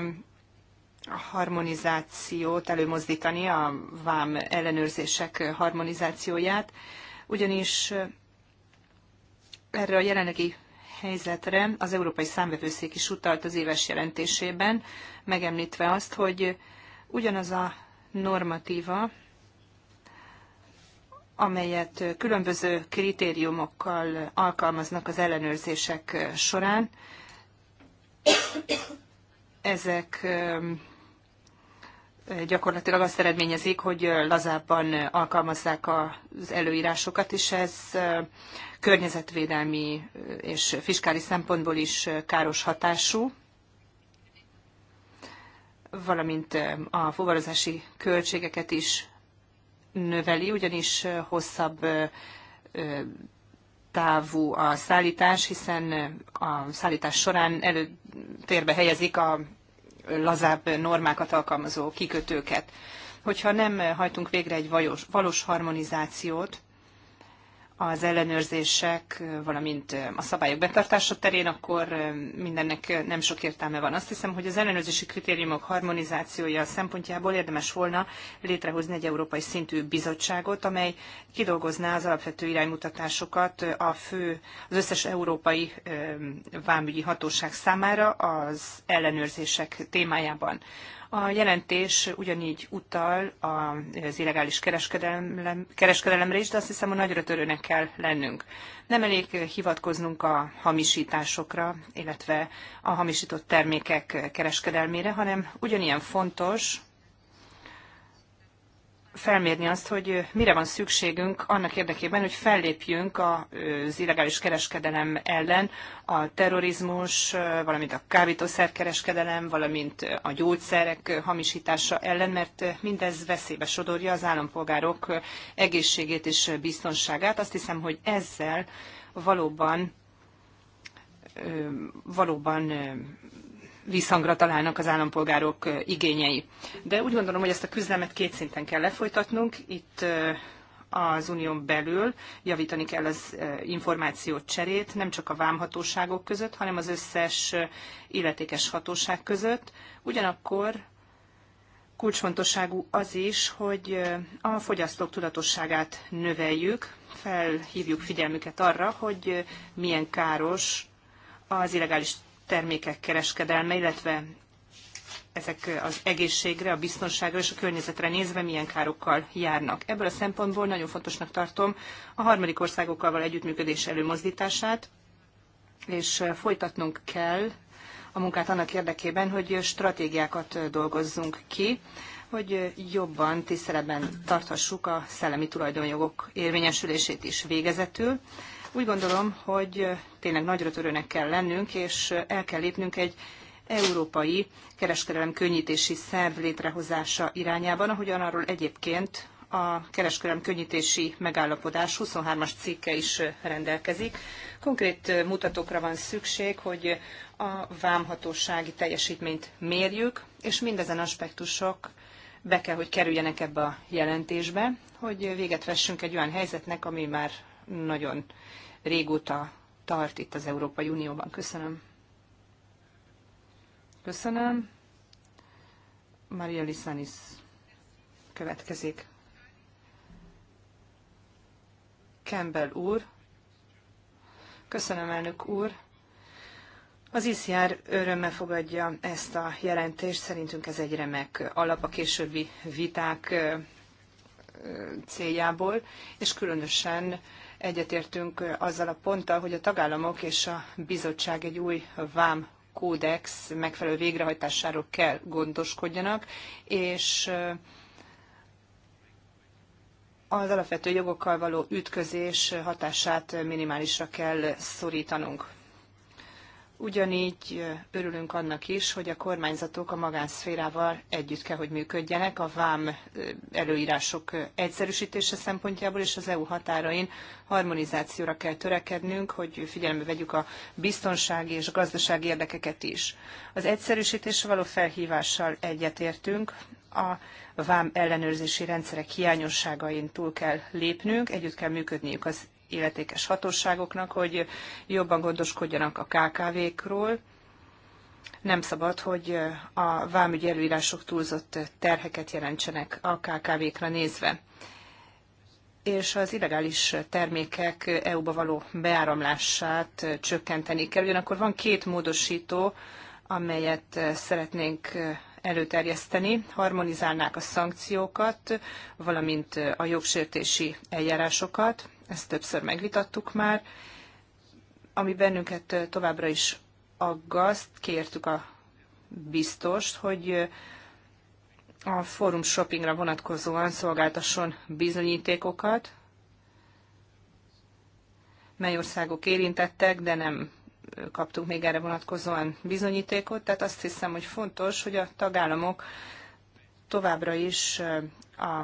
harmonizációt előmozdítani, a vám ellenőrzések harmonizációját, ugyanis erre a jelenlegi helyzetre az Európai Számvevőszék is utalt az éves jelentésében, megemlítve azt, hogy ugyanaz a normatíva, amelyet különböző kritériumokkal alkalmaznak az ellenőrzések során. Ezek gyakorlatilag azt eredményezik, hogy lazábban alkalmazzák az előírásokat, és ez környezetvédelmi és fiskális szempontból is káros hatású valamint a fuvarozási költségeket is növeli, ugyanis hosszabb távú a szállítás, hiszen a szállítás során előtérbe helyezik a lazább normákat alkalmazó kikötőket. Hogyha nem hajtunk végre egy valós, valós harmonizációt, az ellenőrzések, valamint a szabályok betartása terén, akkor mindennek nem sok értelme van. Azt hiszem, hogy az ellenőrzési kritériumok harmonizációja szempontjából érdemes volna létrehozni egy európai szintű bizottságot, amely kidolgozná az alapvető iránymutatásokat a fő, az összes európai vámügyi hatóság számára az ellenőrzések témájában. A jelentés ugyanígy utal az illegális kereskedelem, kereskedelemre is, de azt hiszem, hogy nagyra törőnek kell lennünk. Nem elég hivatkoznunk a hamisításokra, illetve a hamisított termékek kereskedelmére, hanem ugyanilyen fontos felmérni azt, hogy mire van szükségünk annak érdekében, hogy fellépjünk az illegális kereskedelem ellen, a terrorizmus, valamint a kábítószerkereskedelem, valamint a gyógyszerek hamisítása ellen, mert mindez veszélybe sodorja az állampolgárok egészségét és biztonságát. Azt hiszem, hogy ezzel valóban valóban visszhangra találnak az állampolgárok igényei. De úgy gondolom, hogy ezt a küzdelmet két szinten kell lefolytatnunk. Itt az unión belül javítani kell az információ cserét, nem csak a vámhatóságok között, hanem az összes illetékes hatóság között. Ugyanakkor kulcsfontosságú az is, hogy a fogyasztók tudatosságát növeljük, felhívjuk figyelmüket arra, hogy milyen káros az illegális termékek kereskedelme, illetve ezek az egészségre, a biztonságra és a környezetre nézve milyen károkkal járnak. Ebből a szempontból nagyon fontosnak tartom a harmadik országokkal való együttműködés előmozdítását, és folytatnunk kell a munkát annak érdekében, hogy stratégiákat dolgozzunk ki, hogy jobban tiszteletben tarthassuk a szellemi tulajdonjogok érvényesülését is végezetül. Úgy gondolom, hogy tényleg nagyra törőnek kell lennünk, és el kell lépnünk egy európai kereskedelem könnyítési szerv létrehozása irányában, ahogyan arról egyébként a kereskedelem könnyítési megállapodás 23-as cikke is rendelkezik. Konkrét mutatókra van szükség, hogy a vámhatósági teljesítményt mérjük, és mindezen aspektusok be kell, hogy kerüljenek ebbe a jelentésbe, hogy véget vessünk egy olyan helyzetnek, ami már nagyon régóta tart itt az Európai Unióban. Köszönöm. Köszönöm. Maria Lissanis következik. Campbell úr. Köszönöm, elnök úr. Az ICR örömmel fogadja ezt a jelentést. Szerintünk ez egy remek alap a későbbi viták céljából, és különösen Egyetértünk azzal a ponttal, hogy a tagállamok és a bizottság egy új vám kódex megfelelő végrehajtásáról kell gondoskodjanak, és az alapvető jogokkal való ütközés hatását minimálisra kell szorítanunk. Ugyanígy örülünk annak is, hogy a kormányzatok a magánszférával együtt kell, hogy működjenek a vám előírások egyszerűsítése szempontjából, és az EU határain harmonizációra kell törekednünk, hogy figyelembe vegyük a biztonsági és gazdasági érdekeket is. Az egyszerűsítésre való felhívással egyetértünk, a vám ellenőrzési rendszerek hiányosságain túl kell lépnünk, együtt kell működniük az illetékes hatóságoknak, hogy jobban gondoskodjanak a KKV-król. Nem szabad, hogy a vámügyi előírások túlzott terheket jelentsenek a KKV-kra nézve és az illegális termékek EU-ba való beáramlását csökkenteni kell. Ugyanakkor van két módosító, amelyet szeretnénk előterjeszteni, harmonizálnák a szankciókat, valamint a jogsértési eljárásokat ezt többször megvitattuk már. Ami bennünket továbbra is aggaszt, kértük a biztost, hogy a fórum shoppingra vonatkozóan szolgáltasson bizonyítékokat, mely országok érintettek, de nem kaptunk még erre vonatkozóan bizonyítékot, tehát azt hiszem, hogy fontos, hogy a tagállamok továbbra is a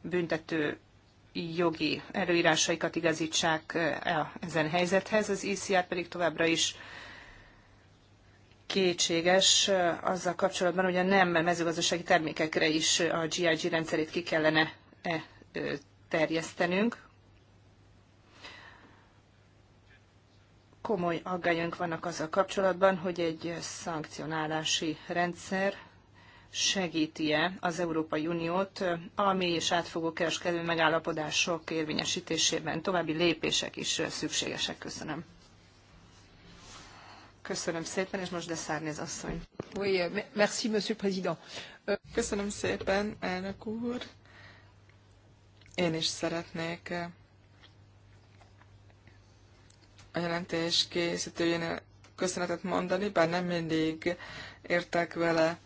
büntető jogi előírásaikat igazítsák eh, ezen helyzethez, az ICR e pedig továbbra is kétséges eh, azzal kapcsolatban, hogy a nem mezőgazdasági termékekre is a GIG rendszerét ki kellene -e terjesztenünk. Komoly aggályunk vannak azzal kapcsolatban, hogy egy szankcionálási rendszer segíti-e az Európai Uniót a mély és átfogó kereskedelmi megállapodások érvényesítésében. További lépések is szükségesek. Köszönöm. Köszönöm szépen, és most az asszony. Oui, euh, merci, monsieur président. Euh, Köszönöm szépen, elnök úr. Én is szeretnék a jelentés készítőjénél köszönetet mondani, bár nem mindig értek vele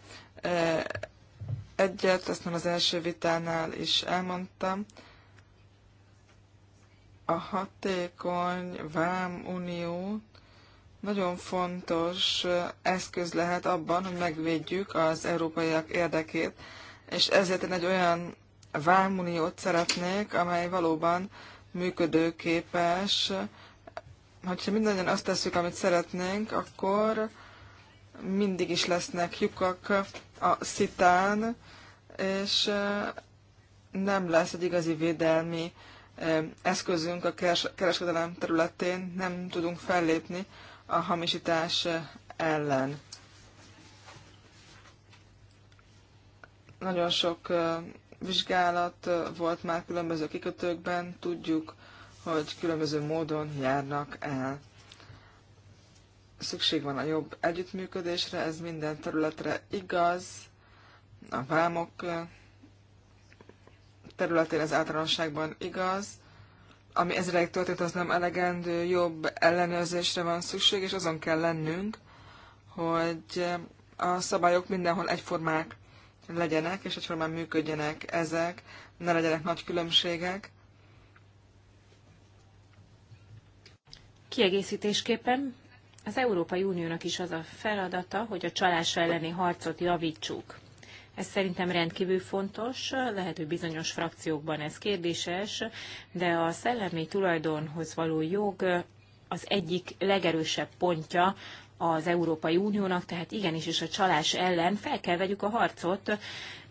egyet, ezt nem az első vitánál is elmondtam. A hatékony vámunió nagyon fontos eszköz lehet abban, hogy megvédjük az európaiak érdekét, és ezért én egy olyan vámuniót szeretnék, amely valóban működőképes. Hogyha mindannyian azt tesszük, amit szeretnénk, akkor mindig is lesznek lyukak, a szitán, és nem lesz egy igazi védelmi eszközünk a kereskedelem területén, nem tudunk fellépni a hamisítás ellen. Nagyon sok vizsgálat volt már különböző kikötőkben, tudjuk, hogy különböző módon járnak el szükség van a jobb együttműködésre, ez minden területre igaz, a vámok területén ez általánosságban igaz, ami ezreig történt, az nem elegendő, jobb ellenőrzésre van szükség, és azon kell lennünk, hogy a szabályok mindenhol egyformák legyenek, és egyformán működjenek ezek, ne legyenek nagy különbségek. Kiegészítésképpen az Európai Uniónak is az a feladata, hogy a csalás elleni harcot javítsuk. Ez szerintem rendkívül fontos, lehet, hogy bizonyos frakciókban ez kérdéses, de a szellemi tulajdonhoz való jog az egyik legerősebb pontja az Európai Uniónak, tehát igenis is a csalás ellen fel kell vegyük a harcot,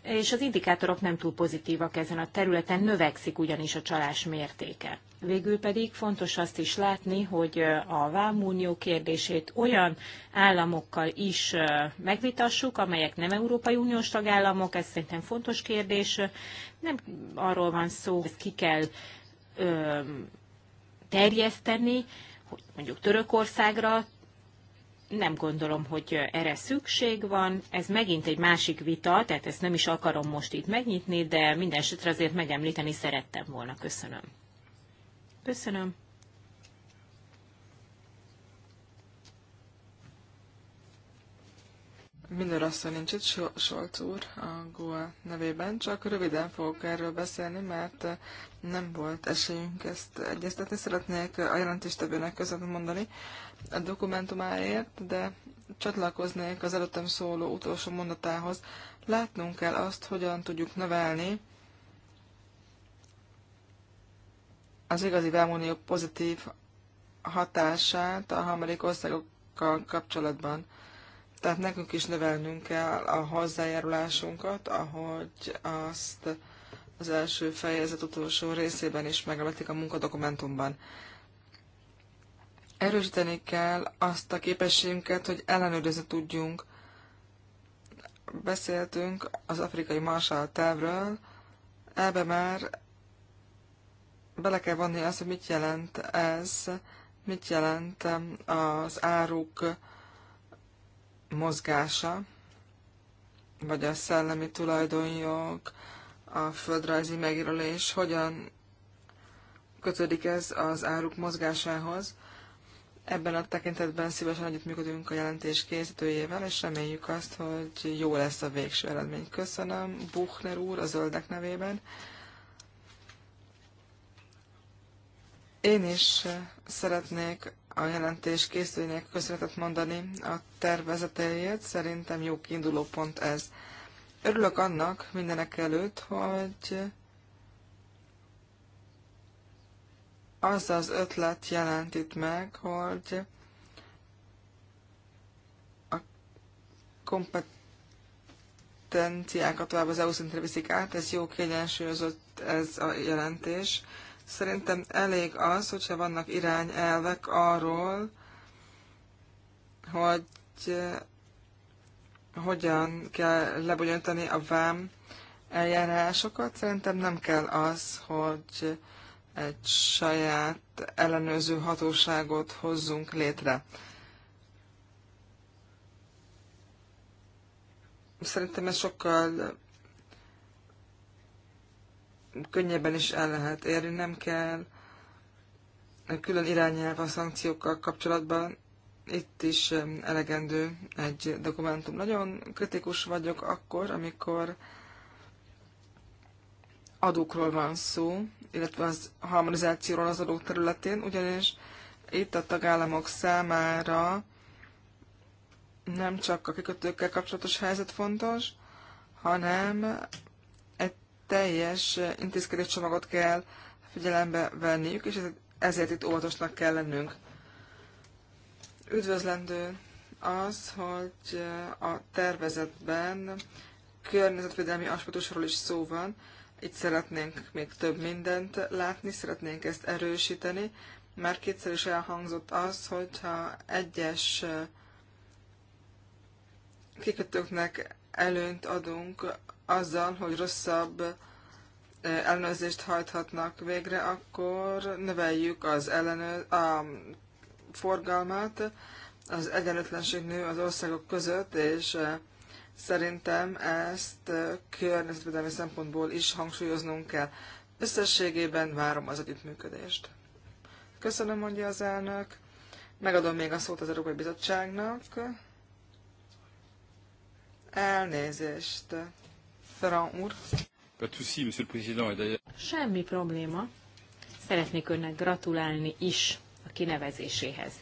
és az indikátorok nem túl pozitívak ezen a területen, növekszik ugyanis a csalás mértéke. Végül pedig fontos azt is látni, hogy a vámunió kérdését olyan államokkal is megvitassuk, amelyek nem Európai Uniós tagállamok, ez szerintem fontos kérdés. Nem arról van szó, hogy ezt ki kell ö, terjeszteni, hogy mondjuk Törökországra nem gondolom, hogy erre szükség van. Ez megint egy másik vita, tehát ezt nem is akarom most itt megnyitni, de minden esetre azért megemlíteni szerettem volna. Köszönöm. Köszönöm. Miller asszony nincs itt, Solc úr a Goa nevében, csak röviden fogok erről beszélni, mert nem volt esélyünk ezt egyeztetni. Szeretnék a jelentéstevőnek között mondani a dokumentumáért, de csatlakoznék az előttem szóló utolsó mondatához. Látnunk kell azt, hogyan tudjuk növelni az igazi vámonió pozitív hatását a harmadik országokkal kapcsolatban tehát nekünk is növelnünk kell a hozzájárulásunkat, ahogy azt az első fejezet utolsó részében is megemlítik a munkadokumentumban. Erősíteni kell azt a képességünket, hogy ellenőrizni tudjunk. Beszéltünk az afrikai marsal tervről, ebbe már bele kell vonni azt, hogy mit jelent ez, mit jelent az áruk mozgása, vagy a szellemi tulajdonjog, a földrajzi megjelölés, hogyan kötődik ez az áruk mozgásához. Ebben a tekintetben szívesen együttműködünk a jelentés készítőjével, és reméljük azt, hogy jó lesz a végső eredmény. Köszönöm Buchner úr a zöldek nevében. Én is szeretnék a jelentés készülének köszönetet mondani a tervezetejét, Szerintem jó kiinduló pont ez. Örülök annak mindenek előtt, hogy az az ötlet jelent itt meg, hogy a kompetenciákat tovább az EU szintre viszik át, ez jó kiegyensúlyozott ez a jelentés. Szerintem elég az, hogyha vannak irányelvek arról, hogy eh, hogyan kell lebonyolítani a vám eljárásokat. Szerintem nem kell az, hogy egy saját ellenőrző hatóságot hozzunk létre. Szerintem ez sokkal könnyebben is el lehet érni, nem kell külön irányelv a szankciókkal kapcsolatban. Itt is elegendő egy dokumentum. Nagyon kritikus vagyok akkor, amikor adókról van szó, illetve az harmonizációról az adók területén, ugyanis itt a tagállamok számára nem csak a kikötőkkel kapcsolatos helyzet fontos, hanem teljes intézkedéscsomagot kell figyelembe venniük, és ezért itt óvatosnak kell lennünk. Üdvözlendő az, hogy eh, a tervezetben környezetvédelmi aspektusról is szó van. Itt szeretnénk még több mindent látni, szeretnénk ezt erősíteni. mert kétszer is elhangzott az, hogyha egyes eh, kikötőknek előnyt adunk azzal, hogy rosszabb ellenőrzést hajthatnak végre, akkor növeljük az ellenő a forgalmat, az egyenlőtlenség nő az országok között, és szerintem ezt környezetvédelmi szempontból is hangsúlyoznunk kell. Összességében várom az együttműködést. Köszönöm, mondja az elnök. Megadom még a szót az Európai Bizottságnak. Elnézést, Ferran úr. Semmi probléma. Szeretnék önnek gratulálni is a kinevezéséhez.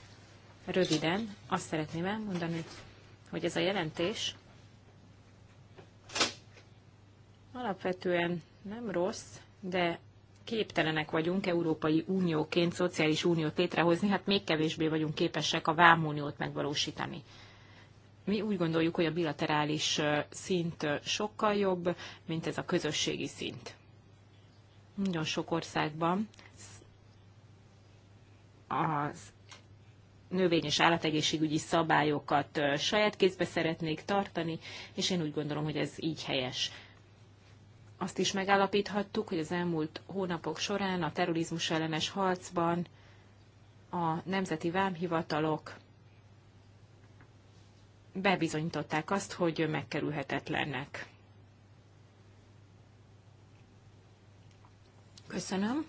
Röviden azt szeretném elmondani, hogy ez a jelentés alapvetően nem rossz, de képtelenek vagyunk Európai Unióként szociális uniót létrehozni, hát még kevésbé vagyunk képesek a vámuniót megvalósítani. Mi úgy gondoljuk, hogy a bilaterális szint sokkal jobb, mint ez a közösségi szint. Nagyon sok országban az növény- és állategészségügyi szabályokat saját kézbe szeretnék tartani, és én úgy gondolom, hogy ez így helyes. Azt is megállapíthattuk, hogy az elmúlt hónapok során a terrorizmus ellenes harcban a nemzeti vámhivatalok bebizonyították azt, hogy megkerülhetetlennek. Köszönöm.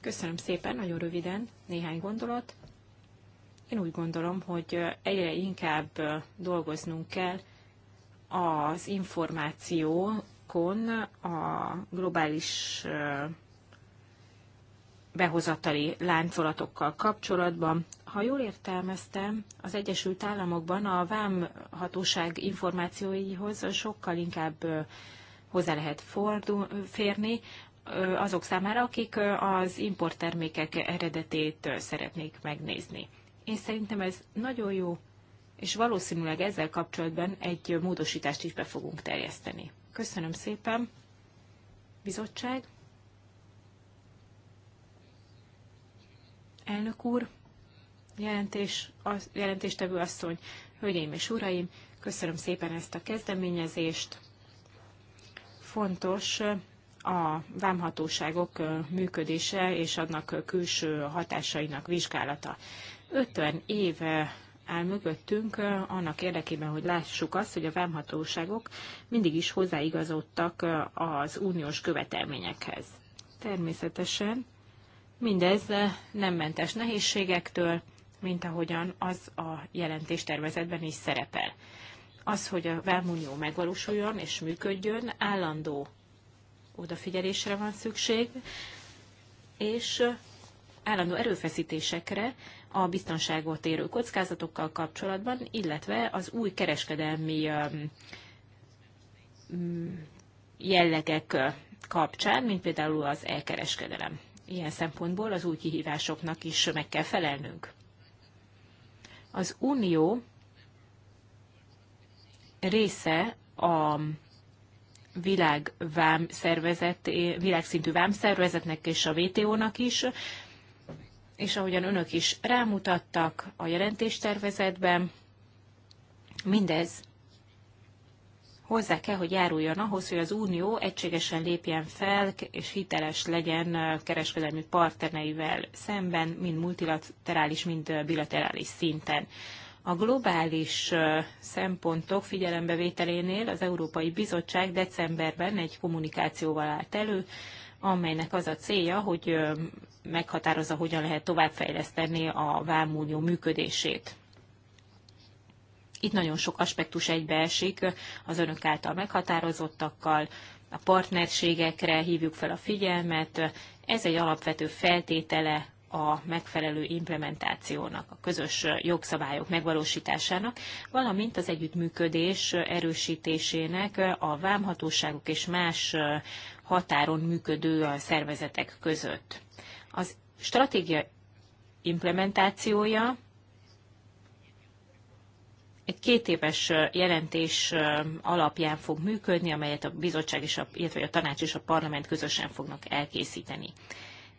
Köszönöm szépen, nagyon röviden néhány gondolat. Én úgy gondolom, hogy egyre inkább dolgoznunk kell az információkon a globális behozatali láncolatokkal kapcsolatban. Ha jól értelmeztem, az Egyesült Államokban a vámhatóság információihoz sokkal inkább hozzá lehet fordul, férni azok számára, akik az importtermékek eredetét szeretnék megnézni. Én szerintem ez nagyon jó, és valószínűleg ezzel kapcsolatban egy módosítást is be fogunk terjeszteni. Köszönöm szépen, bizottság! Elnök úr, jelentés, az, jelentéstevő asszony, hölgyeim és uraim, köszönöm szépen ezt a kezdeményezést. Fontos a vámhatóságok működése és annak külső hatásainak vizsgálata. 50 éve áll mögöttünk annak érdekében, hogy lássuk azt, hogy a vámhatóságok mindig is hozzáigazodtak az uniós követelményekhez. Természetesen Mindez eh, nem mentes nehézségektől, mint ahogyan az a jelentéstervezetben is szerepel. Az, hogy a Vámunió megvalósuljon és működjön, állandó odafigyelésre van szükség, és eh, állandó erőfeszítésekre a biztonságot érő kockázatokkal kapcsolatban, illetve az új kereskedelmi eh, mm, jellegek kapcsán, mint például az elkereskedelem ilyen szempontból az új kihívásoknak is meg kell felelnünk. Az Unió része a világvám szervezet, világszintű vámszervezetnek és a WTO-nak is, és ahogyan önök is rámutattak a jelentéstervezetben, mindez hozzá kell, hogy járuljon ahhoz, hogy az Unió egységesen lépjen fel, és hiteles legyen kereskedelmi partnereivel szemben, mind multilaterális, mind bilaterális szinten. A globális szempontok figyelembevételénél az Európai Bizottság decemberben egy kommunikációval állt elő, amelynek az a célja, hogy meghatározza, hogyan lehet továbbfejleszteni a vámunió működését. Itt nagyon sok aspektus egybeesik az önök által meghatározottakkal, a partnerségekre hívjuk fel a figyelmet. Ez egy alapvető feltétele a megfelelő implementációnak, a közös jogszabályok megvalósításának, valamint az együttműködés erősítésének a vámhatóságok és más határon működő szervezetek között. Az stratégia implementációja egy két éves jelentés alapján fog működni, amelyet a bizottság, és a, illetve a tanács és a parlament közösen fognak elkészíteni.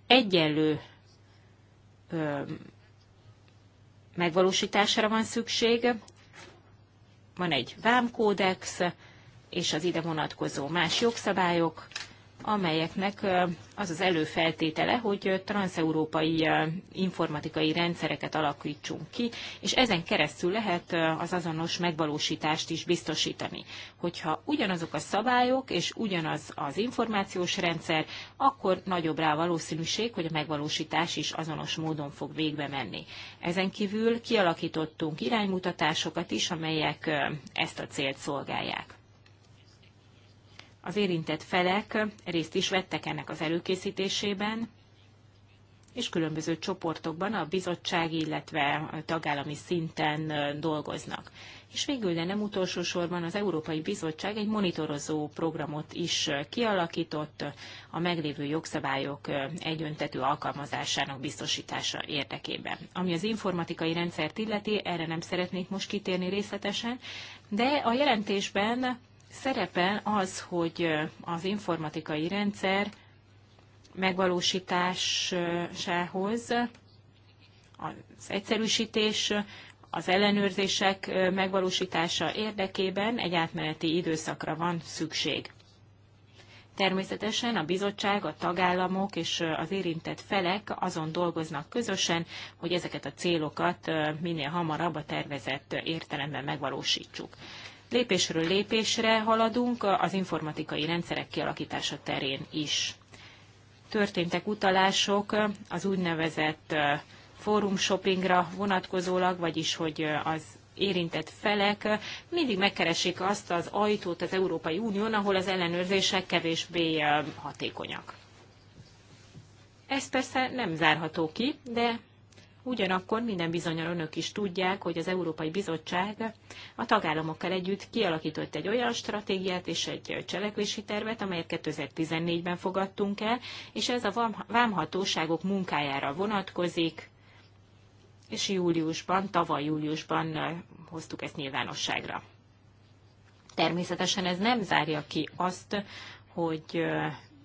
Egyenlő ö, megvalósítására van szükség. Van egy vámkódex, és az ide vonatkozó más jogszabályok, amelyeknek az az előfeltétele, hogy transeurópai informatikai rendszereket alakítsunk ki, és ezen keresztül lehet az azonos megvalósítást is biztosítani. Hogyha ugyanazok a szabályok és ugyanaz az információs rendszer, akkor nagyobb rá valószínűség, hogy a megvalósítás is azonos módon fog végbe menni. Ezen kívül kialakítottunk iránymutatásokat is, amelyek ezt a célt szolgálják. Az érintett felek részt is vettek ennek az előkészítésében, és különböző csoportokban a bizottság illetve a tagállami szinten dolgoznak. És végül, de nem utolsó sorban az Európai Bizottság egy monitorozó programot is kialakított a meglévő jogszabályok egyöntetű alkalmazásának biztosítása érdekében. Ami az informatikai rendszert illeti, erre nem szeretnék most kitérni részletesen, de a jelentésben szerepel az, hogy az informatikai rendszer megvalósításához az egyszerűsítés, az ellenőrzések megvalósítása érdekében egy átmeneti időszakra van szükség. Természetesen a bizottság, a tagállamok és az érintett felek azon dolgoznak közösen, hogy ezeket a célokat minél hamarabb a tervezett értelemben megvalósítsuk lépésről lépésre haladunk az informatikai rendszerek kialakítása terén is. Történtek utalások az úgynevezett fórum shoppingra vonatkozólag, vagyis hogy az érintett felek mindig megkeresik azt az ajtót az Európai Unión, ahol az ellenőrzések kevésbé hatékonyak. Ez persze nem zárható ki, de Ugyanakkor minden bizonyal önök is tudják, hogy az Európai Bizottság a tagállamokkal együtt kialakított egy olyan stratégiát és egy cselekvési tervet, amelyet 2014-ben fogadtunk el, és ez a vámhatóságok munkájára vonatkozik, és júliusban, tavaly júliusban hoztuk ezt nyilvánosságra. Természetesen ez nem zárja ki azt, hogy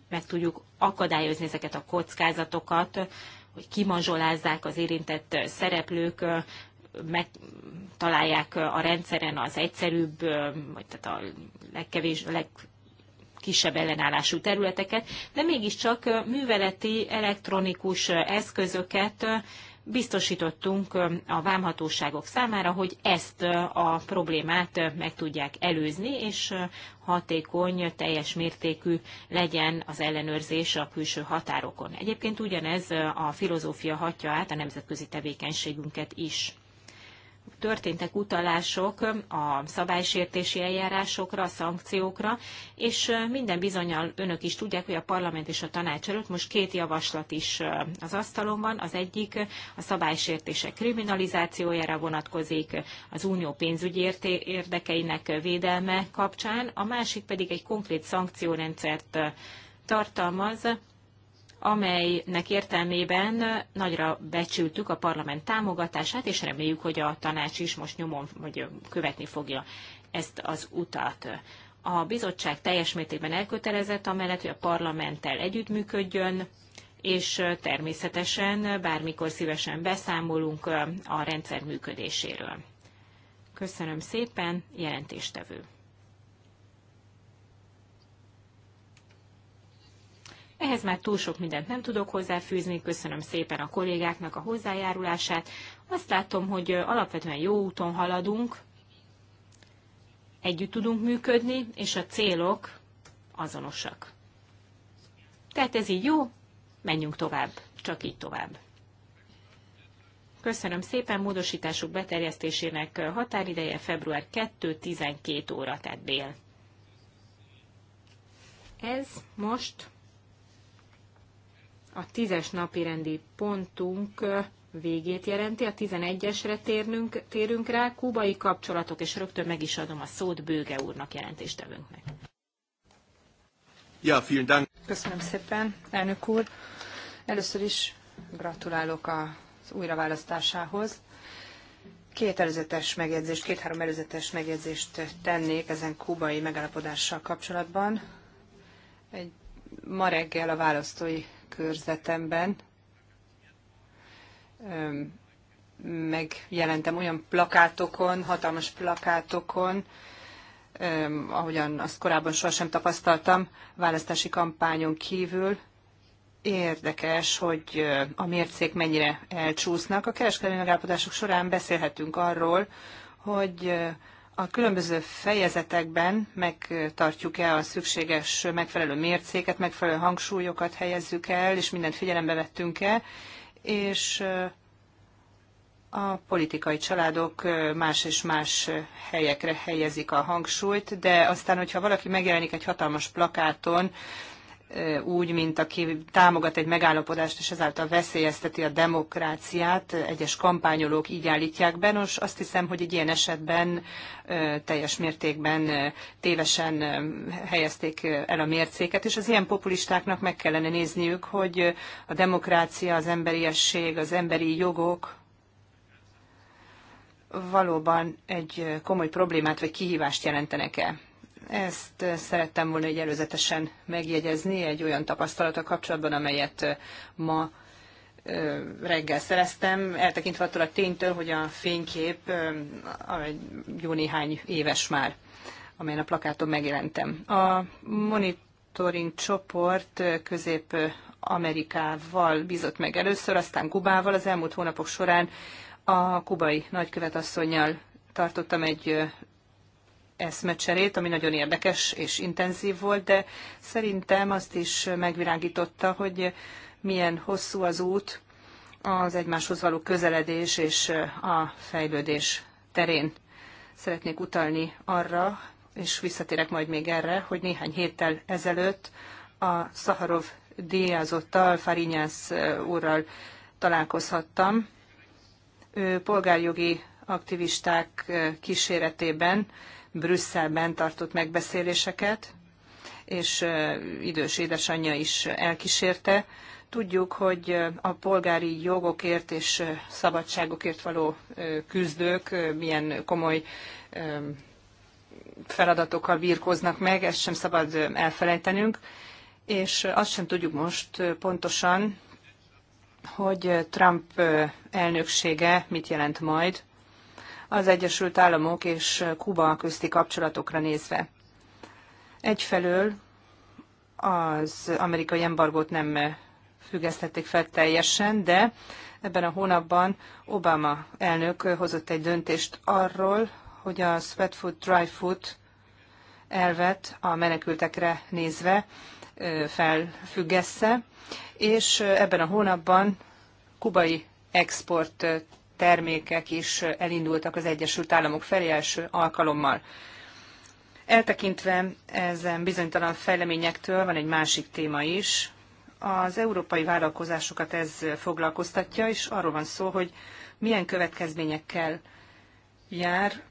meg tudjuk akadályozni ezeket a kockázatokat, hogy kimazsolázzák az érintett szereplők, megtalálják a rendszeren az egyszerűbb, vagy tehát a legkevés, leg, kisebb ellenállású területeket, de mégiscsak műveleti elektronikus eszközöket biztosítottunk a vámhatóságok számára, hogy ezt a problémát meg tudják előzni, és hatékony, teljes mértékű legyen az ellenőrzés a külső határokon. Egyébként ugyanez a filozófia hatja át a nemzetközi tevékenységünket is történtek utalások a szabálysértési eljárásokra, a szankciókra, és minden bizonyal önök is tudják, hogy a parlament és a tanács előtt most két javaslat is az asztalon van. Az egyik a szabálysértések kriminalizációjára vonatkozik az unió pénzügyi érdekeinek védelme kapcsán, a másik pedig egy konkrét szankciórendszert tartalmaz amelynek értelmében nagyra becsültük a parlament támogatását, és reméljük, hogy a tanács is most nyomon vagy követni fogja ezt az utat. A bizottság teljes mértékben elkötelezett amellett, hogy a parlamenttel együttműködjön, és természetesen bármikor szívesen beszámolunk a rendszer működéséről. Köszönöm szépen, jelentéstevő! Ehhez már túl sok mindent nem tudok hozzáfűzni, köszönöm szépen a kollégáknak a hozzájárulását. Azt látom, hogy alapvetően jó úton haladunk, együtt tudunk működni, és a célok azonosak. Tehát ez így jó, menjünk tovább, csak így tovább. Köszönöm szépen, módosítások beterjesztésének határideje február 2-12 óra, tehát dél. Ez most a tízes napi rendi pontunk végét jelenti, a 11-esre térnünk, térünk rá, kubai kapcsolatok, és rögtön meg is adom a szót Bőge úrnak jelentéstevőnknek. Ja, vielen Dank. Köszönöm szépen, elnök úr. Először is gratulálok az újraválasztásához. Két előzetes megjegyzést, két-három előzetes megjegyzést tennék ezen kubai megállapodással kapcsolatban. Egy ma reggel a választói körzetemben megjelentem olyan plakátokon, hatalmas plakátokon, ahogyan azt korábban sohasem tapasztaltam, választási kampányon kívül, Érdekes, hogy a mércék mennyire elcsúsznak. A kereskedelmi megállapodások során beszélhetünk arról, hogy a különböző fejezetekben megtartjuk-e a szükséges megfelelő mércéket, megfelelő hangsúlyokat helyezzük el, és mindent figyelembe vettünk-e, és a politikai családok más és más helyekre helyezik a hangsúlyt, de aztán, hogyha valaki megjelenik egy hatalmas plakáton, úgy, mint aki támogat egy megállapodást, és ezáltal veszélyezteti a demokráciát, egyes kampányolók így állítják be. Nos, azt hiszem, hogy egy ilyen esetben teljes mértékben tévesen helyezték el a mércéket, és az ilyen populistáknak meg kellene nézniük, hogy a demokrácia, az emberiesség, az emberi jogok, valóban egy komoly problémát vagy kihívást jelentenek-e ezt eh, szerettem volna egy előzetesen megjegyezni egy olyan tapasztalata kapcsolatban, amelyet eh, ma eh, reggel szereztem, eltekintve attól a ténytől, hogy a fénykép jó néhány éves már, amelyen a plakáton megjelentem. A monitoring csoport Közép-Amerikával bízott meg először, aztán Kubával az elmúlt hónapok során a kubai nagykövet asszonynal tartottam egy eszmecserét, ami nagyon érdekes és intenzív volt, de szerintem azt is megvilágította, hogy milyen hosszú az út az egymáshoz való közeledés és a fejlődés terén. Szeretnék utalni arra, és visszatérek majd még erre, hogy néhány héttel ezelőtt a Szaharov díjázottal, Farinyász úrral találkozhattam. Ő polgárjogi aktivisták kíséretében Brüsszelben tartott megbeszéléseket, és idős édesanyja is elkísérte. Tudjuk, hogy a polgári jogokért és szabadságokért való küzdők milyen komoly feladatokkal birkóznak meg, ezt sem szabad elfelejtenünk, és azt sem tudjuk most pontosan, hogy Trump elnöksége mit jelent majd az Egyesült Államok és Kuba közti kapcsolatokra nézve. Egyfelől az amerikai embargót nem függesztették fel teljesen, de ebben a hónapban Obama elnök hozott egy döntést arról, hogy a sweat food, dry food elvet a menekültekre nézve felfüggesse, és ebben a hónapban kubai export termékek is elindultak az Egyesült Államok felé első alkalommal. Eltekintve ezen bizonytalan fejleményektől van egy másik téma is. Az európai vállalkozásokat ez foglalkoztatja, és arról van szó, hogy milyen következményekkel jár,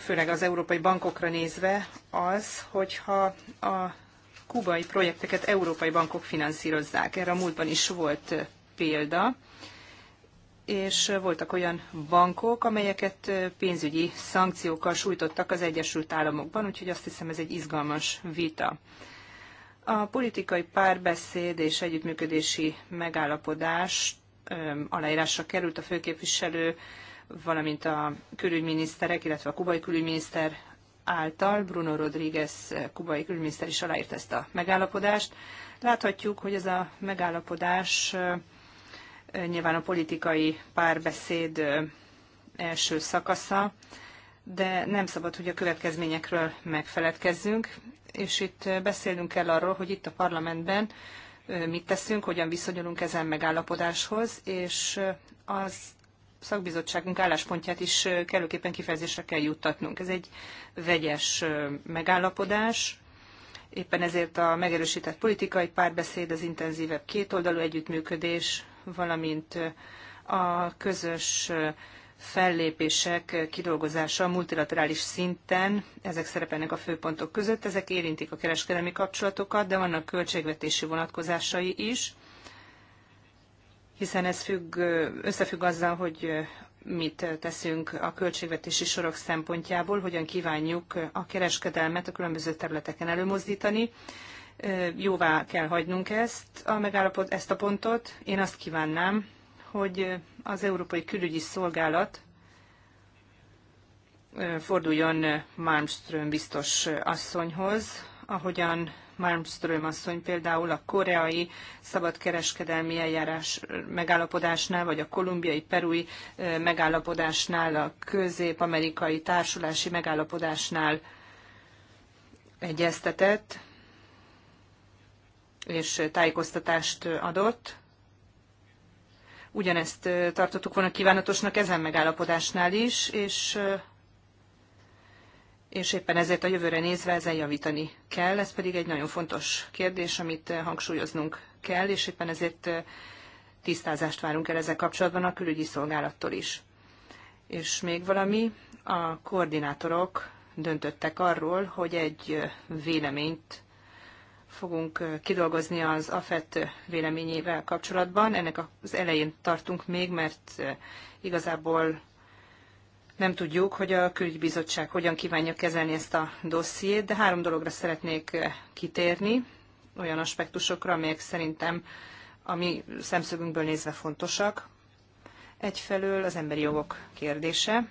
főleg az európai bankokra nézve, az, hogyha a kubai projekteket európai bankok finanszírozzák. Erre a múltban is volt példa és voltak olyan bankok, amelyeket pénzügyi szankciókkal sújtottak az Egyesült Államokban, úgyhogy azt hiszem ez egy izgalmas vita. A politikai párbeszéd és együttműködési megállapodás aláírásra került a főképviselő, valamint a külügyminiszterek, illetve a kubai külügyminiszter által. Bruno Rodríguez kubai külügyminiszter is aláírt ezt a megállapodást. Láthatjuk, hogy ez a megállapodás nyilván a politikai párbeszéd első szakasza, de nem szabad, hogy a következményekről megfeledkezzünk, és itt beszélnünk kell arról, hogy itt a parlamentben mit teszünk, hogyan viszonyulunk ezen megállapodáshoz, és az szakbizottságunk álláspontját is kellőképpen kifejezésre kell juttatnunk. Ez egy vegyes megállapodás, éppen ezért a megerősített politikai párbeszéd, az intenzívebb kétoldalú együttműködés valamint a közös fellépések kidolgozása multilaterális szinten, ezek szerepelnek a főpontok között, ezek érintik a kereskedelmi kapcsolatokat, de vannak költségvetési vonatkozásai is, hiszen ez függ, összefügg azzal, hogy mit teszünk a költségvetési sorok szempontjából, hogyan kívánjuk a kereskedelmet a különböző területeken előmozdítani, jóvá kell hagynunk ezt a, megállapod, ezt a pontot. Én azt kívánnám, hogy az Európai Külügyi Szolgálat forduljon Malmström biztos asszonyhoz, ahogyan Malmström asszony például a koreai szabadkereskedelmi eljárás megállapodásnál, vagy a kolumbiai perui megállapodásnál, a közép-amerikai társulási megállapodásnál egyeztetett, és tájékoztatást adott. Ugyanezt tartottuk volna kívánatosnak ezen megállapodásnál is, és, és éppen ezért a jövőre nézve ezen javítani kell. Ez pedig egy nagyon fontos kérdés, amit hangsúlyoznunk kell, és éppen ezért tisztázást várunk el ezzel kapcsolatban a külügyi szolgálattól is. És még valami, a koordinátorok döntöttek arról, hogy egy véleményt fogunk kidolgozni az AFET véleményével kapcsolatban. Ennek az elején tartunk még, mert igazából nem tudjuk, hogy a külügybizottság hogyan kívánja kezelni ezt a dossziét, de három dologra szeretnék kitérni, olyan aspektusokra, amelyek szerintem a mi szemszögünkből nézve fontosak. Egyfelől az emberi jogok kérdése.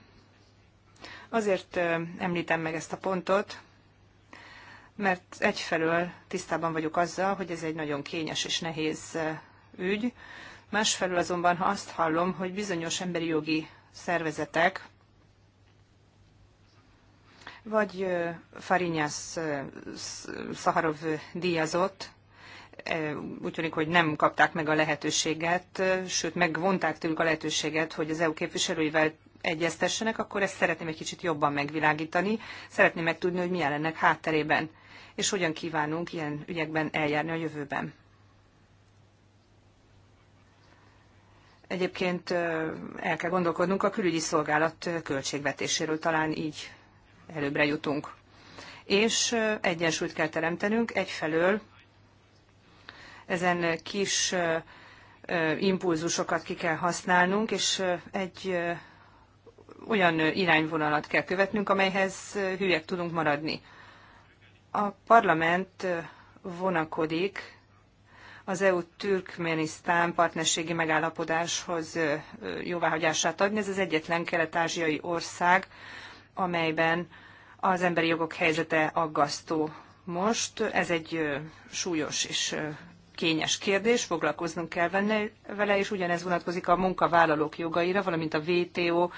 Azért említem meg ezt a pontot, mert egyfelől tisztában vagyok azzal, hogy ez egy nagyon kényes és nehéz ügy, másfelől azonban ha azt hallom, hogy bizonyos emberi jogi szervezetek, vagy Farinyász Szaharov díjazott, úgy tűnik, hogy nem kapták meg a lehetőséget, sőt megvonták tőlük a lehetőséget, hogy az EU képviselőivel egyeztessenek, akkor ezt szeretném egy kicsit jobban megvilágítani. Szeretném megtudni, hogy mi áll ennek hátterében és hogyan kívánunk ilyen ügyekben eljárni a jövőben. Egyébként el kell gondolkodnunk a külügyi szolgálat költségvetéséről, talán így előbbre jutunk. És egyensúlyt kell teremtenünk egyfelől ezen kis impulzusokat ki kell használnunk, és egy olyan irányvonalat kell követnünk, amelyhez hülyek tudunk maradni. A parlament vonakodik az EU-Türkmenisztán partnerségi megállapodáshoz jóváhagyását adni. Ez az egyetlen kelet-ázsiai ország, amelyben az emberi jogok helyzete aggasztó most. Ez egy súlyos és kényes kérdés, foglalkoznunk kell vele, és ugyanez vonatkozik a munkavállalók jogaira, valamint a WTO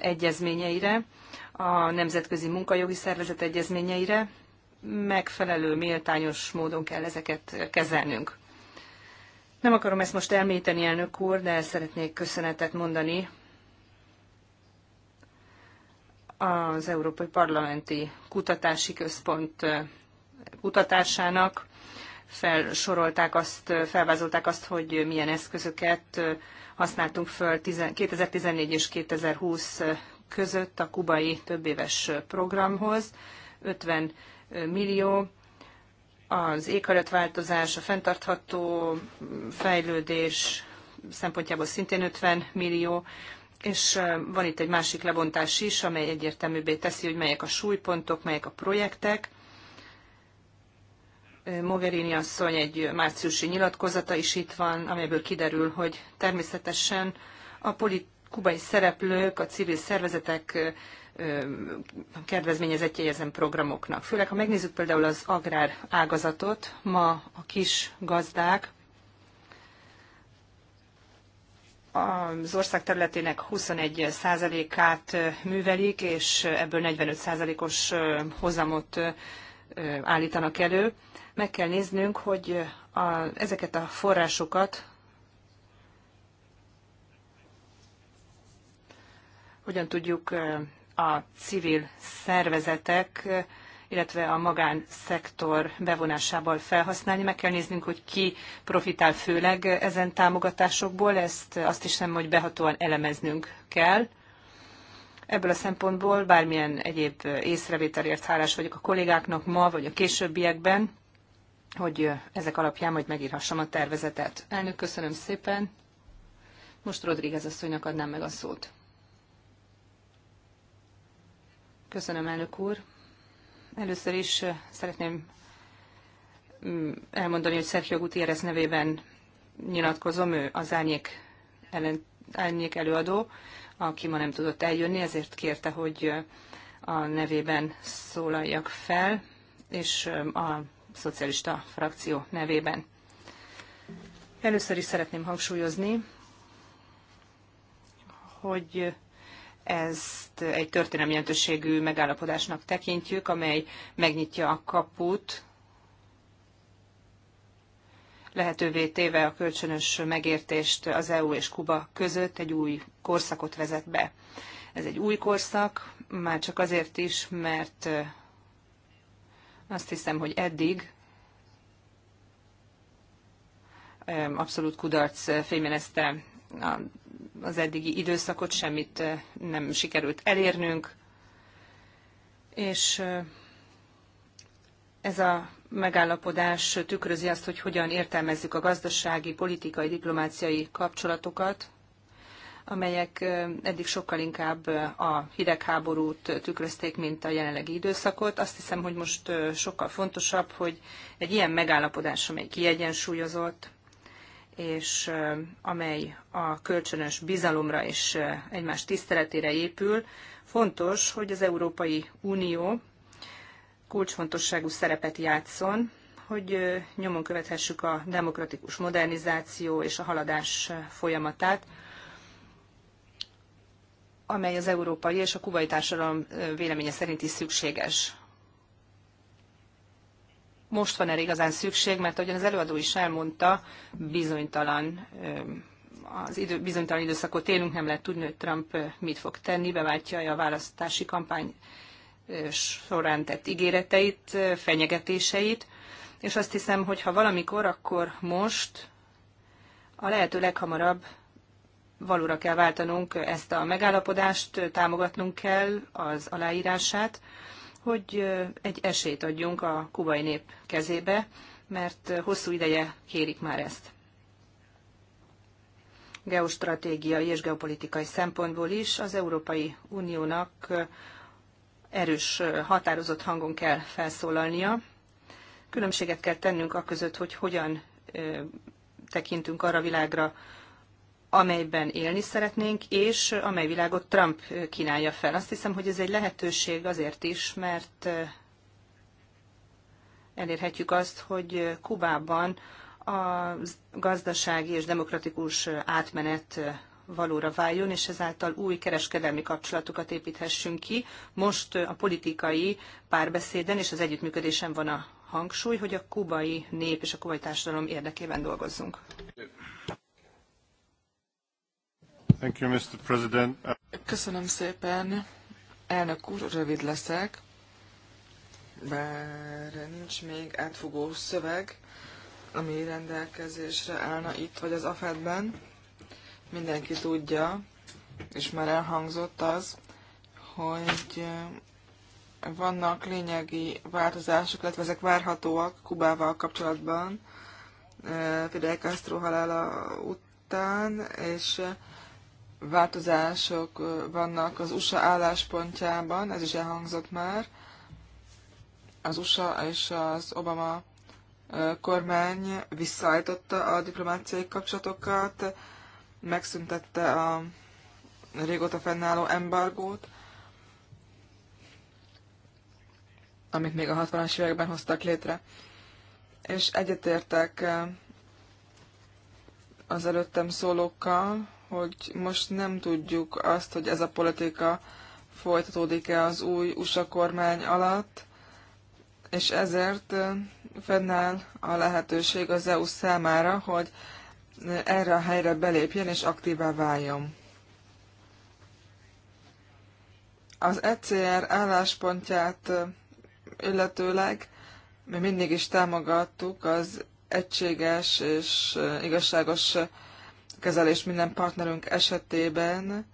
egyezményeire, a Nemzetközi Munkajogi Szervezet egyezményeire, megfelelő, méltányos módon kell ezeket kezelnünk. Nem akarom ezt most elméteni, elnök úr, de szeretnék köszönetet mondani az Európai Parlamenti Kutatási Központ eh, kutatásának. Felsorolták azt, eh, felvázolták azt, hogy milyen eszközöket eh, használtunk föl 2014 és 2020 között a kubai többéves programhoz. 50 millió, az éghajlatváltozás, a fenntartható fejlődés szempontjából szintén 50 millió, és van itt egy másik lebontás is, amely egyértelműbbé teszi, hogy melyek a súlypontok, melyek a projektek. Mogherini asszony egy márciusi nyilatkozata is itt van, amelyből kiderül, hogy természetesen a polit- kubai szereplők, a civil szervezetek kedvezményezettje ezen programoknak. Főleg, ha megnézzük például az agrár ágazatot, ma a kis gazdák az ország területének 21%-át művelik, és ebből 45%-os hozamot állítanak elő. Meg kell néznünk, hogy a, ezeket a forrásokat hogyan tudjuk a civil szervezetek, illetve a magánszektor bevonásával felhasználni. Meg kell néznünk, hogy ki profitál főleg ezen támogatásokból, ezt azt is nem, hogy behatóan elemeznünk kell. Ebből a szempontból bármilyen egyéb észrevételért hálás vagyok a kollégáknak ma, vagy a későbbiekben, hogy ezek alapján majd megírhassam a tervezetet. Elnök, köszönöm szépen. Most Rodríguez asszonynak adnám meg a szót. Köszönöm, elnök úr. Először is szeretném mm, elmondani, hogy Sergio Gutiérrez nevében nyilatkozom, ő az árnyék, ellen, árnyék előadó, aki ma nem tudott eljönni, ezért kérte, hogy a nevében szólaljak fel, és a szocialista frakció nevében. Először is szeretném hangsúlyozni, hogy ezt egy történelmi jelentőségű megállapodásnak tekintjük, amely megnyitja a kaput, lehetővé téve a kölcsönös megértést az EU és Kuba között egy új korszakot vezet be. Ez egy új korszak, már csak azért is, mert azt hiszem, hogy eddig abszolút kudarc fémjelezte a az eddigi időszakot, semmit nem sikerült elérnünk, és ez a megállapodás tükrözi azt, hogy hogyan értelmezzük a gazdasági, politikai, diplomáciai kapcsolatokat, amelyek eddig sokkal inkább a hidegháborút tükrözték, mint a jelenlegi időszakot. Azt hiszem, hogy most sokkal fontosabb, hogy egy ilyen megállapodás, amely kiegyensúlyozott, és amely a kölcsönös bizalomra és egymás tiszteletére épül, fontos, hogy az Európai Unió kulcsfontosságú szerepet játszon, hogy nyomon követhessük a demokratikus modernizáció és a haladás folyamatát, amely az európai és a kubai társadalom véleménye szerint is szükséges most van erre igazán szükség, mert ahogyan az előadó is elmondta, bizonytalan az idő, bizonytalan időszakot élünk, nem lehet tudni, hogy Trump mit fog tenni, beváltja a választási kampány során tett ígéreteit, fenyegetéseit, és azt hiszem, hogy ha valamikor, akkor most a lehető leghamarabb valóra kell váltanunk ezt a megállapodást, támogatnunk kell az aláírását, hogy egy esélyt adjunk a kubai nép kezébe, mert hosszú ideje kérik már ezt. Geostratégiai és geopolitikai szempontból is az Európai Uniónak erős, határozott hangon kell felszólalnia. Különbséget kell tennünk a között, hogy hogyan tekintünk arra világra, amelyben élni szeretnénk, és amely világot Trump kínálja fel. Azt hiszem, hogy ez egy lehetőség azért is, mert elérhetjük azt, hogy Kubában a gazdasági és demokratikus átmenet valóra váljon, és ezáltal új kereskedelmi kapcsolatokat építhessünk ki. Most a politikai párbeszéden és az együttműködésen van a hangsúly, hogy a kubai nép és a kubai társadalom érdekében dolgozzunk. Thank you, Mr. President. Köszönöm szépen. Elnök úr, rövid leszek. Bár nincs még átfogó szöveg, ami rendelkezésre állna itt vagy az AFED-ben. Mindenki tudja, és már elhangzott az, hogy vannak lényegi változások, illetve ezek várhatóak Kubával kapcsolatban, eh, Fidel Castro halála után, és változások vannak az USA álláspontjában, ez is elhangzott már. Az USA és az Obama kormány visszaállította a diplomáciai kapcsolatokat, megszüntette a régóta fennálló embargót, amit még a 60-as években hoztak létre. És egyetértek az előttem szólókkal, hogy most nem tudjuk azt, hogy ez a politika folytatódik-e az új USA kormány alatt, és ezért fennáll a lehetőség az EU számára, hogy erre a helyre belépjen és aktívá váljon. Az ECR álláspontját illetőleg mi mindig is támogattuk az egységes és igazságos kezelés minden partnerünk esetében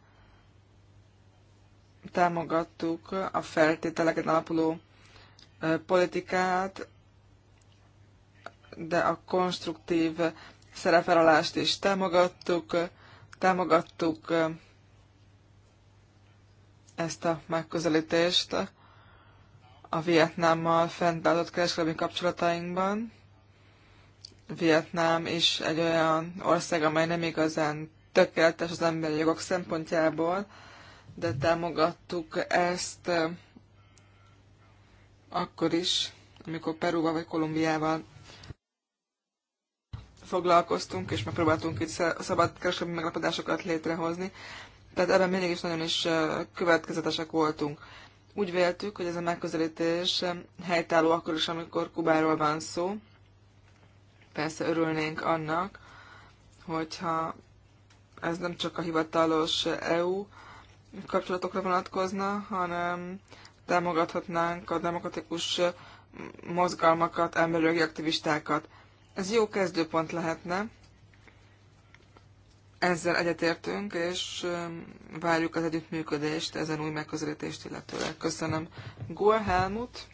támogattuk a feltételeken alapuló politikát, de a konstruktív szerepvállalást is támogattuk, támogattuk ezt a megközelítést a Vietnámmal fenntartott kereskedelmi kapcsolatainkban. Vietnám is egy olyan ország, amely nem igazán tökéletes az emberi jogok szempontjából, de támogattuk ezt akkor is, amikor Perúval vagy Kolumbiával foglalkoztunk, és megpróbáltunk itt szabad kereskedelmi meglapodásokat létrehozni. Tehát ebben mindig is nagyon is következetesek voltunk. Úgy véltük, hogy ez a megközelítés helytálló akkor is, amikor Kubáról van szó, persze örülnénk annak, hogyha ez nem csak a hivatalos EU kapcsolatokra vonatkozna, hanem támogathatnánk a demokratikus mozgalmakat, emberi aktivistákat. Ez jó kezdőpont lehetne. Ezzel egyetértünk, és um, várjuk az együttműködést ezen új megközelítést illetőleg. Köszönöm. Gól Helmut.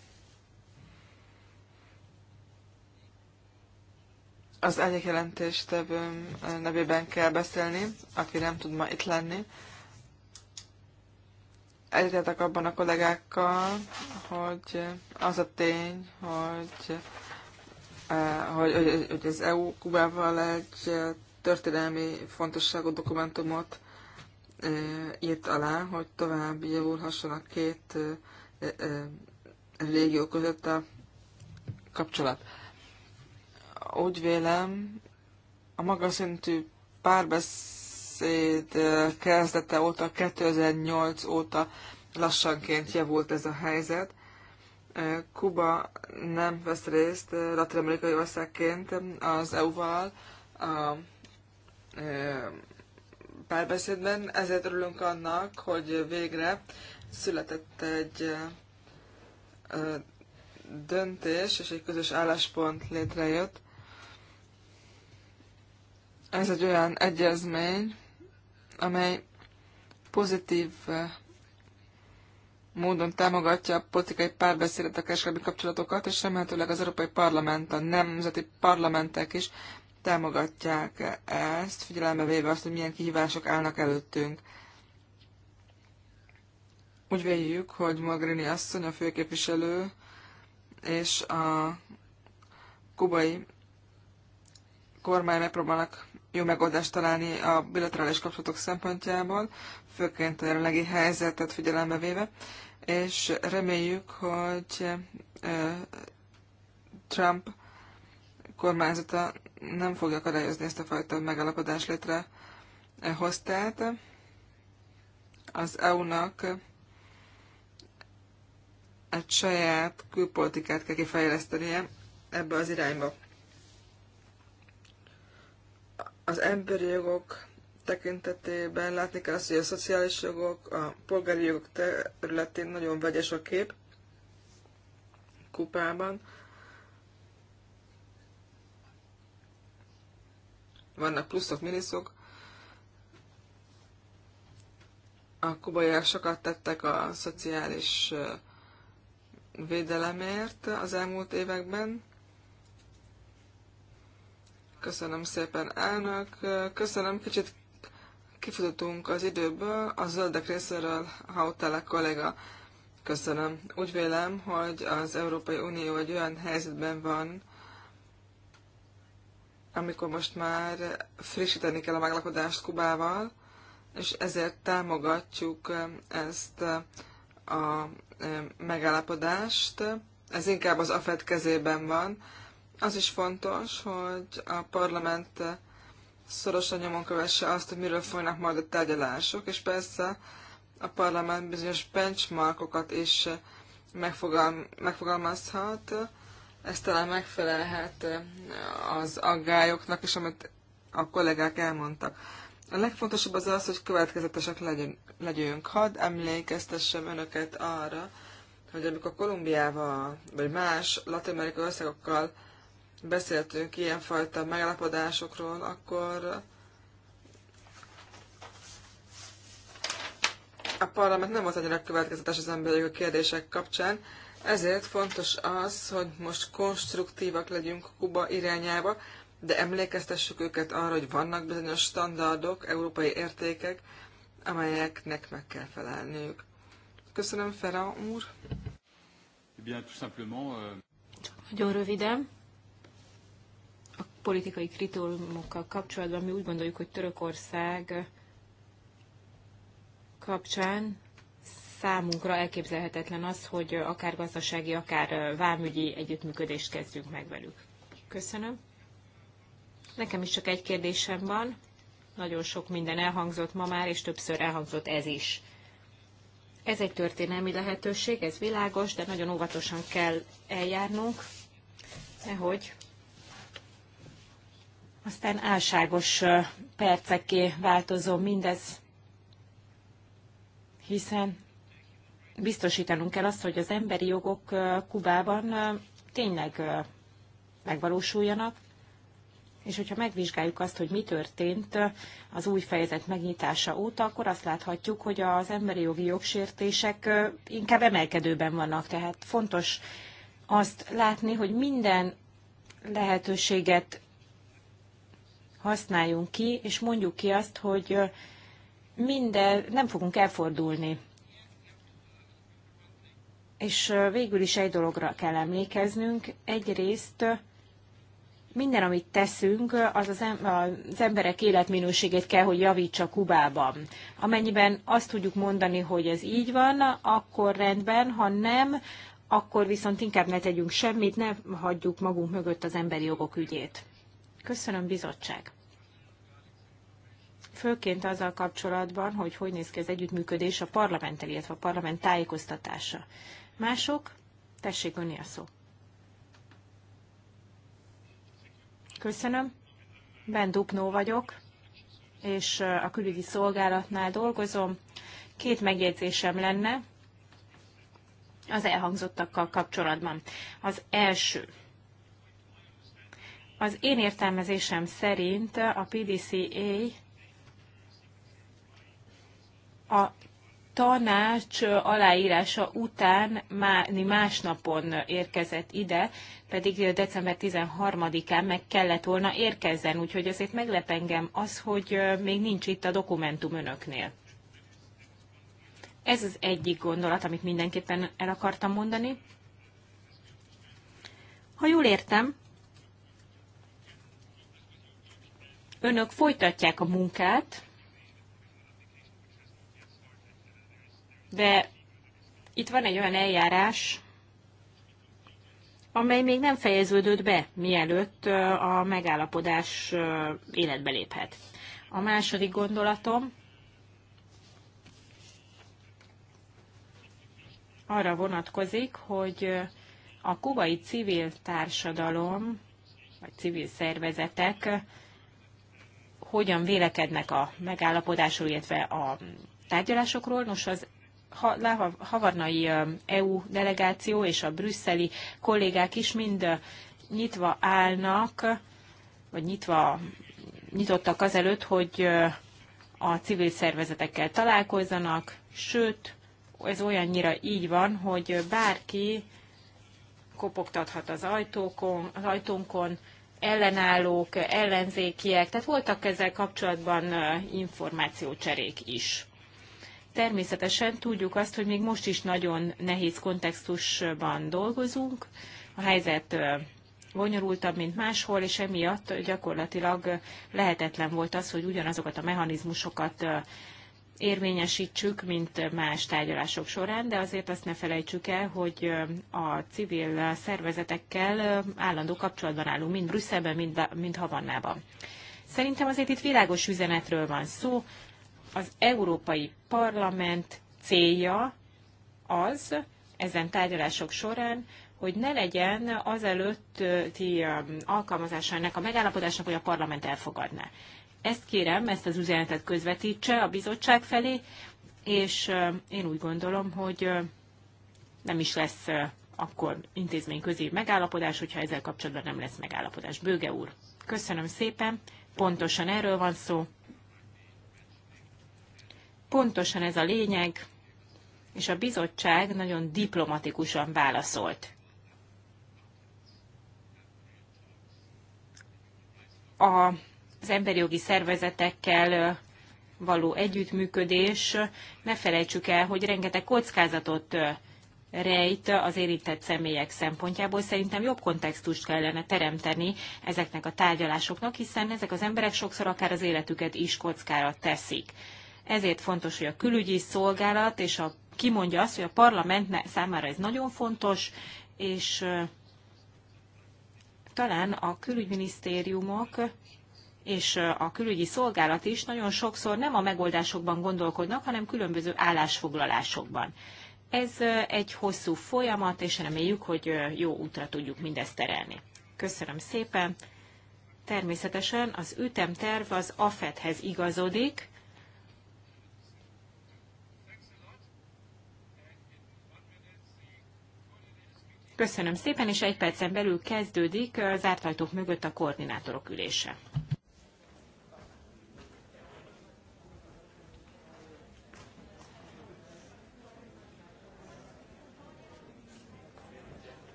az egyik jelentéstevőm eh, nevében kell beszélni, aki nem tud ma itt lenni. Egyetetek abban a kollégákkal, hogy az a tény, hogy, eh, hogy, hogy, hogy az EU Kubával egy eh, történelmi fontosságú dokumentumot írt alá, hogy tovább javulhasson a két régió között a kapcsolat úgy vélem, a magas szintű párbeszéd kezdete óta, 2008 óta lassanként javult ez a helyzet. Kuba nem vesz részt latin-amerikai országként az EU-val a párbeszédben, ezért örülünk annak, hogy végre született egy döntés és egy közös álláspont létrejött ez egy olyan egyezmény, amely pozitív eh, módon támogatja a politikai párbeszédet, a kereskedelmi kapcsolatokat, és remélhetőleg az Európai Parlament, a nemzeti parlamentek is támogatják ezt, figyelembe véve azt, hogy milyen kihívások állnak előttünk. Úgy véljük, hogy Magrini asszony a főképviselő és a kubai kormány megpróbálnak jó megoldást találni a bilaterális kapcsolatok szempontjából, főként a jelenlegi helyzetet figyelembe véve, és reméljük, hogy Trump kormányzata nem fogja akadályozni ezt a fajta megállapodás hoztát. Az EU-nak egy saját külpolitikát kell kifejlesztenie ebbe az irányba. Az emberi jogok tekintetében látni kell azt, hogy a szociális jogok, a polgári jogok területén nagyon vegyes a kép Kupában. Vannak pluszok, miniszok. A kubaiak sokat tettek a szociális védelemért az elmúlt években. Köszönöm szépen, elnök. Köszönöm, kicsit kifutottunk az időből, a zöldek részéről Hautala kollega. Köszönöm. Úgy vélem, hogy az Európai Unió egy olyan helyzetben van, amikor most már frissíteni kell a meglakodást Kubával, és ezért támogatjuk ezt a megállapodást. Ez inkább az AFED kezében van, az is fontos, hogy a parlament szorosan nyomon kövesse azt, hogy miről folynak majd a tárgyalások, és persze a parlament bizonyos benchmarkokat is megfogal, megfogalmazhat. Ez talán megfelelhet az aggályoknak is, amit a kollégák elmondtak. A legfontosabb az az, hogy következetesek legyünk. Hadd emlékeztessem önöket arra, hogy amikor Kolumbiával vagy más latin-amerikai országokkal beszéltünk ilyenfajta megállapodásokról, akkor a parlament nem volt annyira következetes az emberi a kérdések kapcsán, ezért fontos az, hogy most konstruktívak legyünk Kuba irányába, de emlékeztessük őket arra, hogy vannak bizonyos standardok, európai értékek, amelyeknek meg kell felelniük. Köszönöm, Fera úr! Eh euh, Nagyon röviden politikai kritériumokkal kapcsolatban mi úgy gondoljuk, hogy Törökország kapcsán számunkra elképzelhetetlen az, hogy akár gazdasági, akár vámügyi együttműködést kezdjünk meg velük. Köszönöm. Nekem is csak egy kérdésem van. Nagyon sok minden elhangzott ma már, és többször elhangzott ez is. Ez egy történelmi lehetőség, ez világos, de nagyon óvatosan kell eljárnunk, nehogy aztán álságos perceké változó mindez, hiszen biztosítanunk kell azt, hogy az emberi jogok Kubában tényleg megvalósuljanak, és hogyha megvizsgáljuk azt, hogy mi történt az új fejezet megnyitása óta, akkor azt láthatjuk, hogy az emberi jogi jogsértések inkább emelkedőben vannak. Tehát fontos azt látni, hogy minden lehetőséget használjunk ki, és mondjuk ki azt, hogy minden, nem fogunk elfordulni. És végül is egy dologra kell emlékeznünk. Egyrészt minden, amit teszünk, az az, emberek életminőségét kell, hogy javítsa Kubában. Amennyiben azt tudjuk mondani, hogy ez így van, akkor rendben, ha nem, akkor viszont inkább ne tegyünk semmit, ne hagyjuk magunk mögött az emberi jogok ügyét. Köszönöm, bizottság! főként azzal kapcsolatban, hogy hogy néz ki az együttműködés a parlamenttel, illetve a parlament tájékoztatása. Mások, tessék önni a szó. Köszönöm. Ben Dupnó vagyok, és a külügyi szolgálatnál dolgozom. Két megjegyzésem lenne az elhangzottakkal kapcsolatban. Az első. Az én értelmezésem szerint a PDCA a tanács aláírása után másnapon érkezett ide, pedig december 13-án meg kellett volna érkezzen, úgyhogy azért meglep engem az, hogy még nincs itt a dokumentum önöknél. Ez az egyik gondolat, amit mindenképpen el akartam mondani. Ha jól értem, önök folytatják a munkát, de itt van egy olyan eljárás, amely még nem fejeződött be, mielőtt a megállapodás életbe léphet. A második gondolatom arra vonatkozik, hogy a kubai civil társadalom, vagy civil szervezetek hogyan vélekednek a megállapodásról, illetve a tárgyalásokról. Nos, az havarnai EU delegáció és a brüsszeli kollégák is mind nyitva állnak, vagy nyitva, nyitottak azelőtt, hogy a civil szervezetekkel találkozzanak, sőt, ez olyannyira így van, hogy bárki kopogtathat az, ajtókon, az ajtónkon, ellenállók, ellenzékiek, tehát voltak ezzel kapcsolatban információcserék is. Természetesen tudjuk azt, hogy még most is nagyon nehéz kontextusban dolgozunk, a helyzet bonyolultabb, mint máshol, és emiatt gyakorlatilag lehetetlen volt az, hogy ugyanazokat a mechanizmusokat érvényesítsük, mint más tárgyalások során, de azért azt ne felejtsük el, hogy a civil szervezetekkel állandó kapcsolatban állunk, mind Brüsszelben, mind, mind Havannában. Szerintem azért itt világos üzenetről van szó, az Európai Parlament célja az, ezen tárgyalások során, hogy ne legyen előtti um, alkalmazása ennek a megállapodásnak, hogy a parlament elfogadná. Ezt kérem, ezt az üzenetet közvetítse a bizottság felé, és um, én úgy gondolom, hogy um, nem is lesz uh, akkor intézményközi megállapodás, hogyha ezzel kapcsolatban nem lesz megállapodás. Bőge úr, köszönöm szépen, pontosan erről van szó. Pontosan ez a lényeg, és a bizottság nagyon diplomatikusan válaszolt. A, az emberi jogi szervezetekkel való együttműködés, ne felejtsük el, hogy rengeteg kockázatot rejt az érintett személyek szempontjából. Szerintem jobb kontextust kellene teremteni ezeknek a tárgyalásoknak, hiszen ezek az emberek sokszor akár az életüket is kockára teszik. Ezért fontos, hogy a külügyi szolgálat és a kimondja azt, hogy a parlament számára ez nagyon fontos, és talán a külügyminisztériumok és a külügyi szolgálat is nagyon sokszor nem a megoldásokban gondolkodnak, hanem különböző állásfoglalásokban. Ez egy hosszú folyamat, és reméljük, hogy jó útra tudjuk mindezt terelni. Köszönöm szépen! Természetesen az ütemterv az AFET-hez igazodik, Köszönöm szépen, és egy percen belül kezdődik zárt ajtók mögött a koordinátorok ülése.